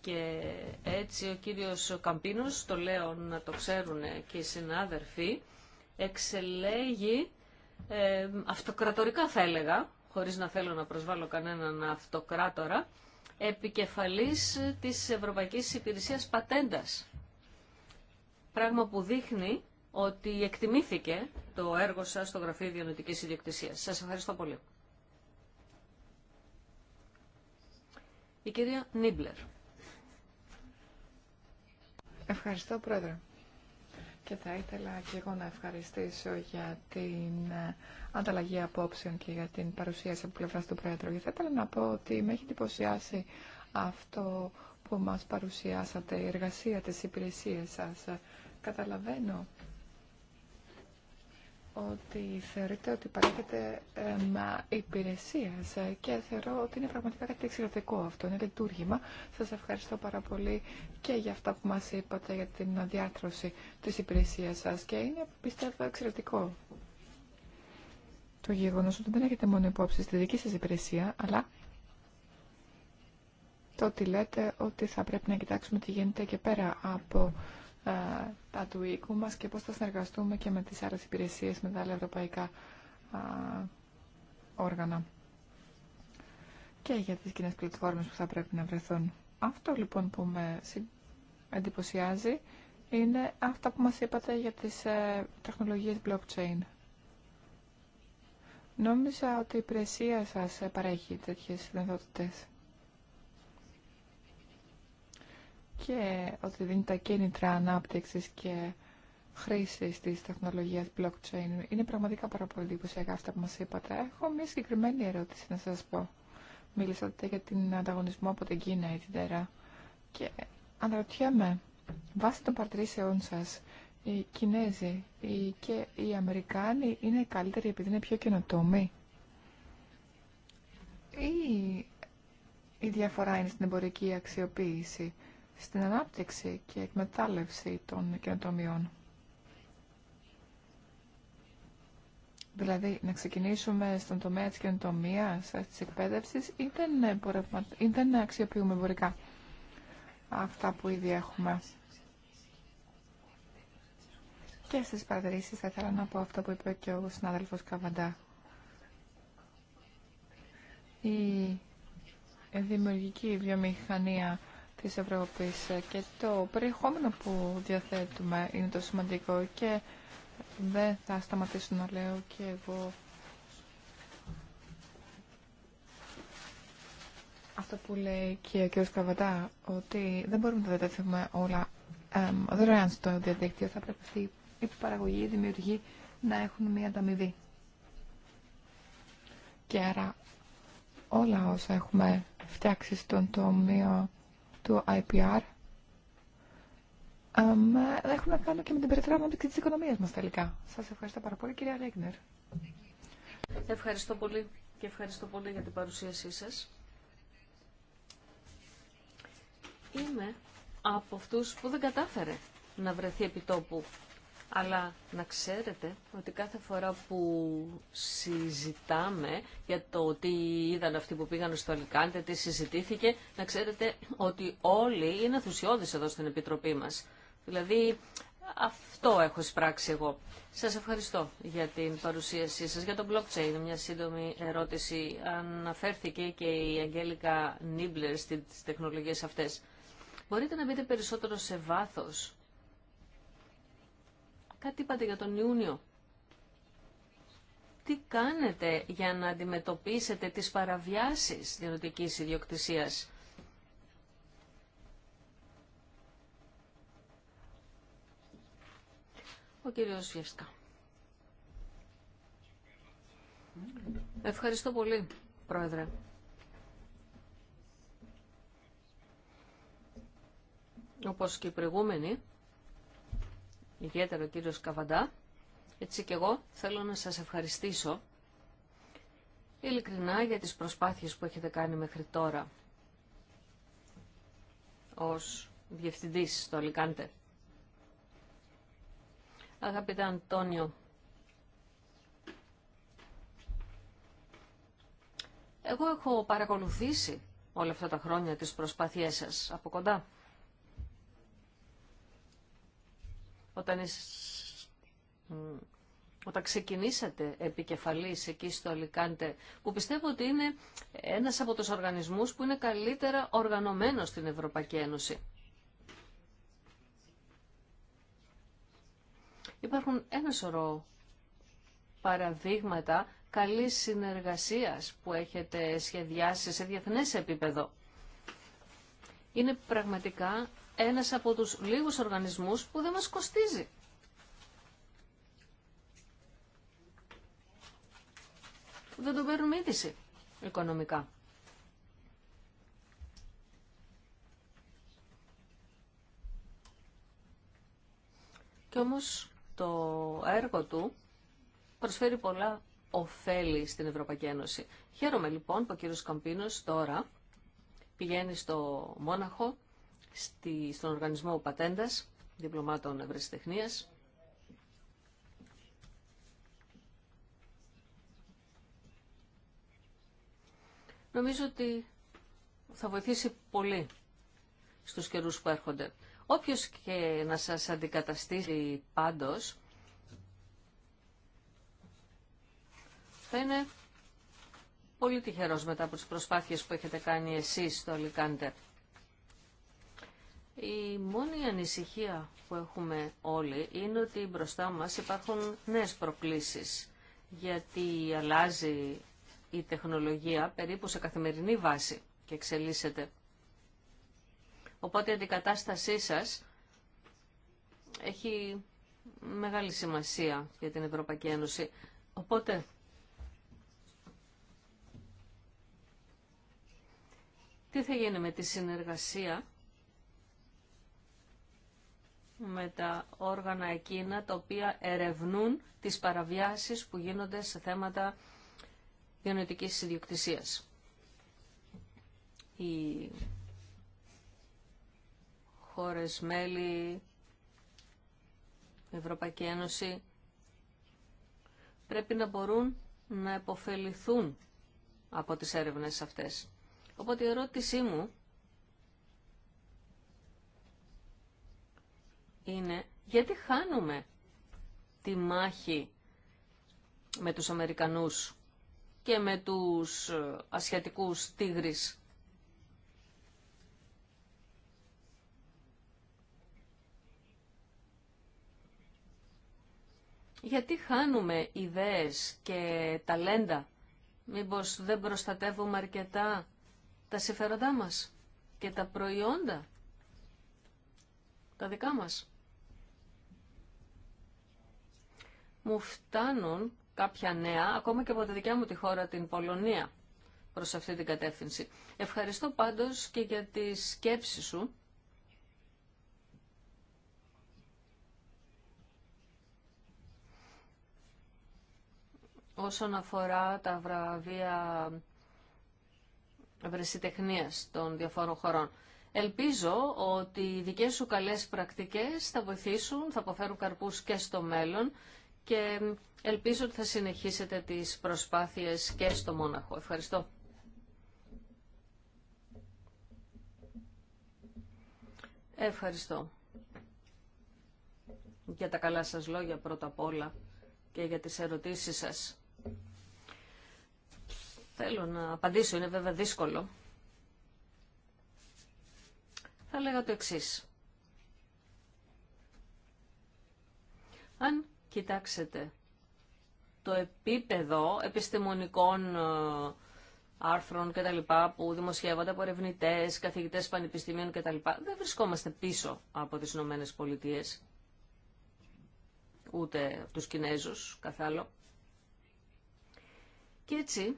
Και έτσι ο κύριος Καμπίνος, το λέω να το ξέρουν και οι συνάδελφοι, εξελέγει ε, αυτοκρατορικά θα έλεγα, χωρίς να θέλω να προσβάλλω κανέναν αυτοκράτορα, επικεφαλής της Ευρωπαϊκής Υπηρεσίας Πατέντας. Πράγμα που δείχνει ότι εκτιμήθηκε το έργο σας στο Γραφείο Διανοητικής Ιδιοκτησίας. Σας ευχαριστώ πολύ. Η κυρία Νίμπλερ. Ευχαριστώ, Πρόεδρε. Και θα ήθελα και εγώ να ευχαριστήσω για την ε, ανταλλαγή απόψεων και για την παρουσίαση από πλευρά του Πρόεδρου. Και θα ήθελα να πω ότι με έχει εντυπωσιάσει αυτό που μας παρουσιάσατε, η εργασία της υπηρεσίας σας. Καταλαβαίνω ότι θεωρείτε ότι παρέχετε ε, υπηρεσία και θεωρώ ότι είναι πραγματικά κάτι εξαιρετικό αυτό. Είναι λειτουργήμα. Σα ευχαριστώ πάρα πολύ και για αυτά που μα είπατε για την διάρθρωση τη υπηρεσία σα και είναι πιστεύω εξαιρετικό το γεγονό ότι δεν έχετε μόνο υπόψη στη δική σα υπηρεσία, αλλά το ότι λέτε ότι θα πρέπει να κοιτάξουμε τι γίνεται και πέρα από ε, τα του οίκου μας και πώς θα συνεργαστούμε και με τις άλλες υπηρεσίες, με τα άλλα ευρωπαϊκά όργανα και για τις κοινέ πλατφόρμες που θα πρέπει να βρεθούν. Αυτό λοιπόν που με εντυπωσιάζει είναι αυτά που μας είπατε για τις ε, τεχνολογίες blockchain. Νόμιζα ότι η υπηρεσία σας παρέχει τέτοιες δυνατότητες. και ότι δίνει τα κίνητρα ανάπτυξης και χρήση τη τεχνολογία blockchain. Είναι πραγματικά πάρα πολύ εντυπωσιακά αυτά που μα είπατε. Έχω μια συγκεκριμένη ερώτηση να σα πω. Μίλησατε για την ανταγωνισμό από την Κίνα ιδιαίτερα. Και αναρωτιέμαι, βάσει των παρτρήσεών σα, οι Κινέζοι και οι Αμερικάνοι είναι καλύτεροι επειδή είναι πιο καινοτόμοι. Ή η διαφορά είναι στην εμπορική αξιοποίηση στην ανάπτυξη και εκμετάλλευση των καινοτομιών. Δηλαδή, να ξεκινήσουμε στον τομέα της καινοτομίας, της εκπαίδευσης ή δεν, ή αξιοποιούμε εμπορικά αυτά που ήδη έχουμε. Και στις παρατηρήσεις θα ήθελα να πω αυτό που είπε και ο συνάδελφος Καβαντά. Η δημιουργική βιομηχανία της Ευρώπης ε, και το περιεχόμενο που διαθέτουμε είναι το σημαντικό και δεν θα σταματήσω να λέω και εγώ αυτό που λέει και ο κ. Καβατά ότι δεν μπορούμε να διατεθούμε όλα δωρεάν στο διαδίκτυο θα πρέπει αυτή η παραγωγή, η δημιουργή να έχουν μια ανταμοιβή και άρα όλα όσα έχουμε φτιάξει στον τομείο του IPR έχουν να κάνουν και με την περιφερειακή ανάπτυξη της οικονομίας μας τελικά. Σας ευχαριστώ πάρα πολύ κυρία Ρέγνερ. Ευχαριστώ πολύ και ευχαριστώ πολύ για την παρουσίασή σας. Είμαι από αυτούς που δεν κατάφερε να βρεθεί επιτόπου αλλά να ξέρετε ότι κάθε φορά που συζητάμε για το τι είδαν αυτοί που πήγαν στο Αλικάντε, τι συζητήθηκε, να ξέρετε ότι όλοι είναι ενθουσιώδεις εδώ στην Επιτροπή μας. Δηλαδή αυτό έχω εισπράξει εγώ. Σας ευχαριστώ για την παρουσίασή σας. Για το blockchain, μια σύντομη ερώτηση. Αναφέρθηκε και η Αγγέλικα Νίμπλερ στις τεχνολογίες αυτές. Μπορείτε να μπείτε περισσότερο σε βάθος Κάτι είπατε για τον Ιούνιο. Τι κάνετε για να αντιμετωπίσετε τις παραβιάσεις διανοητικής ιδιοκτησίας. Ο κύριος Βιευσκά. Ευχαριστώ πολύ, Πρόεδρε. Όπως και οι προηγούμενοι, ιδιαίτερα ο κύριος Καβαντά. Έτσι και εγώ θέλω να σας ευχαριστήσω ειλικρινά για τις προσπάθειες που έχετε κάνει μέχρι τώρα ως διευθυντής στο Αλικάντε. Αγαπητά Αντώνιο, εγώ έχω παρακολουθήσει όλα αυτά τα χρόνια τις προσπάθειές σας από κοντά. Όταν, όταν ξεκινήσατε επικεφαλής εκεί στο Αλικάντε, που πιστεύω ότι είναι ένας από τους οργανισμούς που είναι καλύτερα οργανωμένος στην Ευρωπαϊκή Ένωση. Υπάρχουν ένα σωρό παραδείγματα καλής συνεργασίας που έχετε σχεδιάσει σε διεθνές επίπεδο. Είναι πραγματικά ένας από τους λίγους οργανισμούς που δεν μας κοστίζει. δεν το παίρνουμε είδηση οικονομικά. Κι όμως το έργο του προσφέρει πολλά ωφέλη στην Ευρωπαϊκή Ένωση. Χαίρομαι λοιπόν που ο κύριος Καμπίνος τώρα πηγαίνει στο Μόναχο στη, στον οργανισμό πατέντας, διπλωμάτων ευρεσιτεχνίας. Νομίζω ότι θα βοηθήσει πολύ στους καιρούς που έρχονται. Όποιος και να σας αντικαταστήσει πάντως, θα είναι πολύ τυχερός μετά από τις προσπάθειες που έχετε κάνει εσείς στο Αλικάντερ. Η μόνη ανησυχία που έχουμε όλοι είναι ότι μπροστά μας υπάρχουν νέες προκλήσεις, γιατί αλλάζει η τεχνολογία περίπου σε καθημερινή βάση και εξελίσσεται. Οπότε η αντικατάστασή σας έχει μεγάλη σημασία για την Ευρωπαϊκή Ένωση. Οπότε τι θα γίνει με τη συνεργασία με τα όργανα εκείνα τα οποία ερευνούν τις παραβιάσεις που γίνονται σε θέματα διανοητικής ιδιοκτησίας. Οι χώρες μέλη, η Ευρωπαϊκή Ένωση πρέπει να μπορούν να επωφεληθούν από τις έρευνες αυτές. Οπότε η ερώτησή μου είναι γιατί χάνουμε τη μάχη με τους Αμερικανούς και με τους ε, ασιατικούς Τίγρεις. Γιατί χάνουμε ιδέες και ταλέντα. Μήπως δεν προστατεύουμε αρκετά τα συμφέροντά μας και τα προϊόντα, τα δικά μας. μου φτάνουν κάποια νέα, ακόμα και από τη δικιά μου τη χώρα, την Πολωνία, προς αυτή την κατεύθυνση. Ευχαριστώ πάντως και για τη σκέψη σου. όσον αφορά τα βραβεία βρεσιτεχνίας των διαφόρων χωρών. Ελπίζω ότι οι δικές σου καλές πρακτικές θα βοηθήσουν, θα αποφέρουν καρπούς και στο μέλλον και ελπίζω ότι θα συνεχίσετε τις προσπάθειες και στο Μόναχο. Ευχαριστώ. Ευχαριστώ για τα καλά σας λόγια πρώτα απ' όλα και για τις ερωτήσεις σας. Θέλω να απαντήσω, είναι βέβαια δύσκολο. Θα λέγα το εξής. Αν Κοιτάξτε, το επίπεδο επιστημονικών ε, άρθρων και τα λοιπά που δημοσιεύονται από ερευνητέ, καθηγητέ πανεπιστημίων και τα λοιπά, δεν βρισκόμαστε πίσω από τι Ηνωμένε Πολιτείε. Ούτε από του Κινέζου, καθ' Και έτσι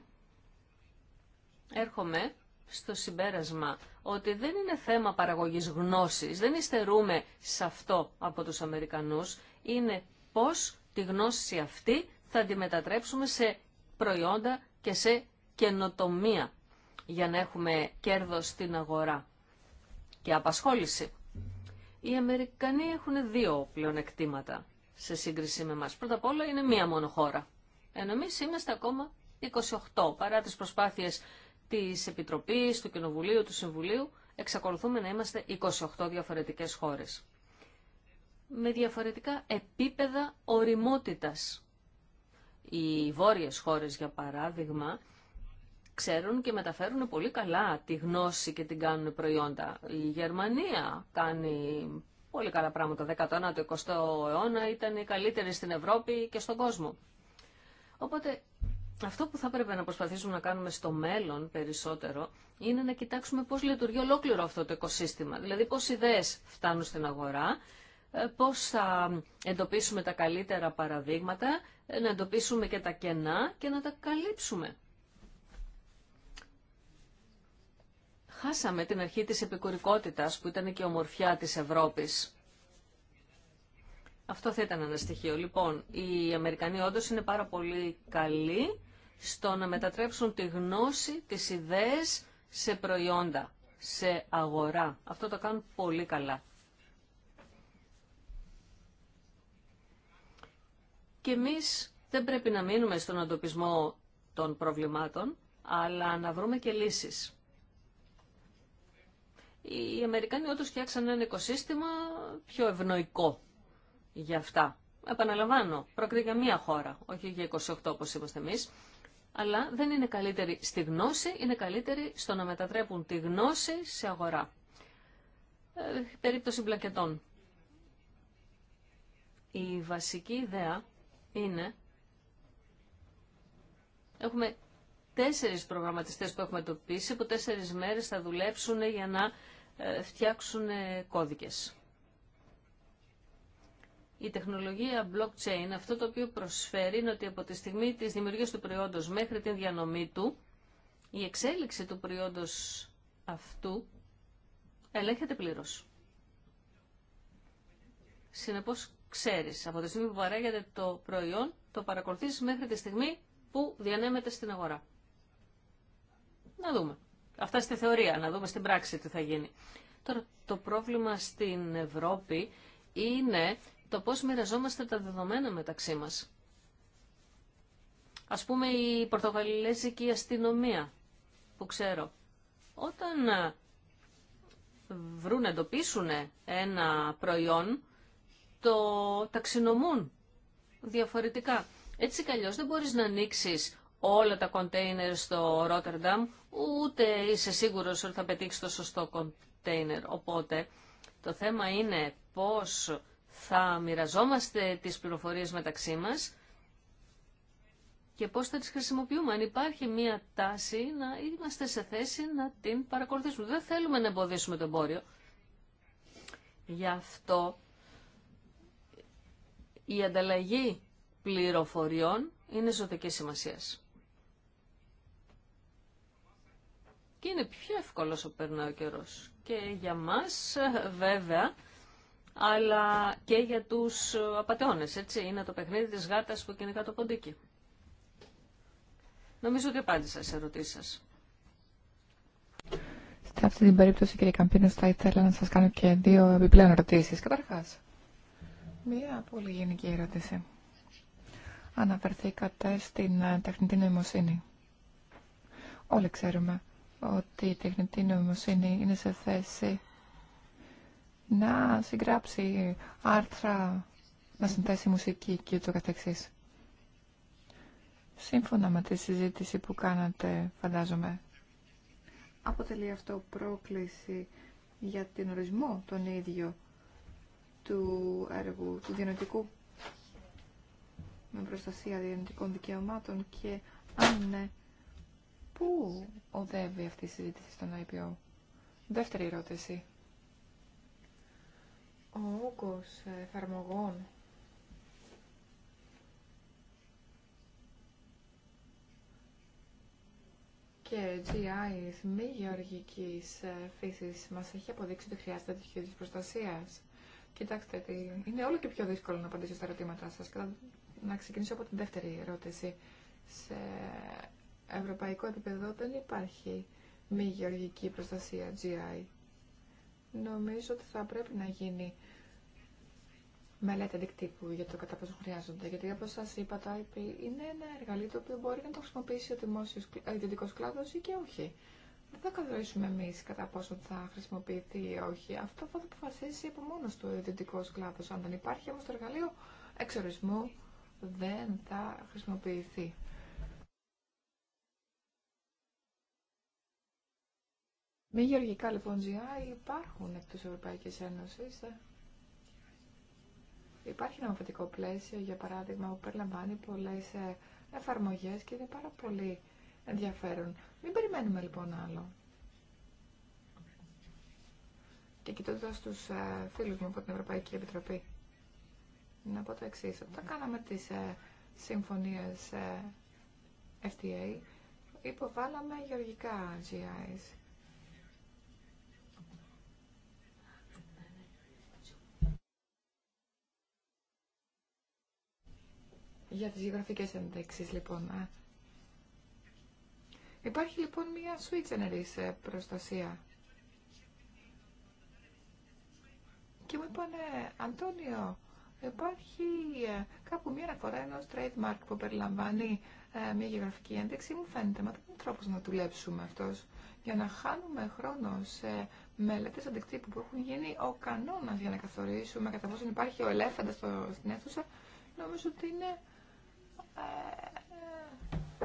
έρχομαι στο συμπέρασμα ότι δεν είναι θέμα παραγωγής γνώσης, δεν υστερούμε σε αυτό από τους Αμερικανούς, είναι πώς τη γνώση αυτή θα τη μετατρέψουμε σε προϊόντα και σε καινοτομία για να έχουμε κέρδος στην αγορά και απασχόληση. Οι Αμερικανοί έχουν δύο πλεονεκτήματα σε σύγκριση με μας. Πρώτα απ' όλα είναι μία μόνο χώρα. Ενώ εμείς είμαστε ακόμα 28. Παρά τις προσπάθειες της Επιτροπής, του Κοινοβουλίου, του Συμβουλίου, εξακολουθούμε να είμαστε 28 διαφορετικές χώρες με διαφορετικά επίπεδα οριμότητας. Οι βόρειες χώρες, για παράδειγμα, ξέρουν και μεταφέρουν πολύ καλά τη γνώση και την κάνουν προϊόντα. Η Γερμανία κάνει πολύ καλά πράγματα. 19ο, 20ο αιώνα ήταν η καλύτερη στην Ευρώπη και στον κόσμο. Οπότε αυτό που θα πρέπει να προσπαθήσουμε να κάνουμε στο μέλλον περισσότερο είναι να κοιτάξουμε πώς λειτουργεί ολόκληρο αυτό το οικοσύστημα. Δηλαδή πώς ιδέες φτάνουν στην αγορά ε, πώς θα εντοπίσουμε τα καλύτερα παραδείγματα, ε, να εντοπίσουμε και τα κενά και να τα καλύψουμε. Χάσαμε την αρχή της επικουρικότητας που ήταν και η ομορφιά της Ευρώπης. Αυτό θα ήταν ένα στοιχείο. Λοιπόν, οι Αμερικανοί όντως είναι πάρα πολύ καλοί στο να μετατρέψουν τη γνώση, τις ιδέες σε προϊόντα, σε αγορά. Αυτό το κάνουν πολύ καλά. Και εμείς δεν πρέπει να μείνουμε στον αντοπισμό των προβλημάτων, αλλά να βρούμε και λύσεις. Οι Αμερικάνοι όντως φτιάξαν ένα οικοσύστημα πιο ευνοϊκό για αυτά. Επαναλαμβάνω, πρόκειται για μία χώρα, όχι για 28 όπως είμαστε εμείς, αλλά δεν είναι καλύτερη στη γνώση, είναι καλύτερη στο να μετατρέπουν τη γνώση σε αγορά. Ε, περίπτωση μπλακετών. Η βασική ιδέα είναι... Έχουμε τέσσερις προγραμματιστές που έχουμε τοπίσει, που τέσσερις μέρες θα δουλέψουν για να ε, φτιάξουν ε, κώδικες. Η τεχνολογία blockchain αυτό το οποίο προσφέρει είναι ότι από τη στιγμή της δημιουργίας του προϊόντος μέχρι την διανομή του, η εξέλιξη του προϊόντος αυτού ελέγχεται πλήρως. Συνεπώς ξέρεις. Από τη στιγμή που παράγεται το προϊόν, το παρακολουθείς μέχρι τη στιγμή που διανέμεται στην αγορά. Να δούμε. Αυτά στη θεωρία, να δούμε στην πράξη τι θα γίνει. Τώρα, το πρόβλημα στην Ευρώπη είναι το πώς μοιραζόμαστε τα δεδομένα μεταξύ μας. Ας πούμε η πορτογαλέζικη αστυνομία, που ξέρω, όταν ε, βρουν, εντοπίσουν ένα προϊόν, το ταξινομούν διαφορετικά. Έτσι κι δεν μπορείς να ανοίξεις όλα τα κοντέινερ στο Ρότερνταμ, ούτε είσαι σίγουρος ότι θα πετύχεις το σωστό κοντέινερ. Οπότε το θέμα είναι πώς θα μοιραζόμαστε τις πληροφορίες μεταξύ μας και πώς θα τις χρησιμοποιούμε. Αν υπάρχει μία τάση να είμαστε σε θέση να την παρακολουθήσουμε. Δεν θέλουμε να εμποδίσουμε το εμπόριο. Γι' αυτό η ανταλλαγή πληροφοριών είναι ζωτική σημασία. Και είναι πιο εύκολο όσο περνάει ο καιρό. Και για μας βέβαια, αλλά και για τους απαταιώνες, έτσι. Είναι το παιχνίδι της γάτας που κυνηγά το ποντίκι. Νομίζω ότι απάντησα σε ερωτήσεις σας. Σε αυτή την περίπτωση, κύριε Καμπίνος, θα ήθελα να σας κάνω και δύο επιπλέον ερωτήσεις. Καταρχάς, Μία πολύ γενική ερώτηση. Αναφερθήκατε στην ε, τεχνητή νοημοσύνη. Όλοι ξέρουμε ότι η τεχνητή νοημοσύνη είναι σε θέση να συγγράψει άρθρα, να συνθέσει μουσική και ούτω καθεξής. Σύμφωνα με τη συζήτηση που κάνατε, φαντάζομαι, αποτελεί αυτό πρόκληση για την ορισμό των ίδιο του έργου του διανοητικού με προστασία διανοητικών δικαιωμάτων και αν ναι, πού οδεύει αυτή η συζήτηση στον IPO. Δεύτερη ερώτηση. Ο όγκος εφαρμογών και GI μη γεωργικής φύσης μας έχει αποδείξει ότι χρειάζεται τέτοιου είδους προστασίας. Κοιτάξτε, είναι όλο και πιο δύσκολο να απαντήσω στα ερωτήματά σα. Να ξεκινήσω από την δεύτερη ερώτηση. Σε ευρωπαϊκό επίπεδο δεν υπάρχει μη γεωργική προστασία GI. Νομίζω ότι θα πρέπει να γίνει μελέτη αντικτύπου για το κατά πόσο χρειάζονται. Γιατί όπω σα είπα, το IP είναι ένα εργαλείο το οποίο μπορεί να το χρησιμοποιήσει ο δημόσιο ιδιωτικό κλάδο ή και όχι. Δεν θα καθορίσουμε εμεί κατά πόσο θα χρησιμοποιηθεί ή όχι. Αυτό θα το αποφασίσει από μόνο του ο ιδιωτικό κλάδο. Αν δεν υπάρχει όμω το εργαλείο εξορισμού, δεν θα χρησιμοποιηθεί. Μη γεωργικά λοιπόν GI υπάρχουν εκτό Ευρωπαϊκή Ένωση. Υπάρχει ένα νομοθετικό πλαίσιο, για παράδειγμα, που περιλαμβάνει πολλέ ε, εφαρμογέ και είναι πάρα πολύ ενδιαφέρον. Μην περιμένουμε λοιπόν άλλο. Και κοιτώντα του ε, φίλου μου από την Ευρωπαϊκή Επιτροπή, να πω το εξή. Όταν κάναμε τι ε, συμφωνίε ε, FTA, υποβάλαμε γεωργικά GIs. Για τις γεωγραφικές ενδέξεις, λοιπόν, Υπάρχει λοιπόν μια switch σε προστασία. Και μου είπανε, Αντώνιο, υπάρχει ε, κάπου μια αναφορά ενό trademark που περιλαμβάνει ε, μια γεωγραφική ένδειξη. Μου φαίνεται, μα δεν είναι τρόπος να δουλέψουμε αυτός για να χάνουμε χρόνο σε μελέτες αντικτύπου που έχουν γίνει ο κανόνας για να καθορίσουμε κατά πόσο υπάρχει ο ελέφαντας στο, στην αίθουσα, νομίζω ότι είναι ε,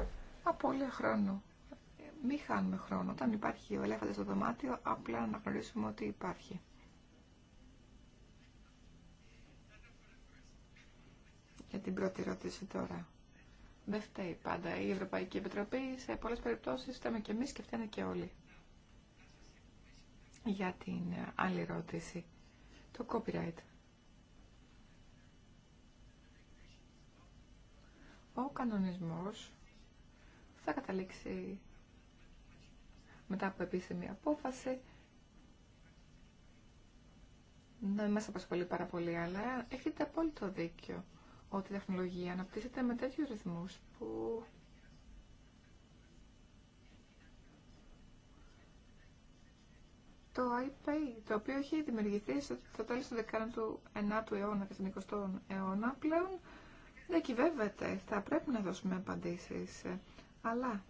ε, απώλεια μη χάνουμε χρόνο. Όταν υπάρχει ο ελέφαντα στο δωμάτιο, απλά να γνωρίσουμε ότι υπάρχει. Για την πρώτη ερώτηση τώρα. Δεν φταίει πάντα η Ευρωπαϊκή Επιτροπή. Σε πολλές περιπτώσεις φταίμε και εμείς και φταίνε και όλοι. Για την άλλη ερώτηση. Το copyright. Ο κανονισμός θα καταλήξει μετά από επίσημη απόφαση. Ναι, δεν μας απασχολεί πάρα πολύ, αλλά έχετε απόλυτο δίκιο ότι η τεχνολογία αναπτύσσεται με τέτοιους ρυθμούς που το iPay, το οποίο έχει δημιουργηθεί στο τέλος του 19ου αιώνα και στον 20ο αιώνα, πλέον διακυβεύεται. Θα πρέπει να δώσουμε απαντήσεις. Αλλά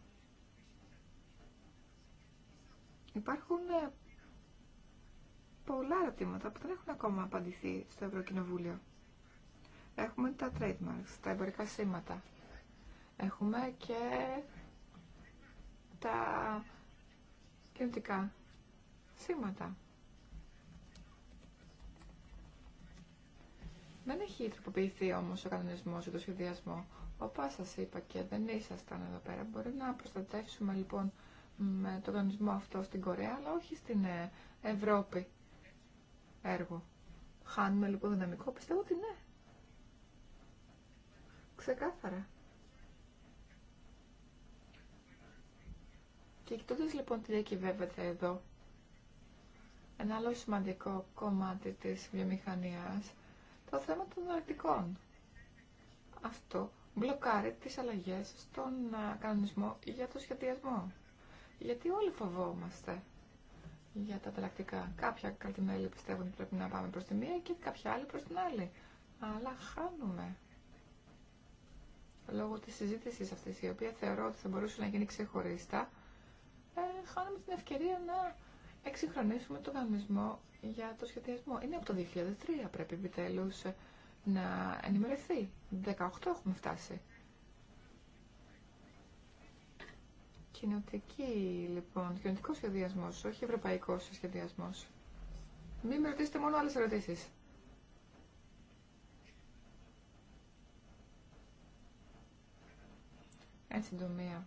Υπάρχουν ε, πολλά ερωτήματα που δεν έχουν ακόμα απαντηθεί στο Ευρωκοινοβούλιο. Έχουμε τα trademarks, τα εμπορικά σήματα. Έχουμε και τα κινητικά σήματα. Δεν έχει τροποποιηθεί όμως ο κανονισμός για το σχεδιασμό. Ο σας είπα και δεν ήσασταν εδώ πέρα. Μπορεί να προστατεύσουμε λοιπόν με τον κανονισμό αυτό στην Κορέα, αλλά όχι στην ε, Ευρώπη έργο. Χάνουμε λοιπόν δυναμικό, πιστεύω ότι ναι. Ξεκάθαρα. Και κοιτώντας λοιπόν τι διακυβεύεται εδώ, ένα άλλο σημαντικό κομμάτι της βιομηχανίας, το θέμα των αρκτικών. Αυτό μπλοκάρει τις αλλαγές στον ε, κανονισμό για το σχεδιασμό. Γιατί όλοι φοβόμαστε για τα ανταλλακτικά. Κάποια κρατημέλη πιστεύουν ότι πρέπει να πάμε προς τη μία και κάποια άλλη προς την άλλη. Αλλά χάνουμε. Λόγω της συζήτησης αυτής, η οποία θεωρώ ότι θα μπορούσε να γίνει ξεχωρίστα, ε, χάνουμε την ευκαιρία να εξυγχρονίσουμε τον κανονισμό για το σχεδιασμό. Είναι από το 2003 πρέπει επιτέλου να ενημερωθεί. 18 έχουμε φτάσει. κοινοτική, λοιπόν, κοινοτικό σχεδιασμό, όχι ευρωπαϊκό σχεδιασμό. Μην με ρωτήσετε μόνο άλλε ερωτήσει. Εν συντομία.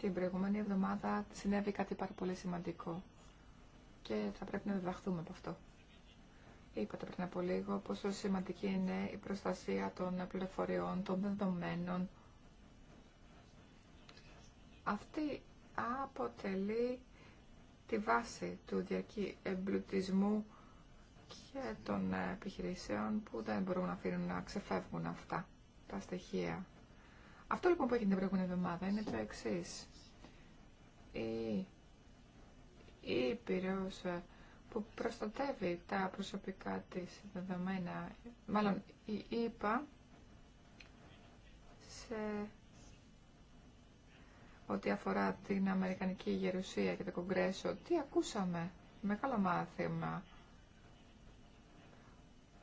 Την προηγούμενη εβδομάδα συνέβη κάτι πάρα πολύ σημαντικό και θα πρέπει να διδαχθούμε από αυτό. Είπατε πριν από λίγο πόσο σημαντική είναι η προστασία των πληροφοριών, των δεδομένων, αυτή αποτελεί τη βάση του διαρκή εμπλουτισμού και των ε, επιχειρήσεων που δεν μπορούν να αφήνουν να ξεφεύγουν αυτά τα στοιχεία. Αυτό λοιπόν που έγινε την προηγούμενη εβδομάδα είναι το εξή. Η, η ε, που προστατεύει τα προσωπικά της δεδομένα, μάλλον η ΕΠΑ, σε ό,τι αφορά την Αμερικανική Γερουσία και το Κογκρέσο, τι ακούσαμε, μεγάλο μάθημα.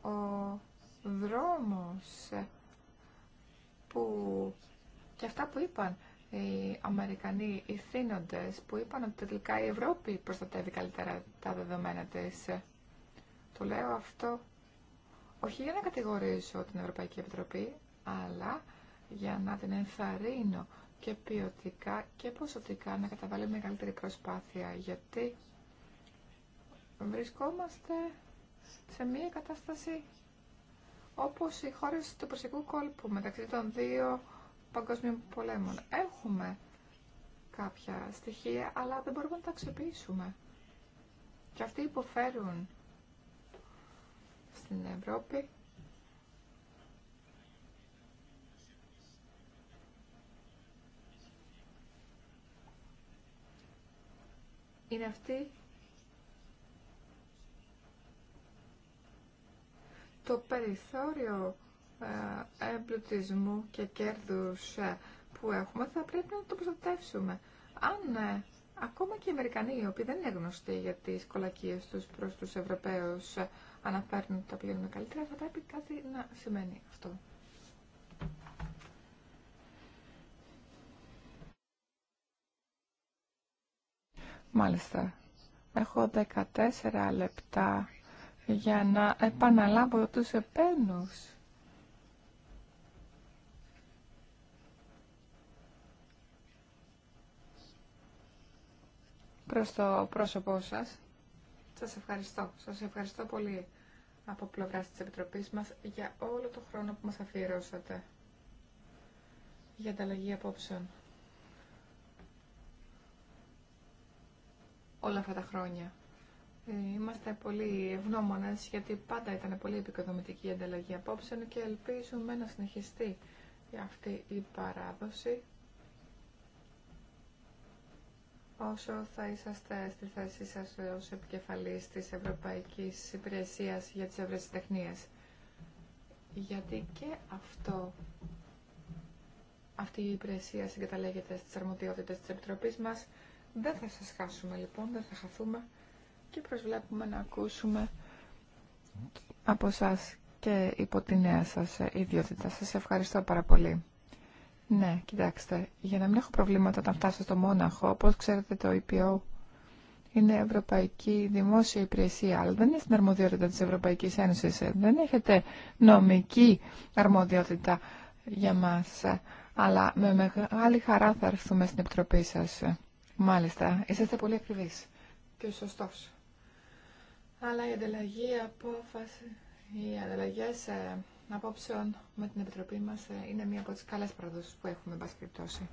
Ο δρόμος που και αυτά που είπαν οι Αμερικανοί ηθήνοντες που είπαν ότι τελικά η Ευρώπη προστατεύει καλύτερα τα δεδομένα της. Το λέω αυτό όχι για να κατηγορήσω την Ευρωπαϊκή Επιτροπή, αλλά για να την ενθαρρύνω και ποιοτικά και ποσοτικά να καταβάλει μεγαλύτερη προσπάθεια γιατί βρισκόμαστε σε μια κατάσταση όπως οι χώρες του Περσικού κόλπου μεταξύ των δύο παγκοσμίων πολέμων. Έχουμε κάποια στοιχεία, αλλά δεν μπορούμε να τα αξιοποιήσουμε. Και αυτοί υποφέρουν στην Ευρώπη είναι αυτή το περιθώριο ε, εμπλουτισμού και κέρδους ε, που έχουμε θα πρέπει να το προστατεύσουμε. Αν ε, ακόμα και οι Αμερικανοί, οι οποίοι δεν είναι γνωστοί για τις κολακίες τους προς τους Ευρωπαίους, αναφέρουν ότι τα πληρώνουν καλύτερα, θα πρέπει κάτι να σημαίνει αυτό. Μάλιστα. Έχω 14 λεπτά για να επαναλάβω τους επένους. Προς το πρόσωπό σας. Σας ευχαριστώ. Σας ευχαριστώ πολύ από πλευρά της Επιτροπής μας για όλο το χρόνο που μας αφιερώσατε για ανταλλαγή απόψεων. όλα αυτά τα χρόνια. Ε, είμαστε πολύ ευγνώμονε γιατί πάντα ήταν πολύ επικοδομητική η ανταλλαγή απόψεων και ελπίζουμε να συνεχιστεί αυτή η παράδοση όσο θα είσαστε στη θέση σας ως επικεφαλής της Ευρωπαϊκής Υπηρεσία για τις Ευρεσιτεχνίε. Γιατί και αυτό, αυτή η υπηρεσία συγκαταλέγεται στις αρμοδιότητες της Επιτροπής μας δεν θα σας χάσουμε λοιπόν, δεν θα χαθούμε και προσβλέπουμε να ακούσουμε από εσά και υπό τη νέα σας ιδιότητα. Σας ευχαριστώ πάρα πολύ. Ναι, κοιτάξτε, για να μην έχω προβλήματα όταν φτάσω στο Μόναχο, όπως ξέρετε το EPO είναι Ευρωπαϊκή Δημόσια Υπηρεσία, αλλά δεν είναι στην αρμοδιότητα της Ευρωπαϊκής Ένωσης. Δεν έχετε νομική αρμοδιότητα για μας, αλλά με μεγάλη χαρά θα έρθουμε στην Επιτροπή σας. Μάλιστα, είσαστε πολύ ακριβεί. και σωστός. Αλλά η ανταλλαγή απόφαση, οι ανταλλαγέ ε, απόψεων με την Επιτροπή μας ε, είναι μία από τι καλέ παραδόσει που έχουμε, εν περιπτώσει.